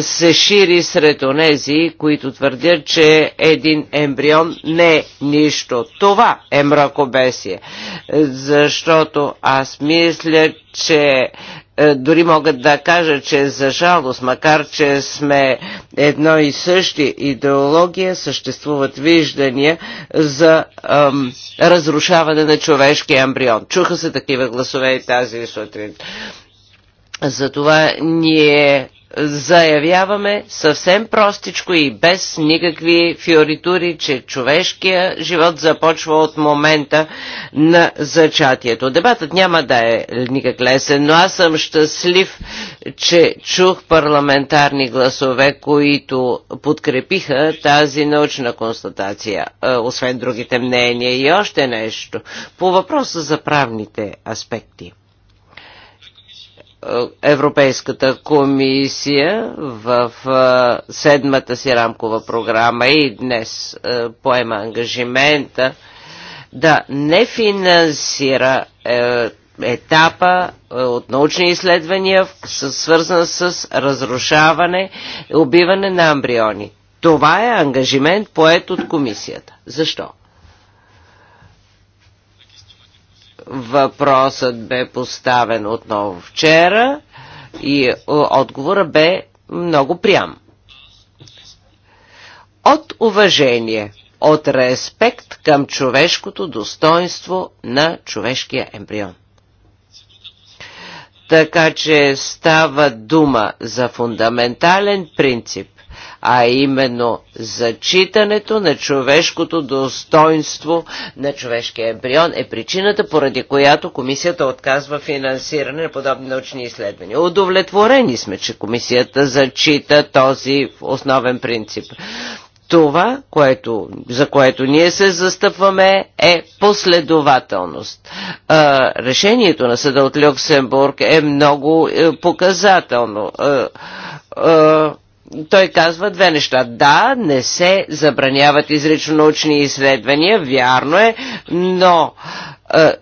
се шири сред онези, които твърдят, че един ембрион не е нищо. Това е мракобесие. Защото аз мисля, че е, дори могат да кажа, че за жалост, макар че сме едно и същи идеология, съществуват виждания за ам, разрушаване на човешкия амбрион. Чуха се такива гласове и тази сутрин. Затова ние заявяваме съвсем простичко и без никакви фиоритури, че човешкия живот започва от момента на зачатието. Дебатът няма да е никак лесен, но аз съм щастлив, че чух парламентарни гласове, които подкрепиха тази научна констатация, освен другите мнения и още нещо. По въпроса за правните аспекти. Европейската комисия в седмата си рамкова програма и днес поема ангажимента да не финансира е, етапа е, от научни изследвания, свързан с разрушаване, и убиване на амбриони. Това е ангажимент поет от комисията. Защо? Въпросът бе поставен отново вчера и е, отговора бе много прям. От уважение, от респект към човешкото достоинство на човешкия ембрион. Така че става дума за фундаментален принцип а именно зачитането на човешкото достоинство на човешкия ембрион е причината, поради която комисията отказва финансиране на подобни научни изследвания. Удовлетворени сме, че комисията зачита този основен принцип. Това, което, за което ние се застъпваме, е последователност. А, решението на съда от Люксембург е много е, показателно. А, а, той казва две неща. Да, не се забраняват изрично научни изследвания, вярно е, но е,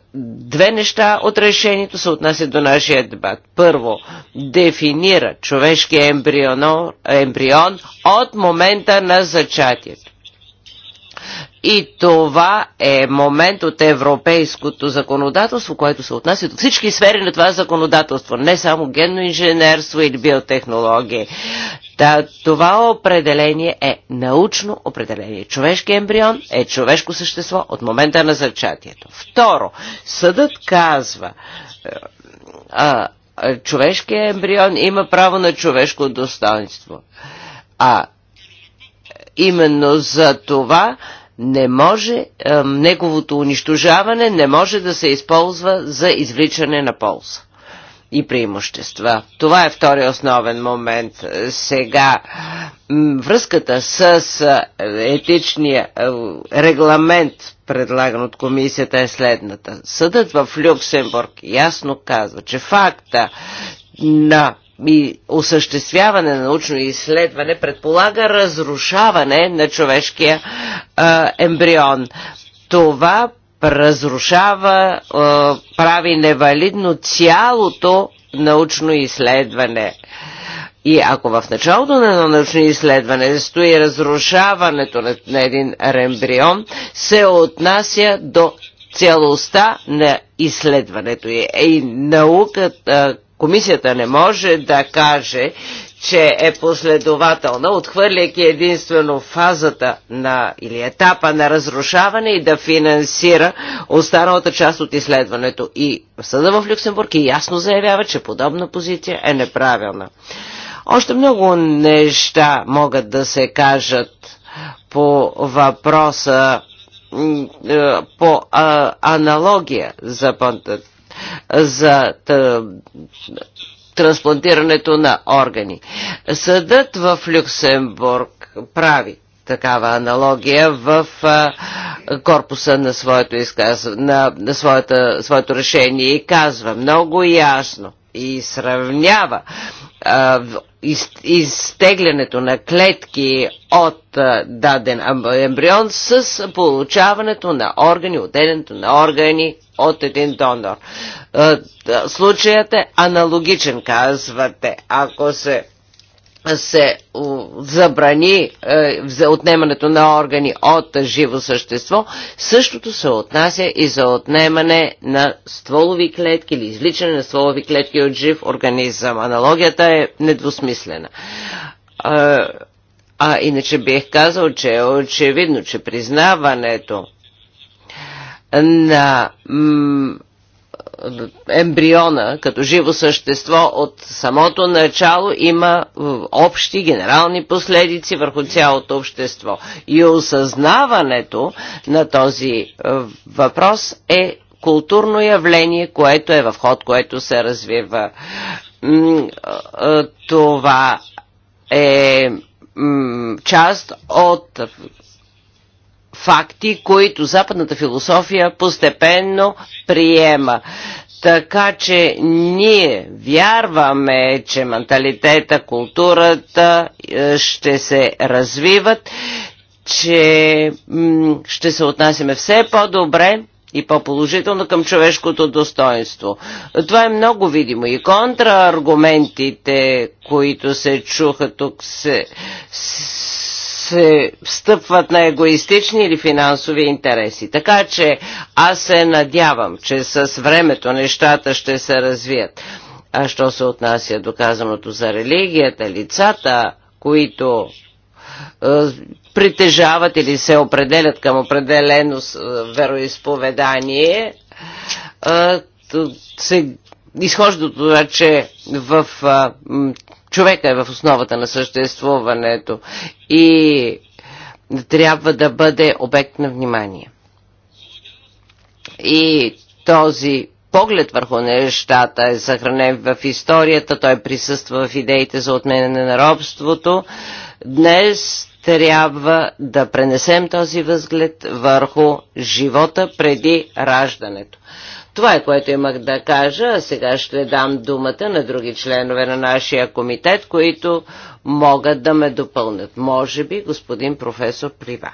две неща от решението се отнасят до нашия дебат. Първо, дефинира човешкия ембрион, ембрион от момента на зачатието. И това е момент от европейското законодателство, което се отнася до всички сфери на това законодателство, не само генно инженерство или биотехнологии. Това определение е научно определение. Човешки ембрион е човешко същество от момента на зачатието. Второ, съдът казва, е, а, човешкият ембрион има право на човешко достоинство. А именно за това не може, а, е, неговото унищожаване не може да се използва за извличане на полза и преимущества. Това е втори основен момент. Сега връзката с етичния регламент, предлаган от комисията, е следната. Съдът в Люксембург ясно казва, че факта на и осъществяване на научно изследване предполага разрушаване на човешкия а, ембрион. Това разрушава, прави невалидно цялото научно изследване. И ако в началото на едно научно изследване стои разрушаването на един рембрион, се отнася до цялостта на изследването. И науката, комисията не може да каже, че е последователна, отхвърляйки единствено фазата на, или етапа на разрушаване и да финансира останалата част от изследването. И съда в Люксембург и ясно заявява, че подобна позиция е неправилна. Още много неща могат да се кажат по въпроса е, по аналогия за, за трансплантирането на органи. Съдът в Люксембург прави такава аналогия в а, корпуса на своето, изказ, на, на своята, своето решение и казва много ясно и сравнява а, из, изтеглянето на клетки от а, даден ембрион с получаването на органи, отделянето на органи от един донор. А, случаят е аналогичен, казвате. Ако се се забрани е, за отнемането на органи от живо същество, същото се отнася и за отнемане на стволови клетки или извличане на стволови клетки от жив организъм. Аналогията е недвусмислена. А, е, а иначе бих казал, че е очевидно, че признаването на ембриона като живо същество от самото начало има общи генерални последици върху цялото общество. И осъзнаването на този е, въпрос е културно явление, което е в ход, което се развива. Е, е, това е част от факти, които западната философия постепенно приема. Така че ние вярваме, че менталитета, културата е, ще се развиват, че ще се отнасяме все по-добре и по-положително към човешкото достоинство. Това е много видимо и контрааргументите, които се чуха тук, се, се встъпват на егоистични или финансови интереси. Така че аз се надявам, че с времето нещата ще се развият. А що се отнася до казаното за религията, лицата, които е, притежават или се определят към определено е, вероисповедание, е, се изхожда от това, че в е, човека е в основата на съществуването и трябва да бъде обект на внимание. И този поглед върху нещата е съхранен в историята, той присъства в идеите за отменене на робството. Днес трябва да пренесем този възглед върху живота преди раждането. Това е което имах да кажа, а сега ще дам думата на други членове на нашия комитет, които могат да ме допълнят. Може би господин професор Прива.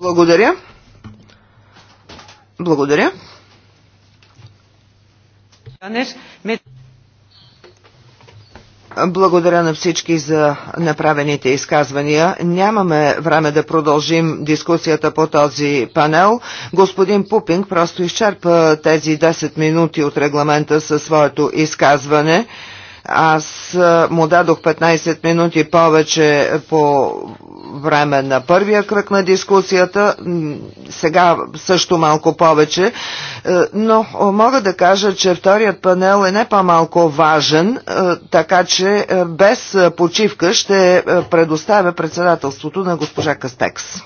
Благодаря. Благодаря. Благодаря на всички за направените изказвания. Нямаме време да продължим дискусията по този панел. Господин Пупинг просто изчерпа тези 10 минути от регламента със своето изказване. Аз му дадох 15 минути повече по време на първия кръг на дискусията, сега също малко повече, е, но мога да кажа, че вторият панел е не по-малко важен, е, така че е, без почивка ще предоставя председателството на госпожа Кастекс.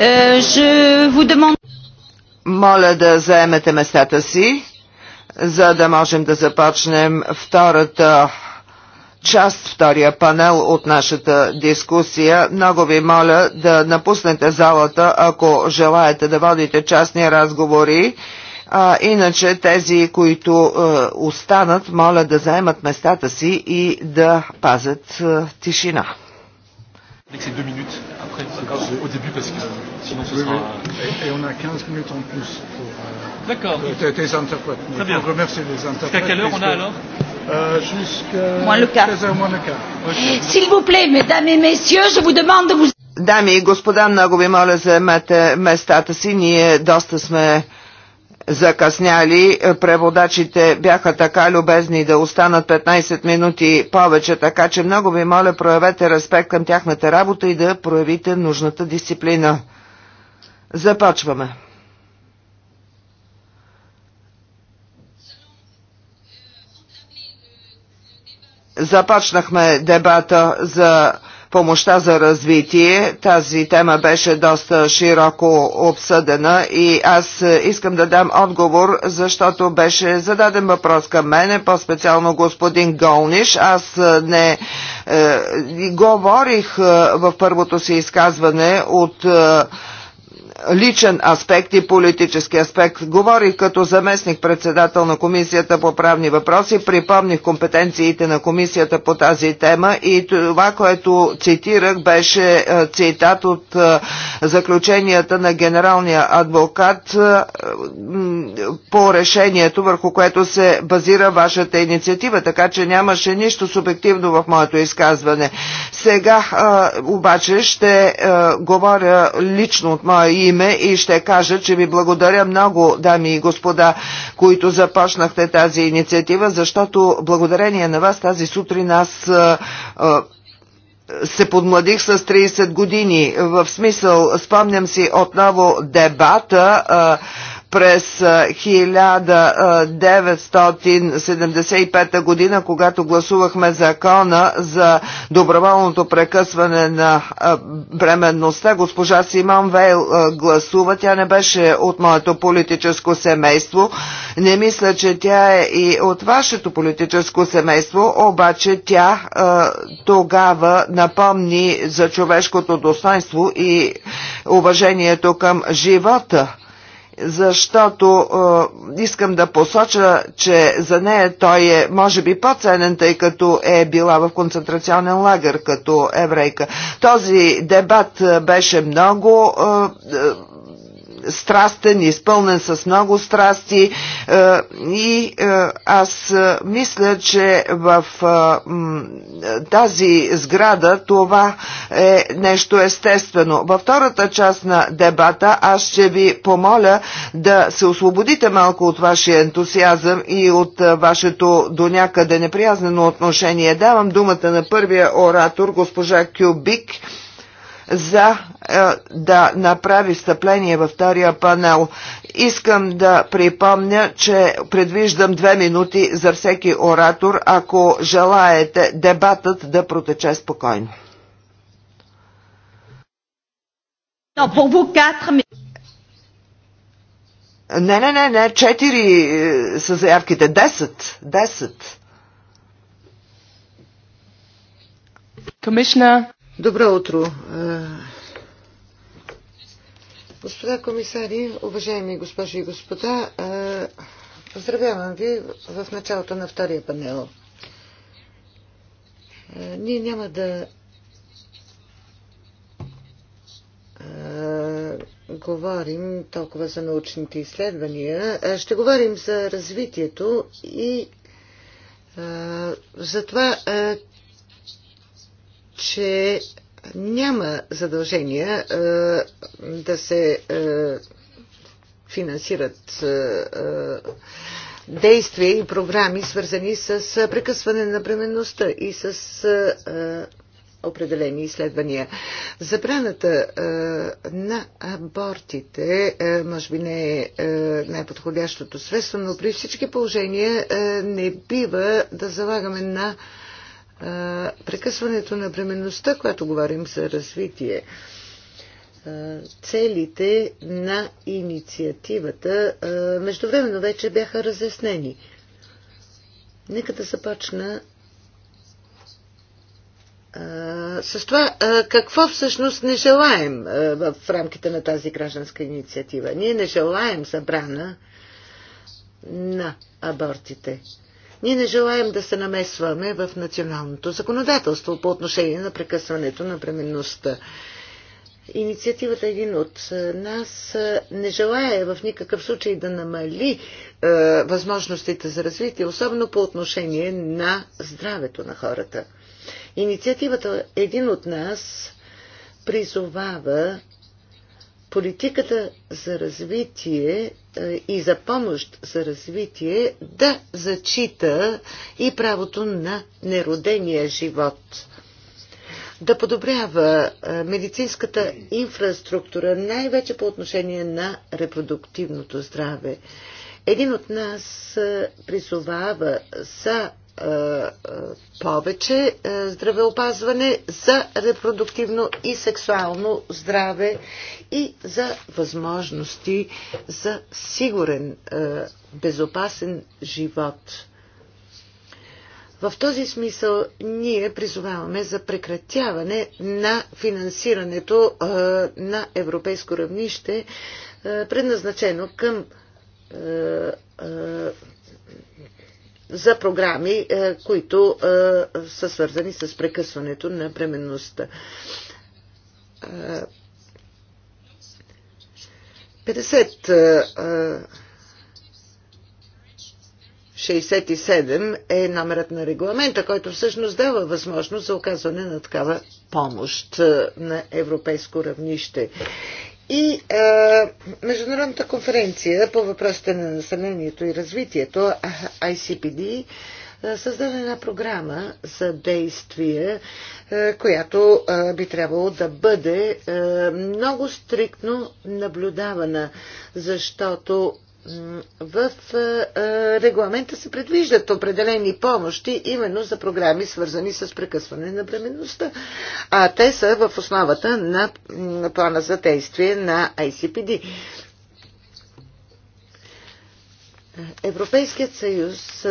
Е, моля да заемете местата си, за да можем да започнем втората част, втория панел от нашата дискусия. Много ви моля да напуснете залата, ако желаете да водите частни разговори. А, иначе тези, които е, останат, моля да заемат местата си и да пазят е, тишина. минути après, au début, parce que sinon ce oui, sera. Oui. Et, et on a 15 minutes en plus pour. euh, D'accord. tes interprètes. Très bien. On remercie les interprètes. Jusqu'à quelle heure on a alors euh, Jusqu'à. Moins le quart. Moins le quart. S'il vous plaît, mesdames et messieurs, je vous demande de vous. Дами и господа, много ви моля, заемете местата си. Ние доста сме закъсняли. Е, преводачите бяха така любезни да останат 15 минути повече, така че много ви моля проявете респект към тяхната работа и да проявите нужната дисциплина. Започваме. Започнахме дебата за помощта за развитие. Тази тема беше доста широко обсъдена и аз искам да дам отговор, защото беше зададен въпрос към мене, по-специално господин Голниш. Аз е, не е, говорих е, в първото си изказване от е, личен аспект и политически аспект. Говорих като заместник председател на Комисията по правни въпроси, припомних компетенциите на Комисията по тази тема и това, което цитирах, беше е, цитат от е, заключенията на генералния адвокат е, по решението, върху което се базира вашата инициатива, така че нямаше нищо субективно в моето изказване. Сега обаче ще говоря лично от моя и име и ще кажа, че ви благодаря много, дами и господа, които започнахте тази инициатива, защото благодарение на вас тази сутрин аз се подмладих с 30 години. В смисъл, спомням си отново дебата през 1975 година, когато гласувахме закона за доброволното прекъсване на бременността. Госпожа Симон Вейл гласува. Тя не беше от моето политическо семейство. Не мисля, че тя е и от вашето политическо семейство, обаче тя тогава напомни за човешкото достоинство и уважението към живота защото е, искам да посоча, че за нея той е, може би, по-ценен, тъй като е била в концентрационен лагер като еврейка. Този дебат беше много е, страстен, изпълнен с много страсти е, и е, аз е, мисля, че в тази сграда това е нещо естествено. Във втората част на дебата аз ще ви помоля да се освободите малко от вашия ентусиазъм и от вашето до някъде неприязнено отношение. Давам думата на първия оратор, госпожа Кюбик за е, да направи встъпление във втория панел. Искам да припомня, че предвиждам две минути за всеки оратор, ако желаете дебатът да протече спокойно. Не, не, не, не, четири е, са заявките, десет, десет. Комишна. Добро утро! Господа комисари, уважаеми госпожи и господа, поздравявам ви в началото на втория панел. Ние няма да говорим толкова за научните изследвания, ще говорим за развитието и за това, че няма задължения а, е, да се а, е, финансират а, е, действия и програми, свързани с прекъсване на бременността и с определени изследвания. Забраната а, на абортите а, може би не е, най-подходящото средство, но при всички положения а, не бива да залагаме на а, прекъсването на бременността, когато говорим за развитие. Целите на инициативата междувременно вече бяха разяснени. Нека да започна с това какво всъщност не желаем в рамките на тази гражданска инициатива. Ние не желаем забрана на абортите. Ние не желаем да се намесваме в националното законодателство по отношение на прекъсването на бременността. Инициативата е един от е, нас е, не желая в никакъв случай да намали е, възможностите за развитие, особено по отношение на здравето на хората. Инициативата един от нас призовава политиката за развитие е, и за помощ за развитие да зачита и правото на неродения живот. Да подобрява е, медицинската инфраструктура, най-вече по отношение на репродуктивното здраве. Един от нас е, призовава за е, повече е, здравеопазване за репродуктивно и сексуално здраве и за възможности за сигурен, е, безопасен живот. В този смисъл ние призоваваме за прекратяване на финансирането на европейско равнище, предназначено към за програми, е, които е, са свързани с прекъсването на бременността. 5067 е, е номерът на регламента, който всъщност дава възможност за оказване на такава помощ на европейско равнище. И а, е, Международната конференция по въпросите на населението и развитието, ICPD, е, създаде една програма за действие, която е, би трябвало да бъде много стриктно наблюдавана, защото в регламента се предвиждат определени помощи именно за програми, свързани с прекъсване на бременността. А те са в основата на плана за действие на ICPD. Европейският съюз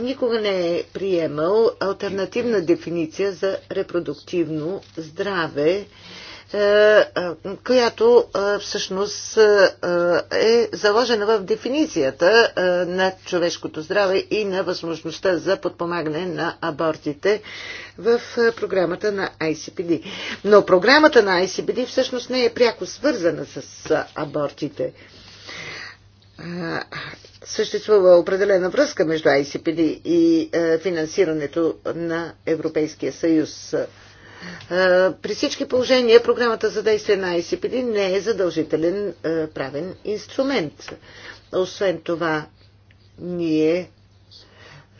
никога не е приемал альтернативна дефиниция за репродуктивно здраве е, е, която е, всъщност е заложена в дефиницията на човешкото здраве и на възможността за подпомагане на абортите в програмата на ICPD. Но програмата на ICPD всъщност не е пряко свързана с абортите. Съществува определена връзка между ICPD и финансирането на Европейския съюз. При всички положения програмата за действие на ICPD не е задължителен правен инструмент. Освен това, ние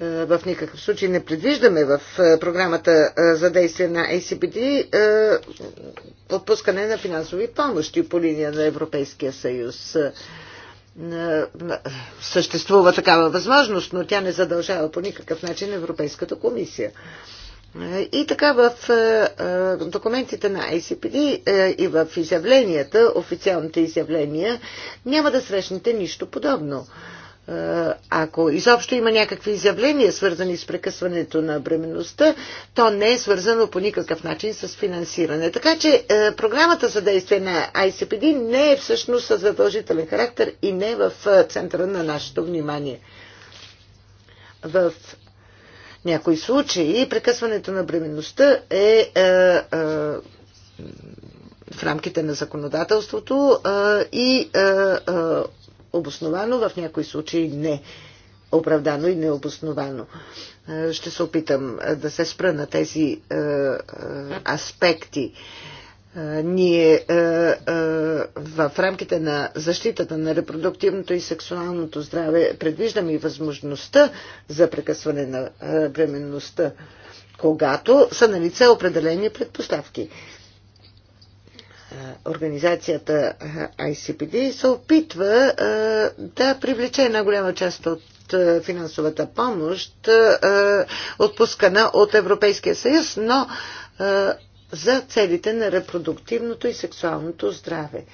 в никакъв случай не предвиждаме в програмата за действие на ICPD отпускане на финансови помощи по линия на Европейския съюз. Съществува такава възможност, но тя не задължава по никакъв начин Европейската комисия. И така в е, е, документите на ICPD е, и в изявленията, официалните изявления, няма да срещнете нищо подобно. Ако изобщо има някакви изявления, свързани с прекъсването на бременността, то не е свързано по никакъв начин с финансиране. Така че програмата за действие на ICPD не е всъщност с задължителен характер и не е в центъра на нашето внимание. В някои случаи прекъсването на бременността е, е, е в рамките на законодателството е, и е, е, обосновано, в някои случаи не. Оправдано и необосновано. Е, ще се опитам е, да се спра на тези е, е, аспекти. Е, ние в рамките на защитата на репродуктивното и сексуалното здраве предвиждаме и възможността за прекъсване на бременността, когато са на лице определени предпоставки. Организацията ICPD се опитва да привлече една голяма част от финансовата помощ, отпускана от Европейския съюз, но за целите на репродуктивното и сексуалното здраве.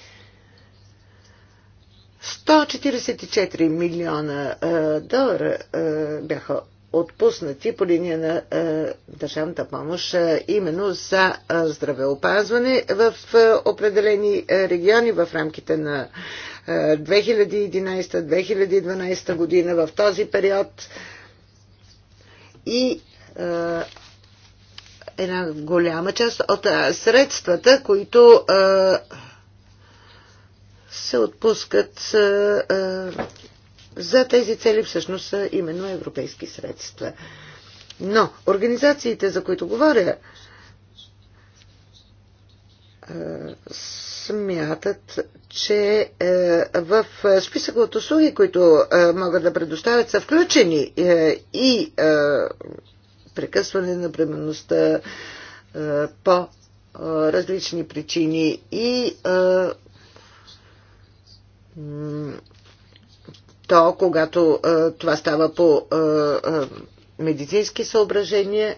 144 милиона е, долара е, бяха отпуснати по линия на е, държавната помощ е, именно за е, здравеопазване в е, определени е, региони в рамките на е, 2011-2012 година в този период и е, една голяма част от средствата, които се отпускат за тези цели, всъщност са именно европейски средства. Но организациите, за които говоря, смятат, че в списък от услуги, които могат да предоставят, са включени и прекъсване на бременността по различни причини и то, когато това става по медицински съображения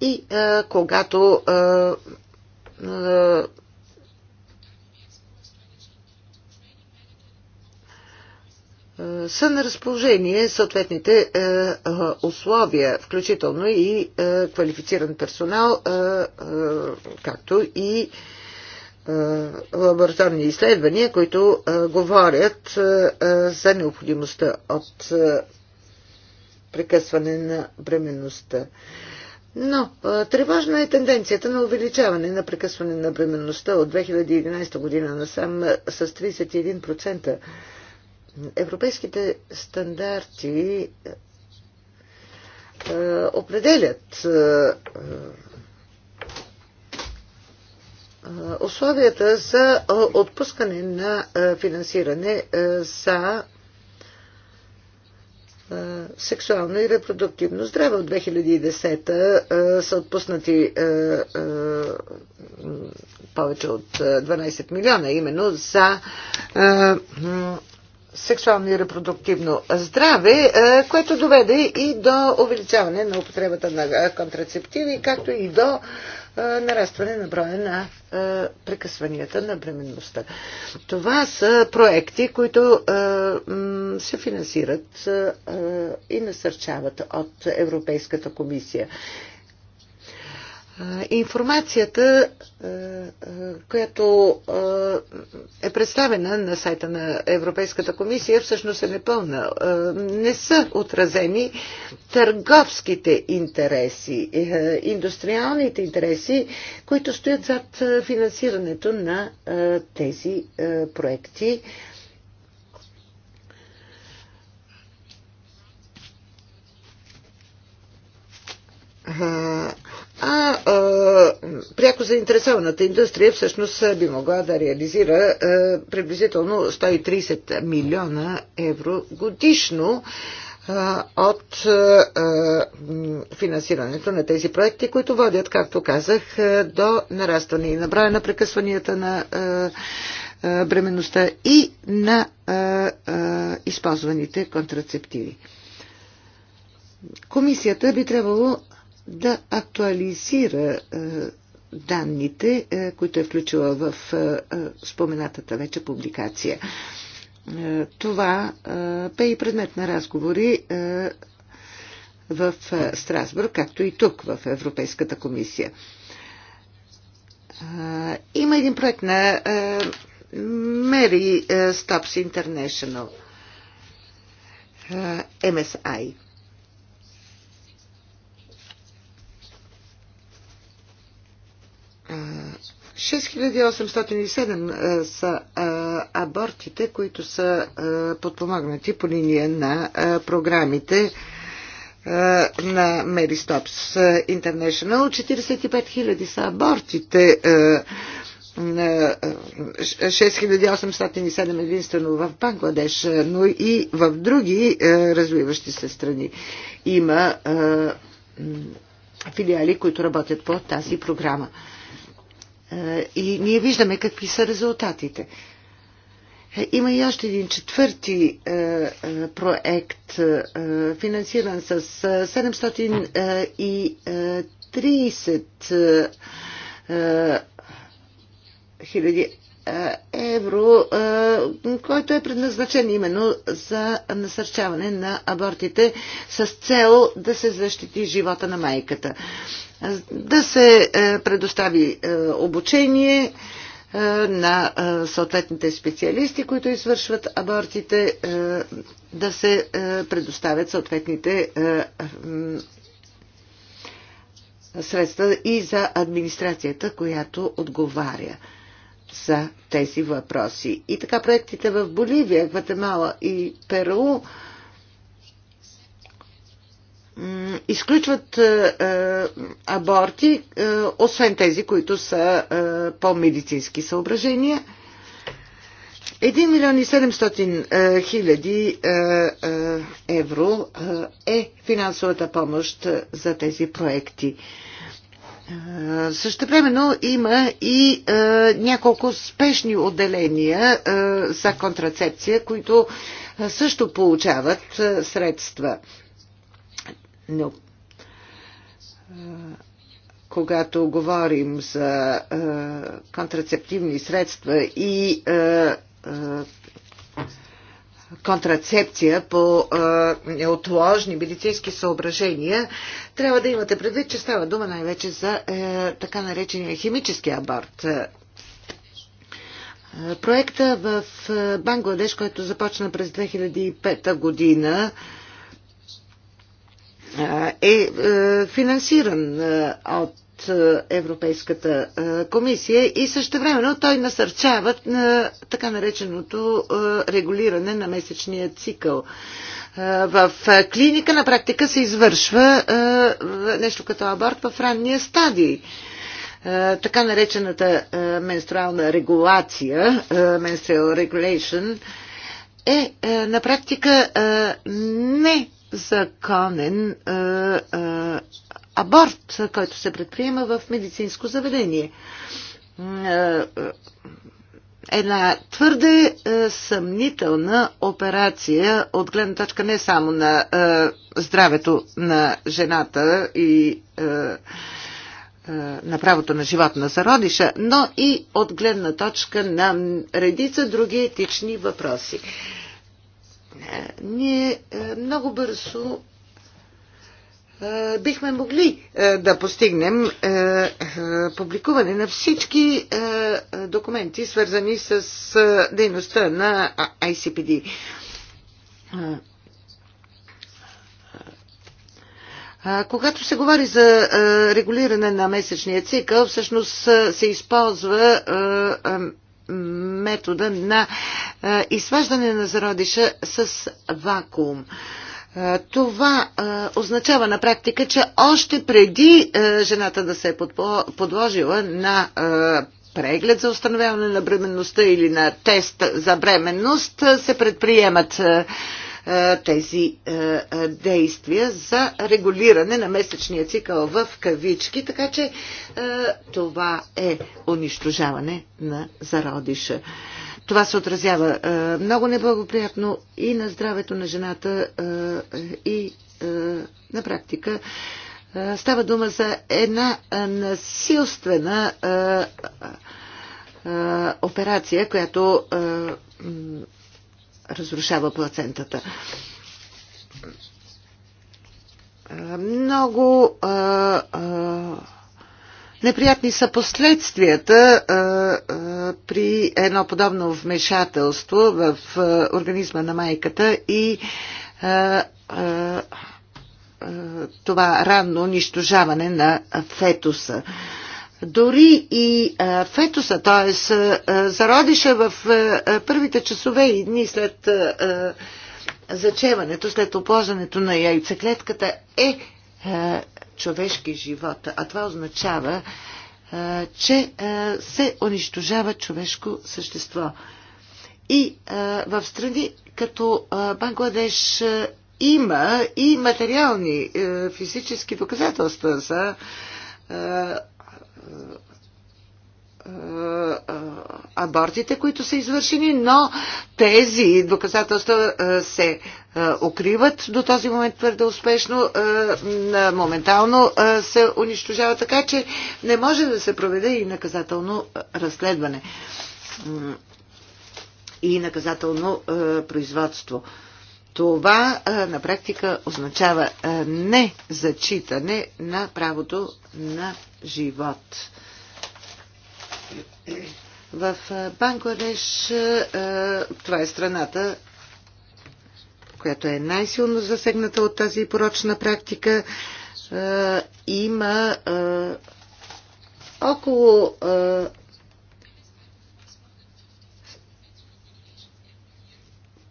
и когато Е, са на разположение съответните е, е, условия, включително и квалифициран персонал, както и лабораторни изследвания, които говорят за необходимостта от прекъсване на бременността. Но тревожна е тенденцията на увеличаване на прекъсване на бременността от 2011 година насам с 31%. Европейските стандарти е, определят е, е, условията за отпускане на финансиране за сексуално и репродуктивно здраве от 2010 са отпуснати повече от 12 милиона именно за сексуално и репродуктивно здраве, е, което доведе и до увеличаване на употребата на е, контрацептиви, както и до е, нарастване на броя на прекъсванията на бременността. Това са проекти, които се финансират и насърчават от Европейската комисия информацията, която е представена на сайта на Европейската комисия, всъщност е непълна. Не са отразени търговските интереси, индустриалните интереси, които стоят зад финансирането на тези проекти. Uh а, а пряко заинтересованата индустрия всъщност би могла да реализира а, приблизително 130 милиона евро годишно а, от а, финансирането на тези проекти, които водят, както казах, до нарастване и набрая на прекъсванията на а, бременността и на а, а, използваните контрацептиви. Комисията би трябвало да актуализира е, данните, е, които е включила в е, споменатата вече публикация. Това бе и предмет на разговори в Страсбург, както и тук в Европейската комисия. Има един проект на Mary Stops International, MSI – 6807 са абортите, които са подпомогнати по линия на програмите на Mary Stops International. 45 000 са абортите. 6807 единствено в Бангладеш, но и в други развиващи се страни. Има филиали, които работят по тази програма. Е, и ние виждаме какви са резултатите. Е, има и още един четвърти е, проект, финансиран с 730 хиляди евро, който е предназначен именно за насърчаване на абортите с цел да се защити живота на майката да се е, предостави е, обучение е, на съответните специалисти, които извършват абортите, да се предоставят съответните средства и за администрацията, която отговаря за тези въпроси. И така проектите в Боливия, Гватемала и Перу изключват е, е, аборти, е, освен тези, които са по медицински съображения. 1 милион и 700 хиляди евро е финансовата помощ за тези проекти. Също времено има и няколко спешни отделения за контрацепция, които също получават средства. Но, когато говорим за контрацептивни средства и контрацепция по а, неотложни медицински съображения, трябва да имате предвид, че става дума най-вече за а, е, така наречения химически аборт. Проекта в Бангладеш, който започна през 2005 година, е, е финансиран е, от е, Европейската комисия и също времено той насърчава на така нареченото регулиране на месечния цикъл. В клиника на практика се извършва нещо като аборт в ранния стадий. Така наречената менструална регулация, menstrual regulation, е на практика не законен а, а, аборт, който се предприема в медицинско заведение. Една твърде съмнителна операция от гледна точка не само на здравето на жената и на правото на живот на зародиша, но и от гледна точка на редица други етични въпроси ние е, много бързо е, бихме могли е, да постигнем публикуване на всички документи, свързани с дейността на ICPD. Когато се говори за регулиране на месечния цикъл, всъщност се използва метода на изваждане на зародиша с вакуум. Това означава на практика, че още преди жената да се е подложила на преглед за установяване на бременността или на тест за бременност, се предприемат е, тези е, е, действия за регулиране на месечния цикъл в кавички, така че това е унищожаване на зародиша. Това се отразява много неблагоприятно и на здравето на жената и на практика става дума за една насилствена операция, която разрушава плацентата. Много а, а, неприятни са последствията а, а, при едно подобно вмешателство в а, организма на майката и а, а, това ранно унищожаване на фетуса. А, дори и фетуса, т.е. зародиша в първите часове и дни след зачеването, след оплождането на яйцеклетката е човешки живот. А това означава, че се унищожава човешко същество. И в страни като Бангладеш има и материални физически доказателства за е, е, е, абортите, които са извършени, но тези доказателства се укриват до този момент твърде успешно, моментално се унищожава, така че не може да се проведе и наказателно разследване и наказателно производство. Това на практика означава не зачитане на правото на живот. В Бангладеш това е страната, която е най-силно засегната от тази порочна практика. Има около 50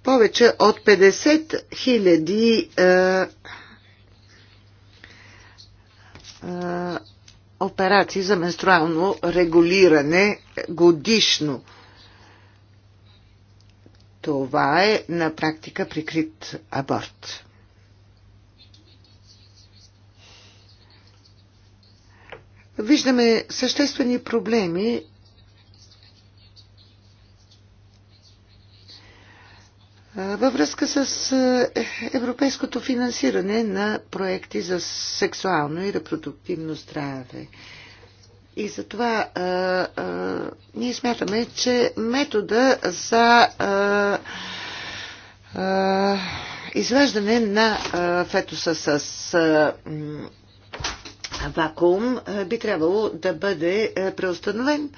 повече от 50 хиляди операции за менструално регулиране годишно. Това е на практика прикрит аборт. Виждаме съществени проблеми Във връзка с европейското финансиране на проекти за сексуално и репродуктивно здраве. И затова а, а, ние смятаме, че метода за а, а, извеждане на а, фетуса с а, вакуум а, би трябвало да бъде преустановен. А,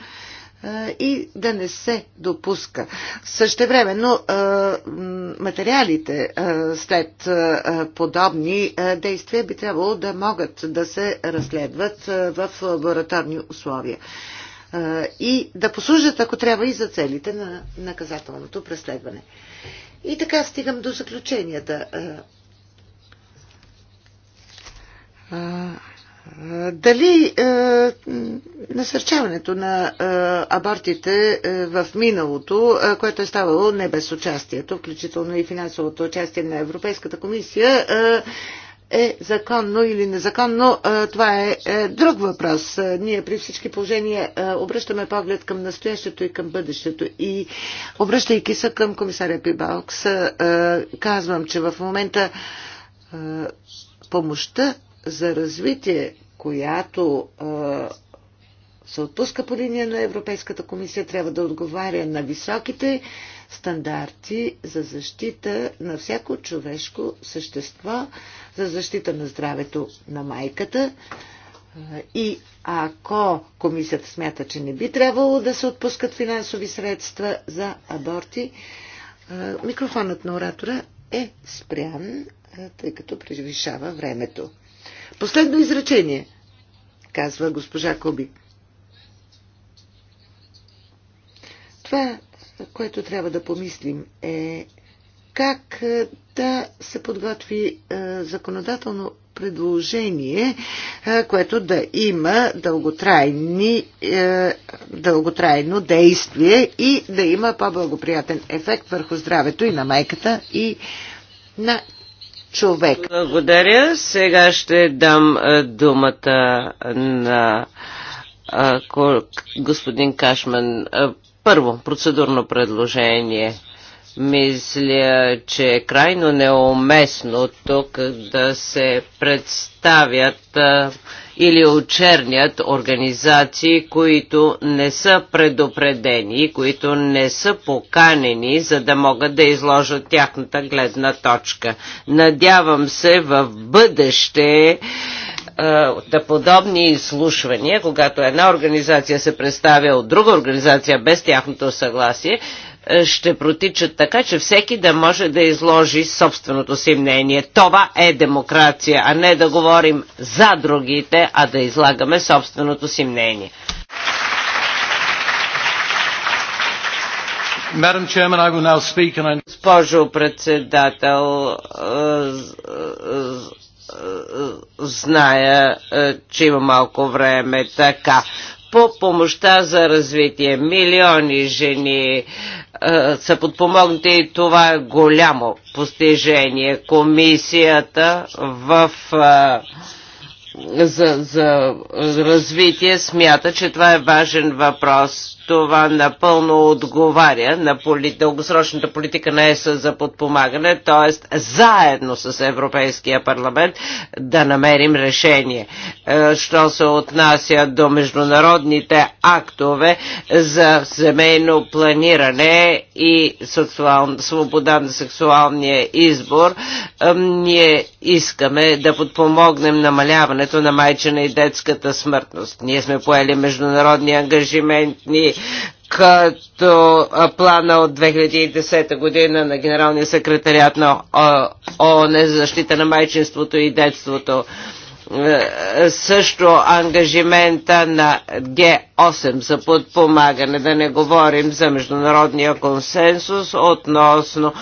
и да не се допуска. Същевременно материалите след подобни действия би трябвало да могат да се разследват в лабораторни условия и да послужат, ако трябва, и за целите на наказателното преследване. И така стигам до заключенията. Дали е, насърчаването на е, абортите е, в миналото, е, което е ставало не без участието, включително и финансовото участие на Европейската комисия, е, е законно или незаконно, е, това е, е друг въпрос. Ние при всички положения е, обръщаме поглед към настоящето и към бъдещето. И обръщайки се към комисаря Пибалкс, е, казвам, че в момента е, помощта за развитие, която се отпуска по линия на Европейската комисия, трябва да отговаря на високите стандарти за защита на всяко човешко същество, за защита на здравето на майката. И ако комисията смята, че не би трябвало да се отпускат финансови средства за аборти, микрофонът на оратора е спрян, тъй като превишава времето. Последно изречение, казва госпожа Кубик. Това, което трябва да помислим е как е, да се подготви е, законодателно предложение, е, което да има дълготрайни, дълготрайно действие и да има по-благоприятен ефект върху здравето и на майката и на човек. Благодаря. Сега ще дам думата на господин Кашман. Първо, процедурно предложение. Мисля, че е крайно неуместно тук да се представят или очернят организации, които не са предупредени които не са поканени, за да могат да изложат тяхната гледна точка. Надявам се в бъдеще е, да подобни изслушвания, когато една организация се представя от друга организация без тяхното съгласие, е, ще протичат така, че всеки да може да изложи собственото си мнение. Това е демокрация, а не да говорим за другите, а да излагаме собственото си мнение. Госпожо председател, е, е, зная, че има малко време така. По помощта за развитие милиони жени е, са подпомогнати и това е голямо постижение. Комисията в е, за, за развитие смята, че това е важен въпрос това напълно отговаря на поли... дългосрочната политика на ЕС за подпомагане, т.е. заедно с Европейския парламент да намерим решение. Е, що се отнася до международните актове за семейно планиране и сексуал... свобода на сексуалния избор, е, ние искаме да подпомогнем намаляването на майчина и детската смъртност. Ние сме поели международни ангажиментни като плана от 2010 година на Генералния секретариат на ООН за защита на майчинството и детството е, е, също ангажимента на Г8 за подпомагане, да не говорим за международния консенсус относно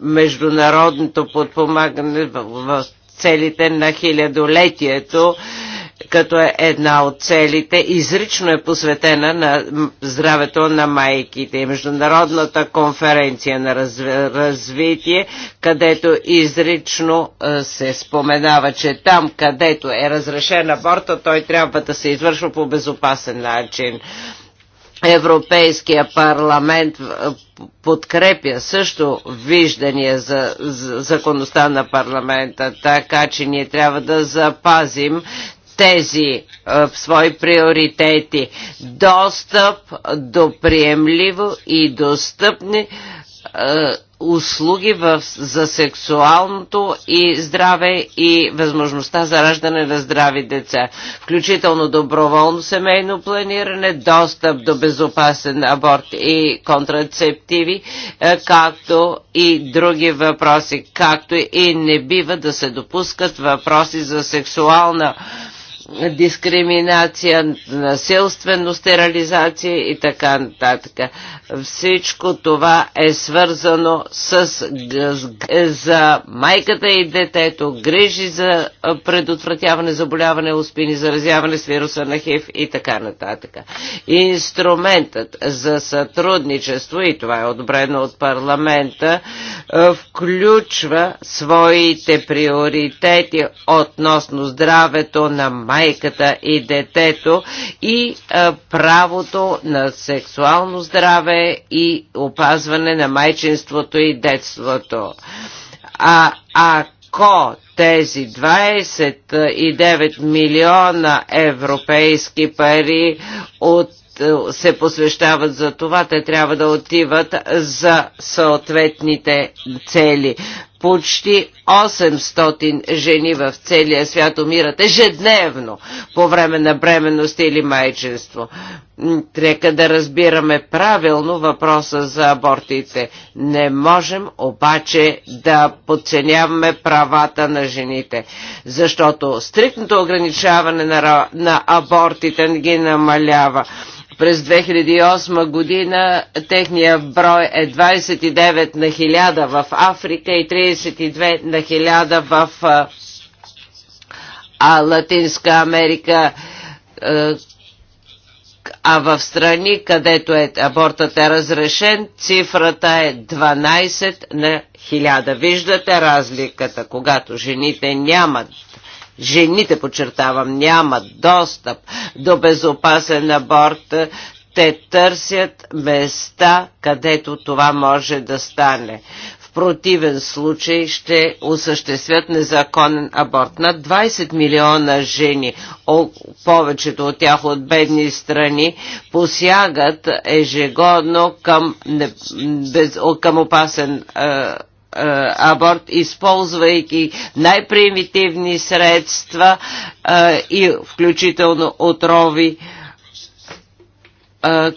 международното подпомагане в целите на хилядолетието като е една от целите, изрично е посветена на здравето на майките и Международната конференция на развитие, където изрично е, се споменава, че там, където е разрешен аборта, той трябва да се извършва по безопасен начин. Европейския парламент е, подкрепя също виждания за, за законността на парламента, така че ние трябва да запазим тези а, е, свои приоритети. Достъп до приемливо и достъпни е, услуги в, за сексуалното и здраве и възможността за раждане на здрави деца, включително доброволно семейно планиране, достъп до безопасен аборт и контрацептиви, е, както и други въпроси, както и не бива да се допускат въпроси за сексуална дискриминация, насилствено стерилизация и така нататък. Всичко това е свързано с за майката и детето, грижи за предотвратяване заболяване, успини, заразяване с вируса на ХИВ и така нататък. Инструментът за сътрудничество, и това е одобрено от парламента, включва своите приоритети относно здравето на майката майката и детето и правото на сексуално здраве и опазване на майчинството и детството. А ако тези 29 милиона европейски пари от е, се посвещават за това, те трябва да отиват за съответните цели. Почти 800 жени в целия свят умират ежедневно по време на бременност или майчинство. Трека да разбираме правилно въпроса за абортите. Не можем обаче да подценяваме правата на жените, защото стриктното ограничаване на, на абортите ги намалява през 2008 година техния брой е 29 на 1000 в Африка и 32 на 1000 в а, Латинска Америка, а в страни, където е, абортът е разрешен, цифрата е 12 на 1000. Виждате разликата, когато жените нямат Жените, подчертавам, нямат достъп до безопасен аборт. Те търсят места, където това може да стане В противен случай ще осъществят незаконен аборт. Над 20 милиона жени, повечето от тях от бедни страни, посягат ежегодно към, без, към опасен е, е, аборт, използвайки най-примитивни средства е, и включително отрови е,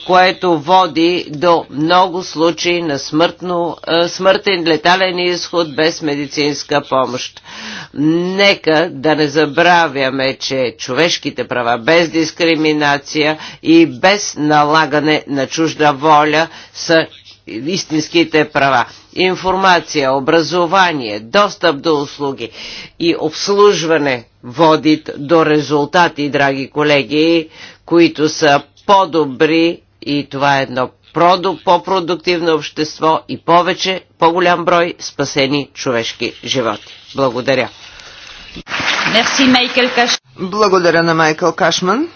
което води до много случаи на смъртно, смъртен летален изход без медицинска помощ. Нека да не забравяме, че човешките права без дискриминация и без налагане на чужда воля са истинските права. Информация, образование, достъп до услуги и обслужване водит до резултати, драги колеги, които са по-добри и това е едно по-продуктивно общество и повече, по-голям брой спасени човешки животи. Благодаря. Благодаря на Майкъл Кашман.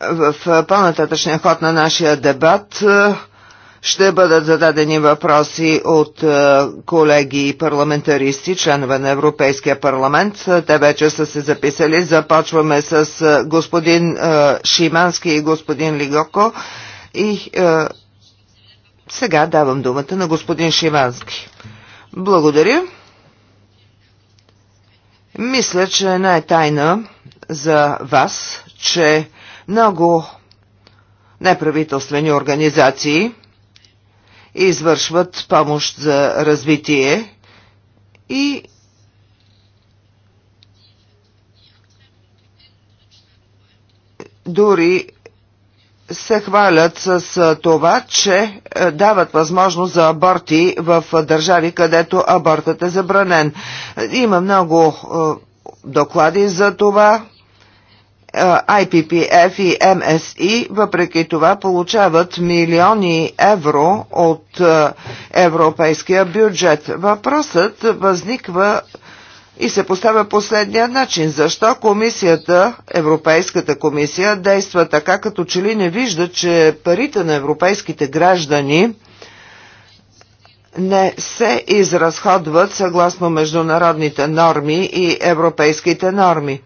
в по-нататъчния ход на нашия дебат е, ще бъдат зададени въпроси от е, колеги и парламентаристи, членове на Европейския парламент. Те вече са се записали. Започваме с е, господин Шимански и господин Лигоко. И сега давам думата на господин Шимански. Благодаря. Мисля, че най е тайна за вас, че много неправителствени организации извършват помощ за развитие и дори се хвалят с това, че е, дават възможност за аборти в държави, където абортът е забранен. Има много е, доклади за това. IPPF и MSI, въпреки това получават милиони евро от е, европейския бюджет. Въпросът възниква и се поставя последния начин. Защо комисията, Европейската комисия, действа така, като че ли не вижда, че парите на европейските граждани не се изразходват съгласно международните норми и европейските норми?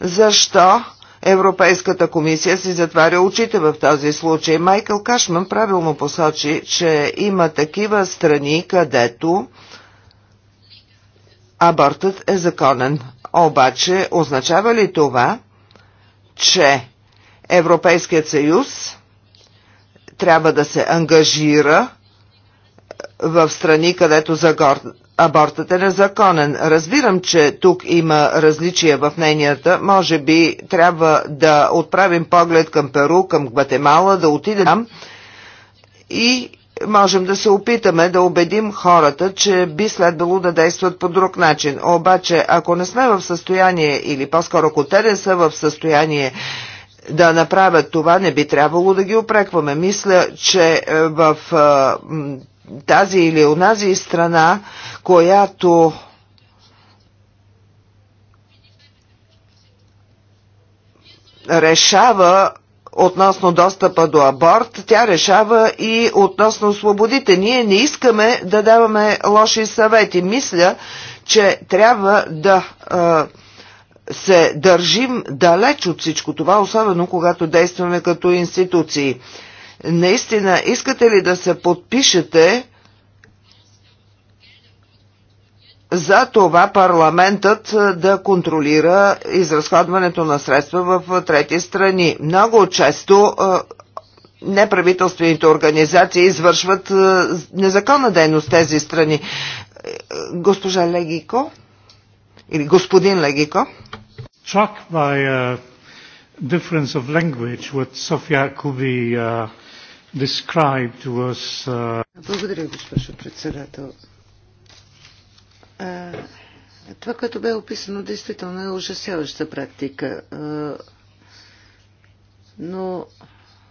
Защо Европейската комисия си затваря очите в този случай. Майкъл Кашман правилно посочи, че има такива страни, където абортът е законен. Обаче означава ли това, че Европейският съюз трябва да се ангажира в страни, където абортът е незаконен. Разбирам, че тук има различия в мненията. Може би трябва да отправим поглед към Перу, към Гватемала, да отидем там и можем да се опитаме да убедим хората, че би следвало да действат по друг начин. Обаче, ако не сме в състояние, или по-скоро ако те не са в състояние да направят това, не би трябвало да ги опрекваме. Мисля, че е, в е, тази или онази страна, която решава относно достъпа до аборт, тя решава и относно свободите. Ние не искаме да даваме лоши съвети. Мисля, че трябва да а, се държим далеч от всичко това, особено когато действаме като институции. Наистина, искате ли да се подпишете за това парламентът да контролира изразходването на средства в трети страни? Много често неправителствените организации извършват незаконна дейност тези страни. Госпожа Легико или господин Легико. Struck by a difference of language with Sofia Kubi uh, described Uh... Благодаря, госпожо председател. А, това, което бе описано, действително е ужасяваща практика. А, но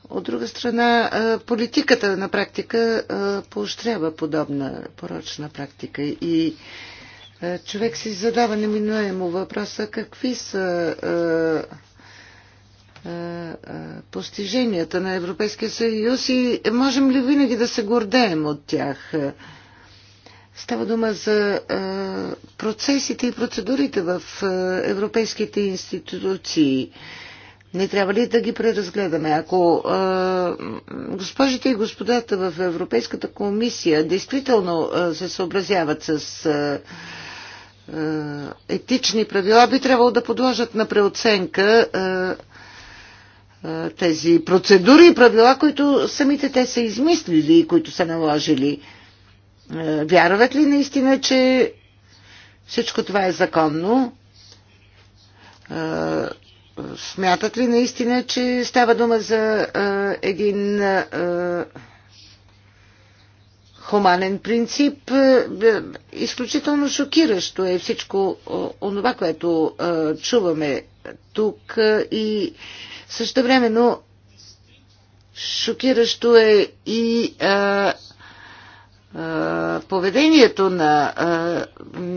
от друга страна, политиката на практика поощрява подобна порочна практика и човек си задава неминуемо въпроса какви са е, е, постиженията на Европейския съюз и можем ли винаги да се гордеем от тях? Става дума за е, процесите и процедурите в европейските институции. Не трябва ли да ги преразгледаме? Ако госпожите и господата в Европейската комисия действително се съобразяват с етични правила, би трябвало да подложат на преоценка тези процедури и правила, които самите те са измислили и които са наложили. Вярват ли наистина, че всичко това е законно? Смятат ли наистина, че става дума за един хуманен принцип? Изключително шокиращо е всичко онова, което чуваме тук и също времено шокиращо е и а, а, поведението на а,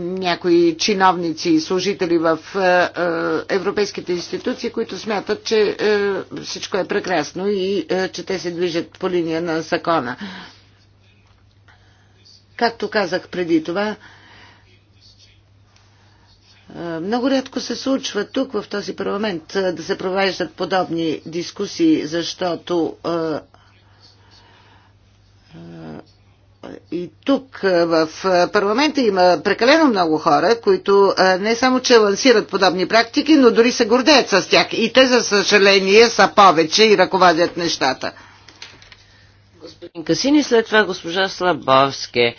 някои чиновници и служители в а, а, европейските институции, които смятат, че а, всичко е прекрасно и а, че те се движат по линия на закона. Както казах преди това, а, е, много рядко се случва тук в този парламент е, да се провеждат подобни дискусии, защото е, и тук в парламента има прекалено много хора, които не само че лансират подобни практики, но дори се гордеят с тях. И те, за съжаление, са повече и ръководят нещата. Господин Касини, след това госпожа Слабовски.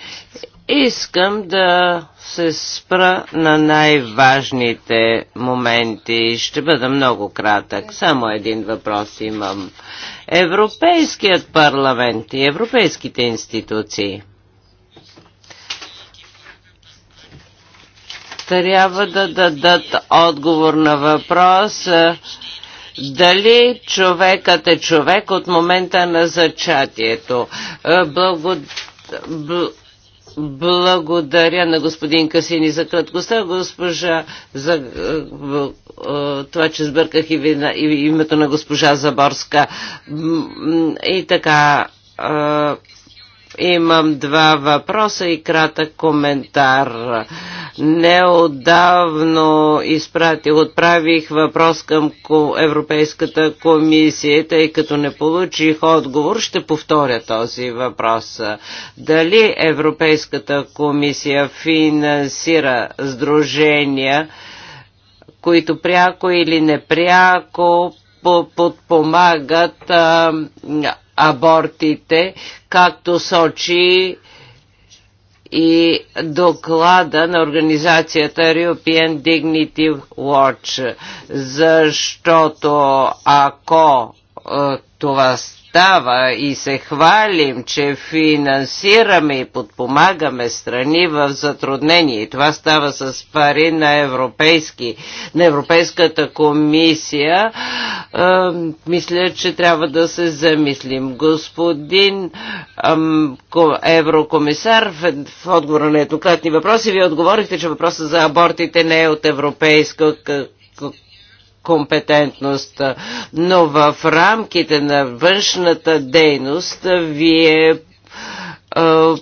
Искам да се спра на най-важните моменти. Ще бъда много кратък. Само един въпрос имам. Европейският парламент и европейските институции трябва да дадат отговор на въпроса дали човекът е човек от момента на зачатието. Благодаря благодаря на господин Касини за краткостта, госпожа, за е, е, това, че сбърках и вина, и името на госпожа Заборска. И така, е, Имам два въпроса и кратък коментар. Неодавно изпратих, отправих въпрос към Европейската комисия, тъй като не получих отговор, ще повторя този въпрос. Дали Европейската комисия финансира сдружения, които пряко или непряко подпомагат абортите, както сочи и доклада на организацията European Dignity Watch, защото ако е, това става и се хвалим, че финансираме и подпомагаме страни в затруднение. И това става с пари на, европейски, на Европейската комисия. Е, мисля, че трябва да се замислим. Господин е, еврокомисар, в, в отговора на еднократни въпроси, вие отговорихте, че въпросът за абортите не е от европейска компетентност, но в рамките на външната дейност вие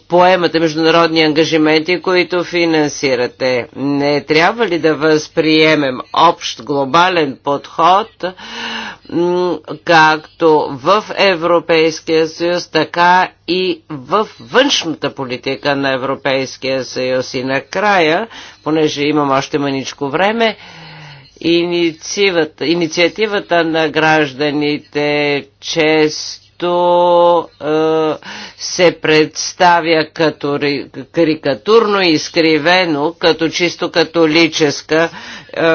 поемате международни ангажименти, които финансирате. Не трябва ли да възприемем общ глобален подход, както в Европейския съюз, така и в външната политика на Европейския съюз? И накрая, понеже имам още маничко време, Инициативата, инициативата на гражданите често е, се представя като карикатурно и изкривено, като чисто католическа е,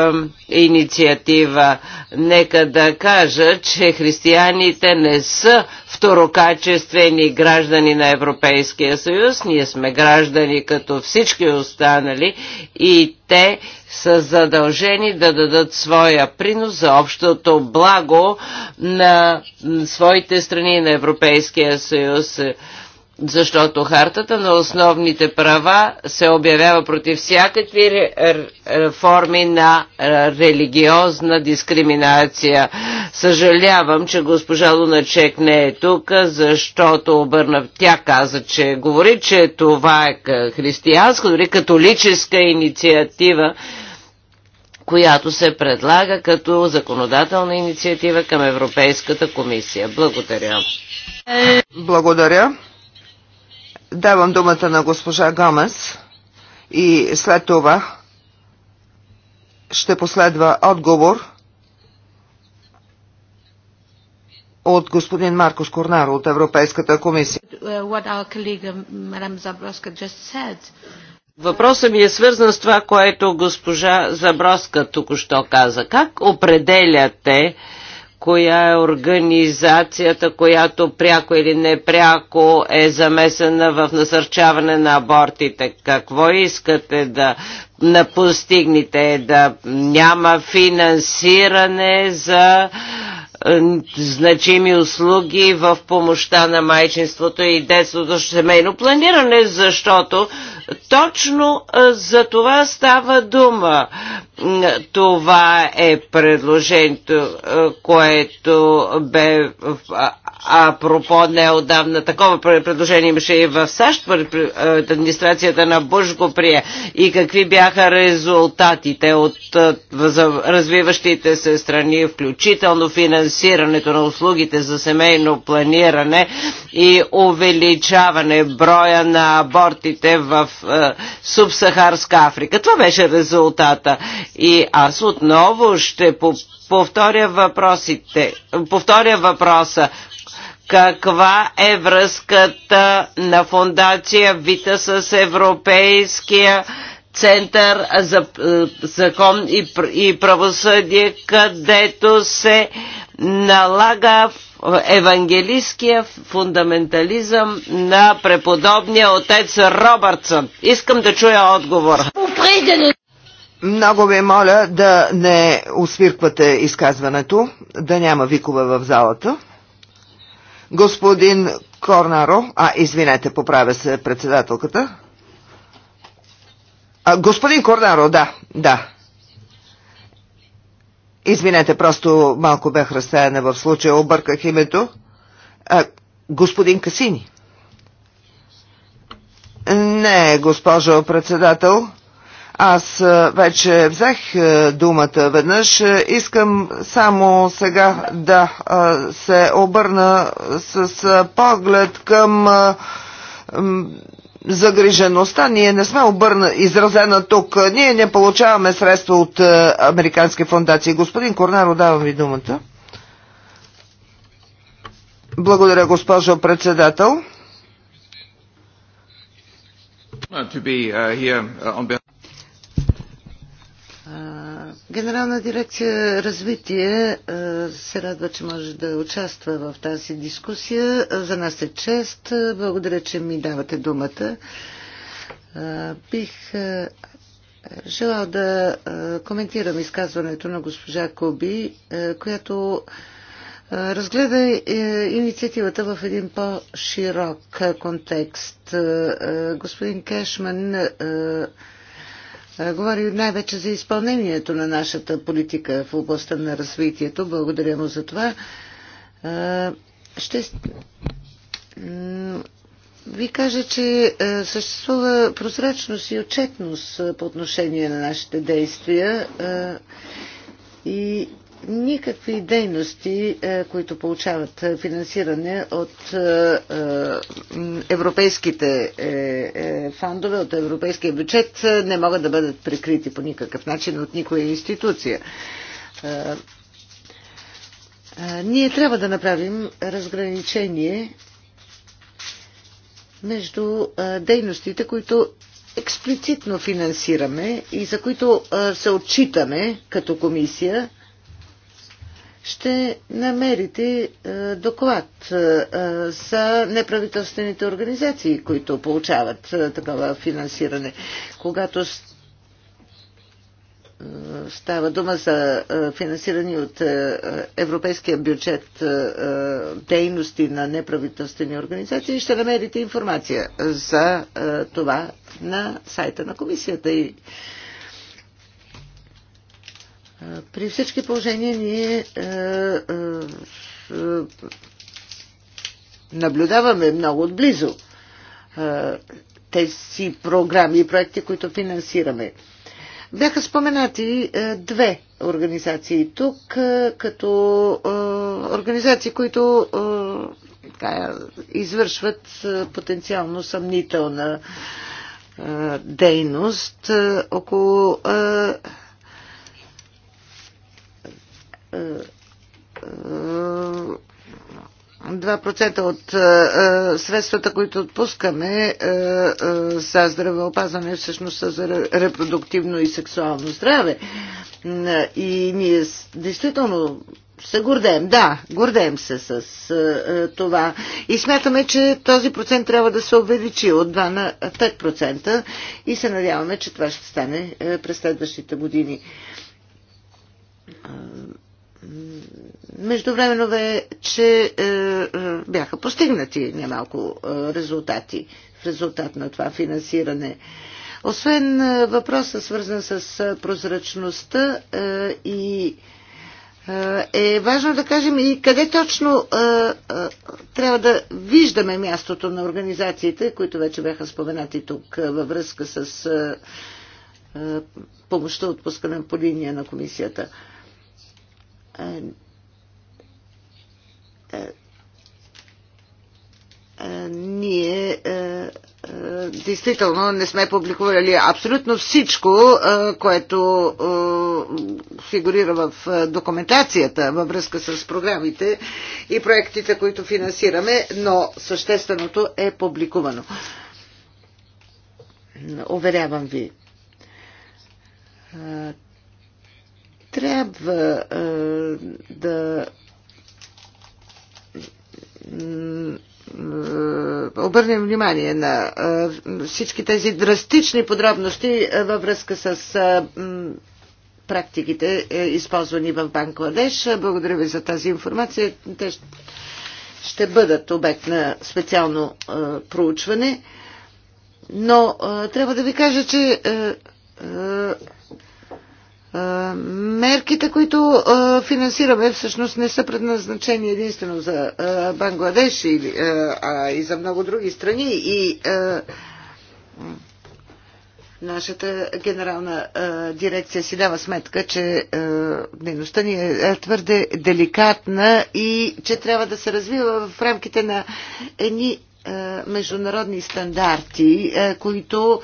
инициатива. Нека да кажа, че християните не са второкачествени граждани на Европейския съюз. Ние сме граждани като всички останали и те са задължени да дадат своя принос за общото благо на своите страни на Европейския съюз защото хартата на основните права се обявява против всякакви форми на религиозна дискриминация. Съжалявам, че госпожа Луначек не е тук, защото обърна, тя каза, че говори, че това е християнска, дори католическа инициатива която се предлага като законодателна инициатива към Европейската комисия. Благодаря. Благодаря. Давам думата на госпожа Гомес и след това ще последва отговор от господин Маркос Корнаро от Европейската комисия. Въпросът ми е свързан с това, което госпожа Заброска току-що каза. Как определяте коя е организацията, която пряко или непряко е замесена в насърчаване на абортите. Какво искате да напостигнете? Да няма финансиране за е, значими услуги в помощта на майчинството и детството семейно планиране, защото точно за това става дума. Това е предложението, което бе а пропо отдавна такова предложение имаше и в САЩ, пред администрацията на Буш го прие. И какви бяха резултатите от е, развиващите се страни, включително финансирането на услугите за семейно планиране и увеличаване броя на абортите в е, субсахарска Африка. Това беше резултата. И аз отново ще повторя въпросите, повторя въпроса каква е връзката на фундация Вита с Европейския център за закон и правосъдие, където се налага евангелистския фундаментализъм на преподобния отец Робъртсън. Искам да чуя отговор. Много ви моля да не усвирквате изказването, да няма викове в залата. Господин Корнаро, а извинете, поправя се председателката. А, господин Корнаро, да, да. Извинете, просто малко бях разсеяна в случая, обърках името. А, господин Касини. Не, госпожо председател. Аз е, вече взех е, думата веднъж. Е, искам само сега да се обърна с поглед към загрижеността. Ние не сме обърна, изразена тук. Ние не получаваме средства от Американски фундации. Господин Корнаро, давам ви думата. Благодаря, госпожо председател. Генерална дирекция развитие се радва, че може да участва в тази дискусия. За нас е чест. Благодаря, че ми давате думата. Бих желал да коментирам изказването на госпожа Коби, която разгледа е, инициативата в един по-широк контекст. Господин Кешман е, говори най-вече за изпълнението на нашата политика в областта на развитието. Благодаря му за това. Е, ще ви кажа, че е, съществува прозрачност и отчетност по отношение на нашите действия и никакви дейности, е, които получават е, финансиране от е, европейските фондове, от европейския бюджет, не могат да бъдат прикрити по никакъв начин от никоя институция. Ние трябва да направим разграничение между дейностите, които експлицитно финансираме и за които се отчитаме като комисия ще намерите е, доклад е, е, за неправителствените организации, които получават такова финансиране. Когато става дума за финансирани от европейския бюджет дейности на неправителствени организации, ще намерите информация за това на сайта на комисията и при всички положения ние наблюдаваме много отблизо тези програми и проекти, които финансираме. Бяха споменати две организации тук, като организации, които извършват потенциално съмнителна дейност. Около 2% от а, е, е, средствата, които отпускаме а, е, а, за здравеопазване, всъщност са за репродуктивно и сексуално здраве. И ние действително се гордеем, да, гордеем се с а, това. И смятаме, че този процент трябва да се увеличи от 2 на 5% и се надяваме, че това ще стане а, през следващите години. А, Междувременно вече е, е, бяха постигнати немалко е, резултати в резултат на това финансиране. Освен е, въпроса, свързан с е, прозрачността е, и е важно да кажем и къде точно трябва да виждаме мястото на организациите, които вече бяха споменати тук във връзка с помощта отпускана по линия на комисията. Е, е, ние е, действително не сме публикували абсолютно всичко, което фигурира в документацията във връзка с програмите и проектите, които финансираме, но същественото е публикувано. Уверявам ви. Трябва да обърнем внимание на всички тези драстични подробности във връзка с практиките, е, използвани в Бангладеш. Благодаря ви за тази информация. Те ще бъдат обект на специално проучване. Но трябва да ви кажа, че е, мерките, които е, финансираме, всъщност не са предназначени единствено за е, Бангладеш, а и за много други страни. И нашата генерална дирекция си дава сметка, че дейността ни е твърде деликатна и че трябва да се развива в рамките на едни международни стандарти, които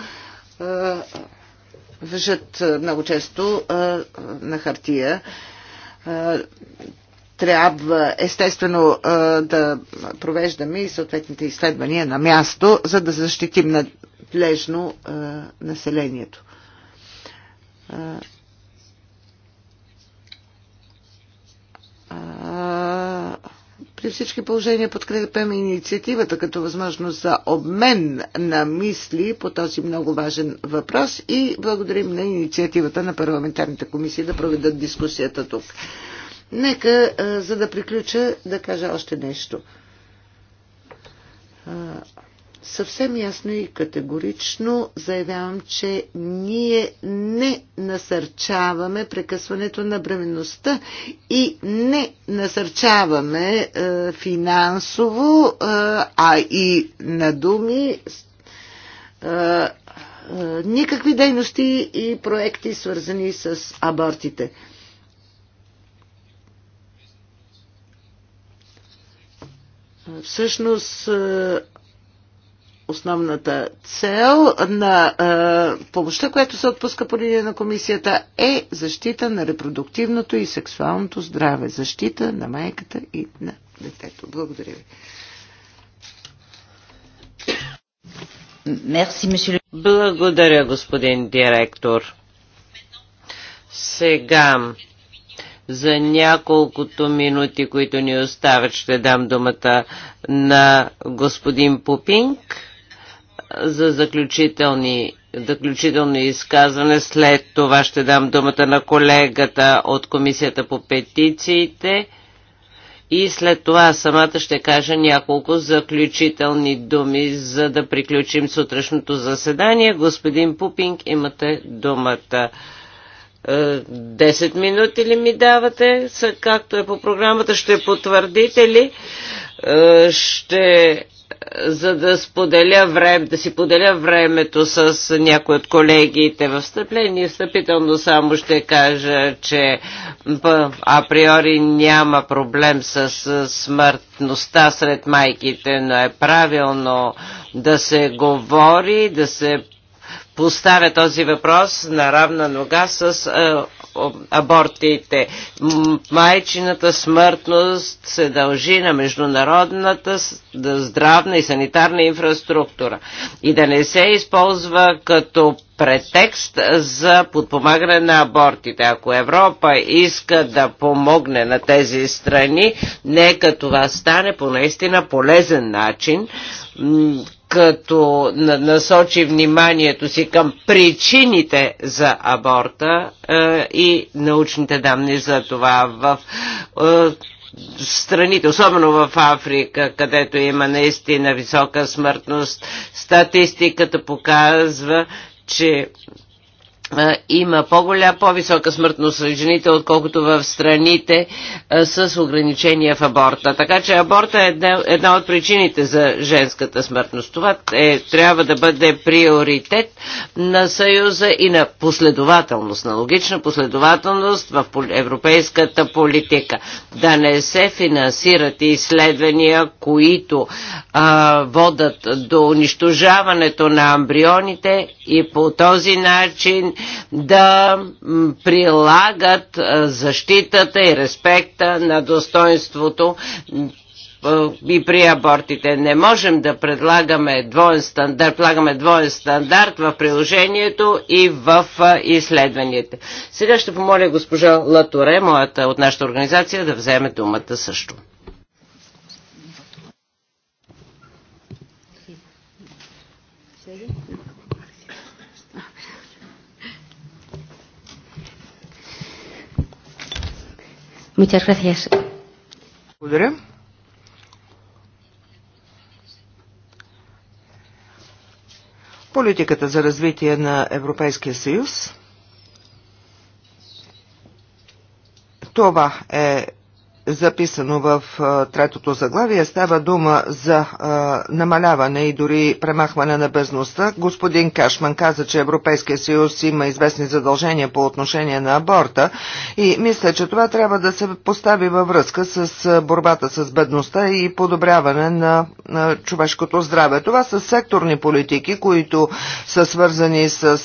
въжат много често на хартия. Трябва естествено да провеждаме и съответните изследвания на място, за да защитим надлежно населението. При всички положения подкрепяме инициативата като възможност за обмен на мисли по този много важен въпрос и благодарим на инициативата на парламентарните комисии да проведат дискусията тук. Нека, за да приключа, да кажа още нещо съвсем ясно и категорично заявявам, че ние не насърчаваме прекъсването на бременността и не насърчаваме е, финансово, е, а и на думи е, е, никакви дейности и проекти, свързани с абортите. Всъщност, е, основната цел на е, помощта, която се отпуска по линия на комисията е защита на репродуктивното и сексуалното здраве, защита на майката и на детето. Благодаря ви. Благодаря, господин директор. Сега за няколкото минути, които ни оставят, ще дам думата на господин Попинг за заключителни, заключително изказване. След това ще дам думата на колегата от Комисията по петициите и след това самата ще кажа няколко заключителни думи, за да приключим сутрешното заседание. Господин Пупинг, имате думата. 10 е, минути ли ми давате, както е по програмата, ще потвърдите ли? Е, ще за да, споделя време, да си поделя времето с някои от колегите в встъпление. Встъпително само ще кажа, че априори няма проблем с смъртността сред майките, но е правилно да се говори, да се поставя този въпрос на равна нога с е, абортите. Майчината смъртност се дължи на международната здравна и санитарна инфраструктура и да не се използва като претекст за подпомагане на абортите. Ако Европа иска да помогне на тези страни, нека това стане по наистина полезен начин, като насочи вниманието си към причините за аборта е, и научните данни за това в е, страните, особено в Африка, където има наистина висока смъртност, статистиката показва, че има по-голяма, по-висока смъртност сред жените, отколкото в страните с ограничения в аборта. Така че аборта е една, една от причините за женската смъртност. Това е, трябва да бъде приоритет на Съюза и на последователност, на логична последователност в европейската политика. Да не се финансират изследвания, които а, водат до унищожаването на амбрионите и по този начин да прилагат защитата и респекта на достоинството и при абортите. Не можем да предлагаме двоен стандарт, предлагаме двоен стандарт в приложението и в изследванията. Сега ще помоля госпожа Латуре, моята от нашата организация, да вземе думата също. Muchas gracias. Благодаря. Политиката за развитие на Европейския съюз. Това е записано в третото заглавие. Става дума за а, намаляване и дори премахване на безността. Господин Кашман каза, че Европейския съюз има известни задължения по отношение на аборта и мисля, че това трябва да се постави във връзка с борбата с бедността и подобряване на, на човешкото здраве. Това са секторни политики, които са свързани с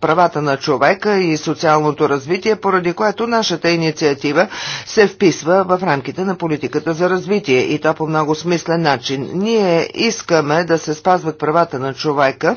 правата на човека и социалното развитие, поради което нашата инициатива се вписва в в рамките на политиката за развитие и то по много смислен начин. Ние искаме да се спазват правата на човека,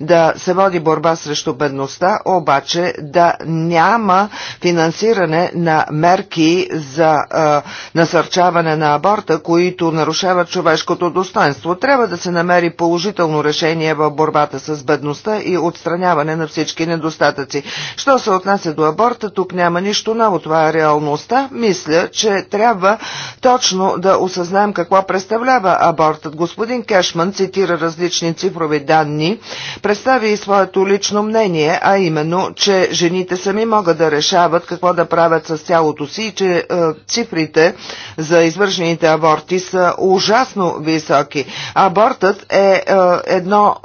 да се води борба срещу бедността, обаче да няма финансиране на мерки за а, насърчаване на аборта, които нарушават човешкото достоинство. Трябва да се намери положително решение в борбата с бедността и отстраняване на всички недостатъци. Що се отнася до аборта, тук няма нищо ново. Това е реалността. Мисля, че трябва точно да осъзнаем какво представлява абортът. Господин Кешман цитира различни цифрови данни, представи и своето лично мнение, а именно, че жените сами могат да решават какво да правят с тялото си и че е, цифрите за извършените аборти са ужасно високи. Абортът е, е едно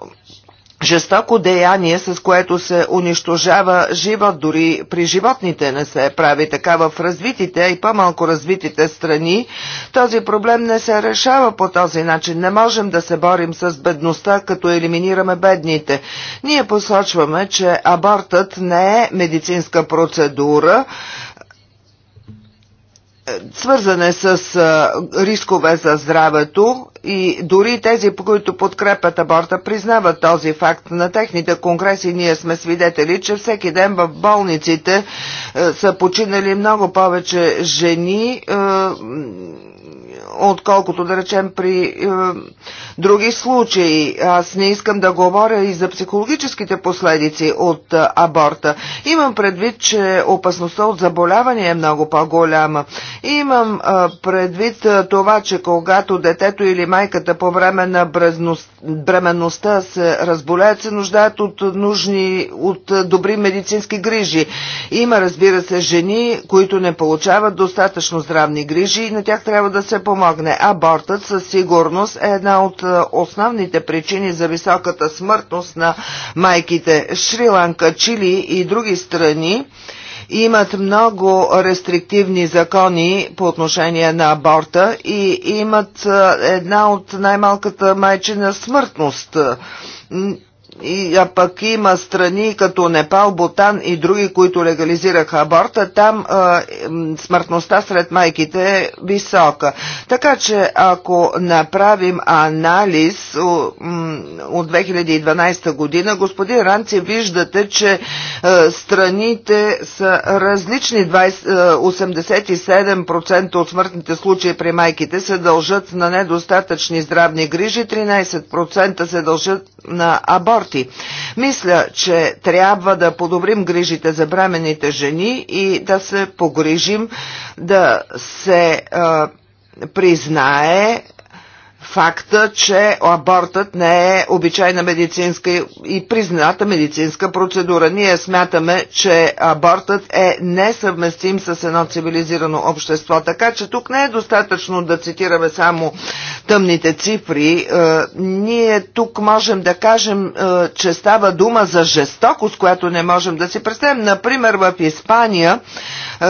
жестоко деяние, с което се унищожава живот, дори при животните не се прави така в развитите и по-малко развитите страни. Този проблем не се решава по този начин. Не можем да се борим с бедността, като елиминираме бедните. Ние посочваме, че абортът не е медицинска процедура, свързане с рискове за здравето и дори тези, които подкрепят аборта, признават този факт. На техните конгреси ние сме свидетели, че всеки ден в болниците са починали много повече жени отколкото да речем при е, други случаи. Аз не искам да говоря и за психологическите последици от е, аборта. Имам предвид, че опасността от заболяване е много по-голяма. Имам е, предвид е, това, че когато детето или майката по време на бременността се разболеят, се нуждаят от нужни, от е, добри медицински грижи. Има, разбира се, жени, които не получават достатъчно здравни грижи и на тях трябва да се помогне помогне. Абортът със сигурност е една от е, основните причини за високата смъртност на майките. Шри-Ланка, Чили и други страни имат много рестриктивни закони по отношение на аборта и имат е, една от най-малката майчина смъртност и а пък има страни като Непал, Бутан и други, които легализираха аборта, там а, смъртността сред майките е висока. Така че ако направим анализ от 2012 година, господин Ранци, виждате, че а, страните са различни. 20, 87% от смъртните случаи при майките се дължат на недостатъчни здравни грижи, 13% се дължат на аборт аборти. Мисля, че трябва да подобрим грижите за бременните жени и да се погрижим да се а, признае факта, че абортът не е обичайна медицинска и призната медицинска процедура. Ние смятаме, че абортът е несъвместим с едно цивилизирано общество, така че тук не е достатъчно да цитираме само тъмните цифри. Е, ние тук можем да кажем, е, че става дума за жестокост, която не можем да си представим. Например, в Испания е,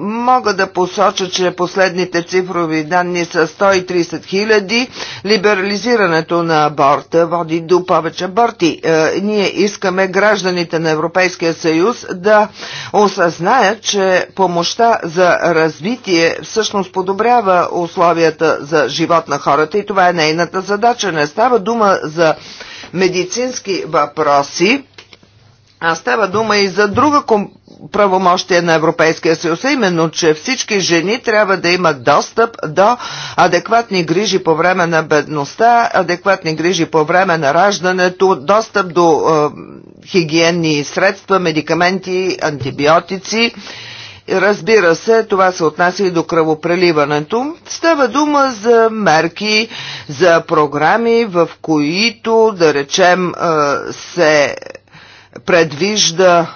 мога да посоча, че последните цифрови данни са 130 хиляди преди либерализирането на аборта води до повече аборти. Е, ние искаме гражданите на Европейския съюз да осъзнаят, че помощта за развитие всъщност подобрява условията за живот на хората и това е нейната задача. Не става дума за медицински въпроси, а става дума и за друга компания. Правомощия на Европейския съюз, именно, че всички жени трябва да имат достъп до адекватни грижи по време на бедността, адекватни грижи по време на раждането, достъп до е, хигиенни средства, медикаменти, антибиотици. Разбира се, това се отнася и до кръвопреливането. Става дума за мерки, за програми, в които, да речем, се предвижда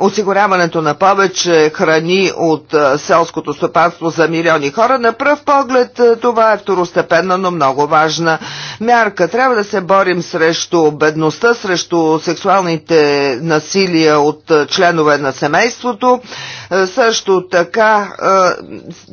осигуряването на повече храни от селското стопанство за милиони хора. На пръв поглед това е второстепенна, но много важна мярка. Трябва да се борим срещу бедността, срещу сексуалните насилия от членове на семейството. Също така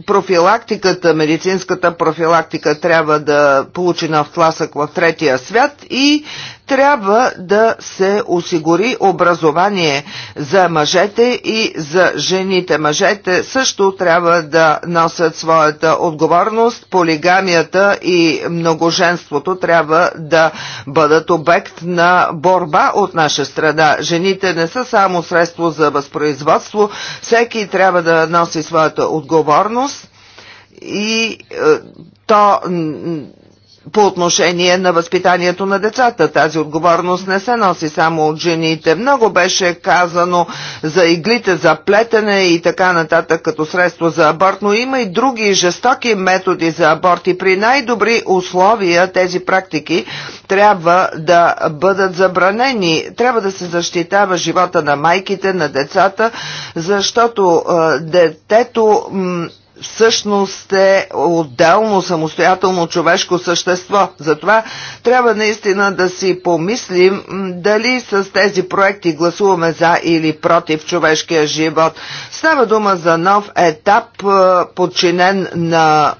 профилактиката, медицинската профилактика трябва да получи нов тласък в третия свят и трябва да се осигури образование за мъжете и за жените. Мъжете също трябва да носят своята отговорност. Полигамията и многоженството трябва да бъдат обект на борба от наша страна. Жените не са само средство за възпроизводство. Всеки трябва да носи своята отговорност и е, то по отношение на възпитанието на децата. Тази отговорност не се носи само от жените. Много беше казано за иглите за плетене и така нататък като средство за аборт, но има и други жестоки методи за аборт и при най-добри условия тези практики трябва да бъдат забранени. Трябва да се защитава живота на майките, на децата, защото детето всъщност е отделно, самостоятелно човешко същество. Затова трябва наистина да си помислим дали с тези проекти гласуваме за или против човешкия живот. Става дума за нов етап, е, подчинен на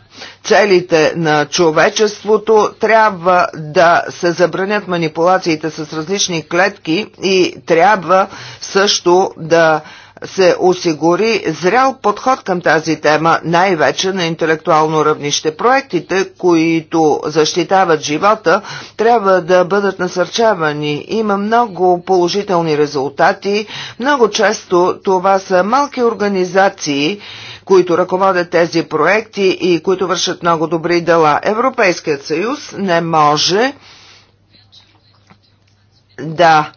целите на човечеството, трябва да се забранят манипулациите с различни клетки и трябва също да се осигури зрял подход към тази тема, най-вече на интелектуално равнище. Проектите, които защитават живота, трябва да бъдат насърчавани. Има много положителни резултати. Много често това са малки организации, които ръководят тези проекти и които вършат много добри дела. Европейският съюз не може да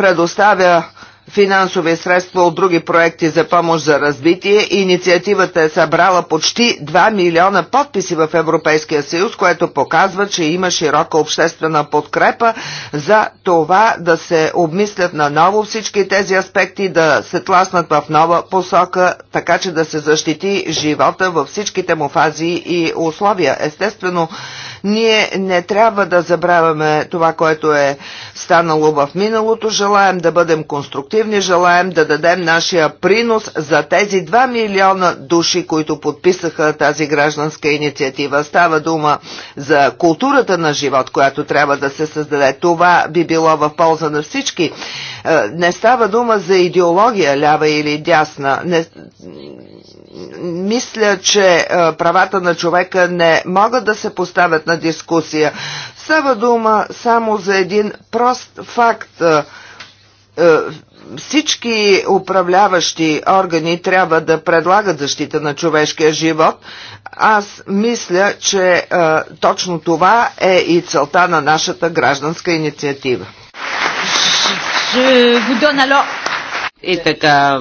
предоставя финансови средства от други проекти за помощ за развитие. Инициативата е събрала почти 2 милиона подписи в Европейския съюз, което показва, че има широка обществена подкрепа за това да се обмислят наново всички тези аспекти, да се тласнат в нова посока, така че да се защити живота във всичките му фази и условия. Естествено, ние не трябва да забравяме това, което е станало в миналото. Желаем да бъдем конструктивни, желаем да дадем нашия принос за тези 2 милиона души, които подписаха тази гражданска инициатива. Става дума за културата на живот, която трябва да се създаде. Това би било в полза на всички. Е, не става дума за идеология лява или дясна. Не, мисля, че е, правата на човека не могат да се поставят на дискусия. Става дума само за един прост факт е, всички управляващи органи трябва да предлагат защита на човешкия живот. Аз мисля, че точно това е и целта на нашата гражданска инициатива. Е, и така,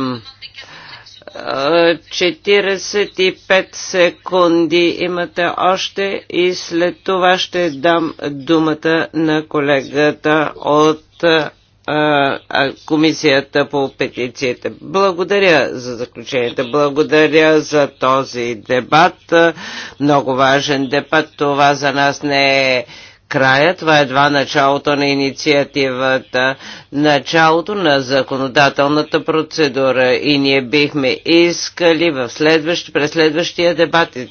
45 е, секунди имате още и след това ще дам думата на колегата от е, комисията по петициите. Благодаря за заключенията, благодаря за този дебат. Много важен дебат. Това за нас не е края. Това е едва началото на инициативата, началото на законодателната процедура и ние бихме искали в следващ, през следващия дебат, е,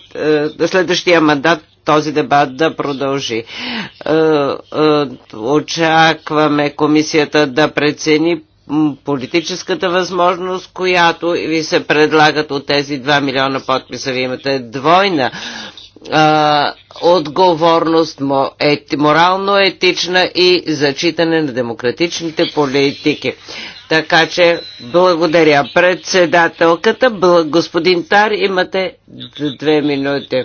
следващия мандат този дебат да продължи. Е, е, очакваме комисията да прецени политическата възможност, която ви се предлагат от тези 2 милиона подписа. Ви имате двойна а, отговорност, морално-етична и зачитане на демократичните политики. Така че благодаря председателката. Господин Тар, имате две минути.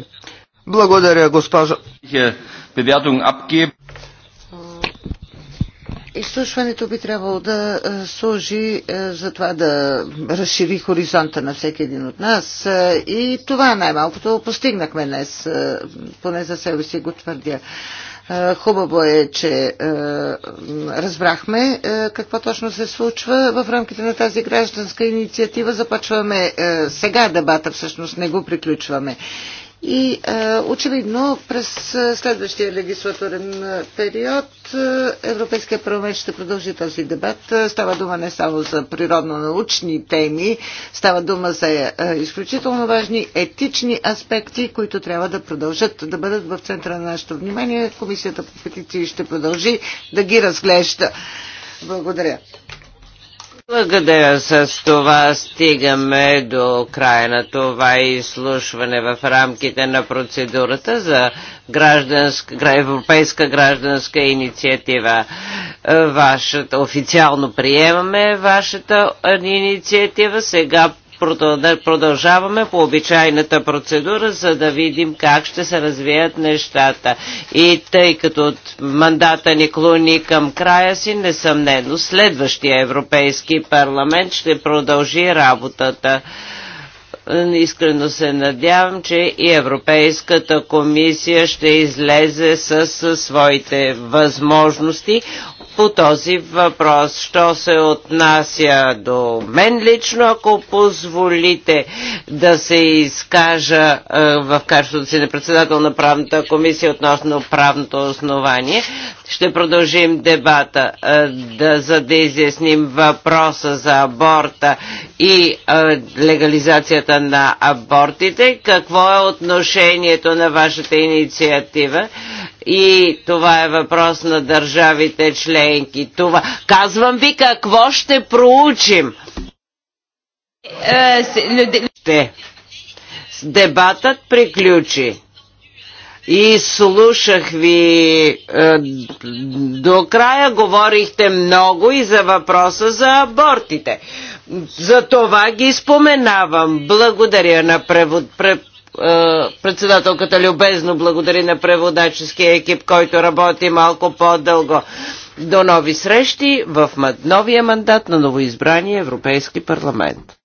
Благодаря, госпожо. Изслушването би трябвало да е, служи е, за това да разшири хоризонта на всеки един от нас е, и това най-малкото постигнахме днес, поне за себе си го твърдя. Хубаво е, че разбрахме какво точно се случва в рамките на тази гражданска инициатива. Започваме сега дебата, всъщност не го приключваме. И е, очевидно през е, следващия легислатурен е, период е, Европейския парламент ще продължи този дебат. Става дума не само за природно-научни теми, става дума за е, изключително важни етични аспекти, които трябва да продължат да бъдат в центъра на нашето внимание. Комисията по петиции ще продължи да ги разглежда. Благодаря. Благодаря. С това стигаме до края на това изслушване в рамките на процедурата за гражданска, европейска гражданска инициатива. Вашата, официално приемаме вашата инициатива. Сега продължаваме по обичайната процедура, за да видим как ще се развият нещата. И тъй като мандата ни клони към края си, несъмнено следващия Европейски парламент ще продължи работата. Искрено се надявам, че и Европейската комисия ще излезе с своите възможности по този въпрос. Що се отнася до мен лично, ако позволите да се изкажа е, в качеството си на председател на правната комисия относно правното основание, ще продължим дебата, е, да, за да изясним въпроса за аборта и е, легализацията темата на абортите. Какво е отношението на вашата инициатива? И това е въпрос на държавите членки. Това... Казвам ви какво ще проучим. Е, Дебатът приключи и слушах ви е, до края, говорихте много и за въпроса за абортите. За това ги споменавам. Благодаря на превод, пре, председателката любезно благодари на преводаческия екип, който работи малко по-дълго. До нови срещи в новия мандат на новоизбрания Европейски парламент.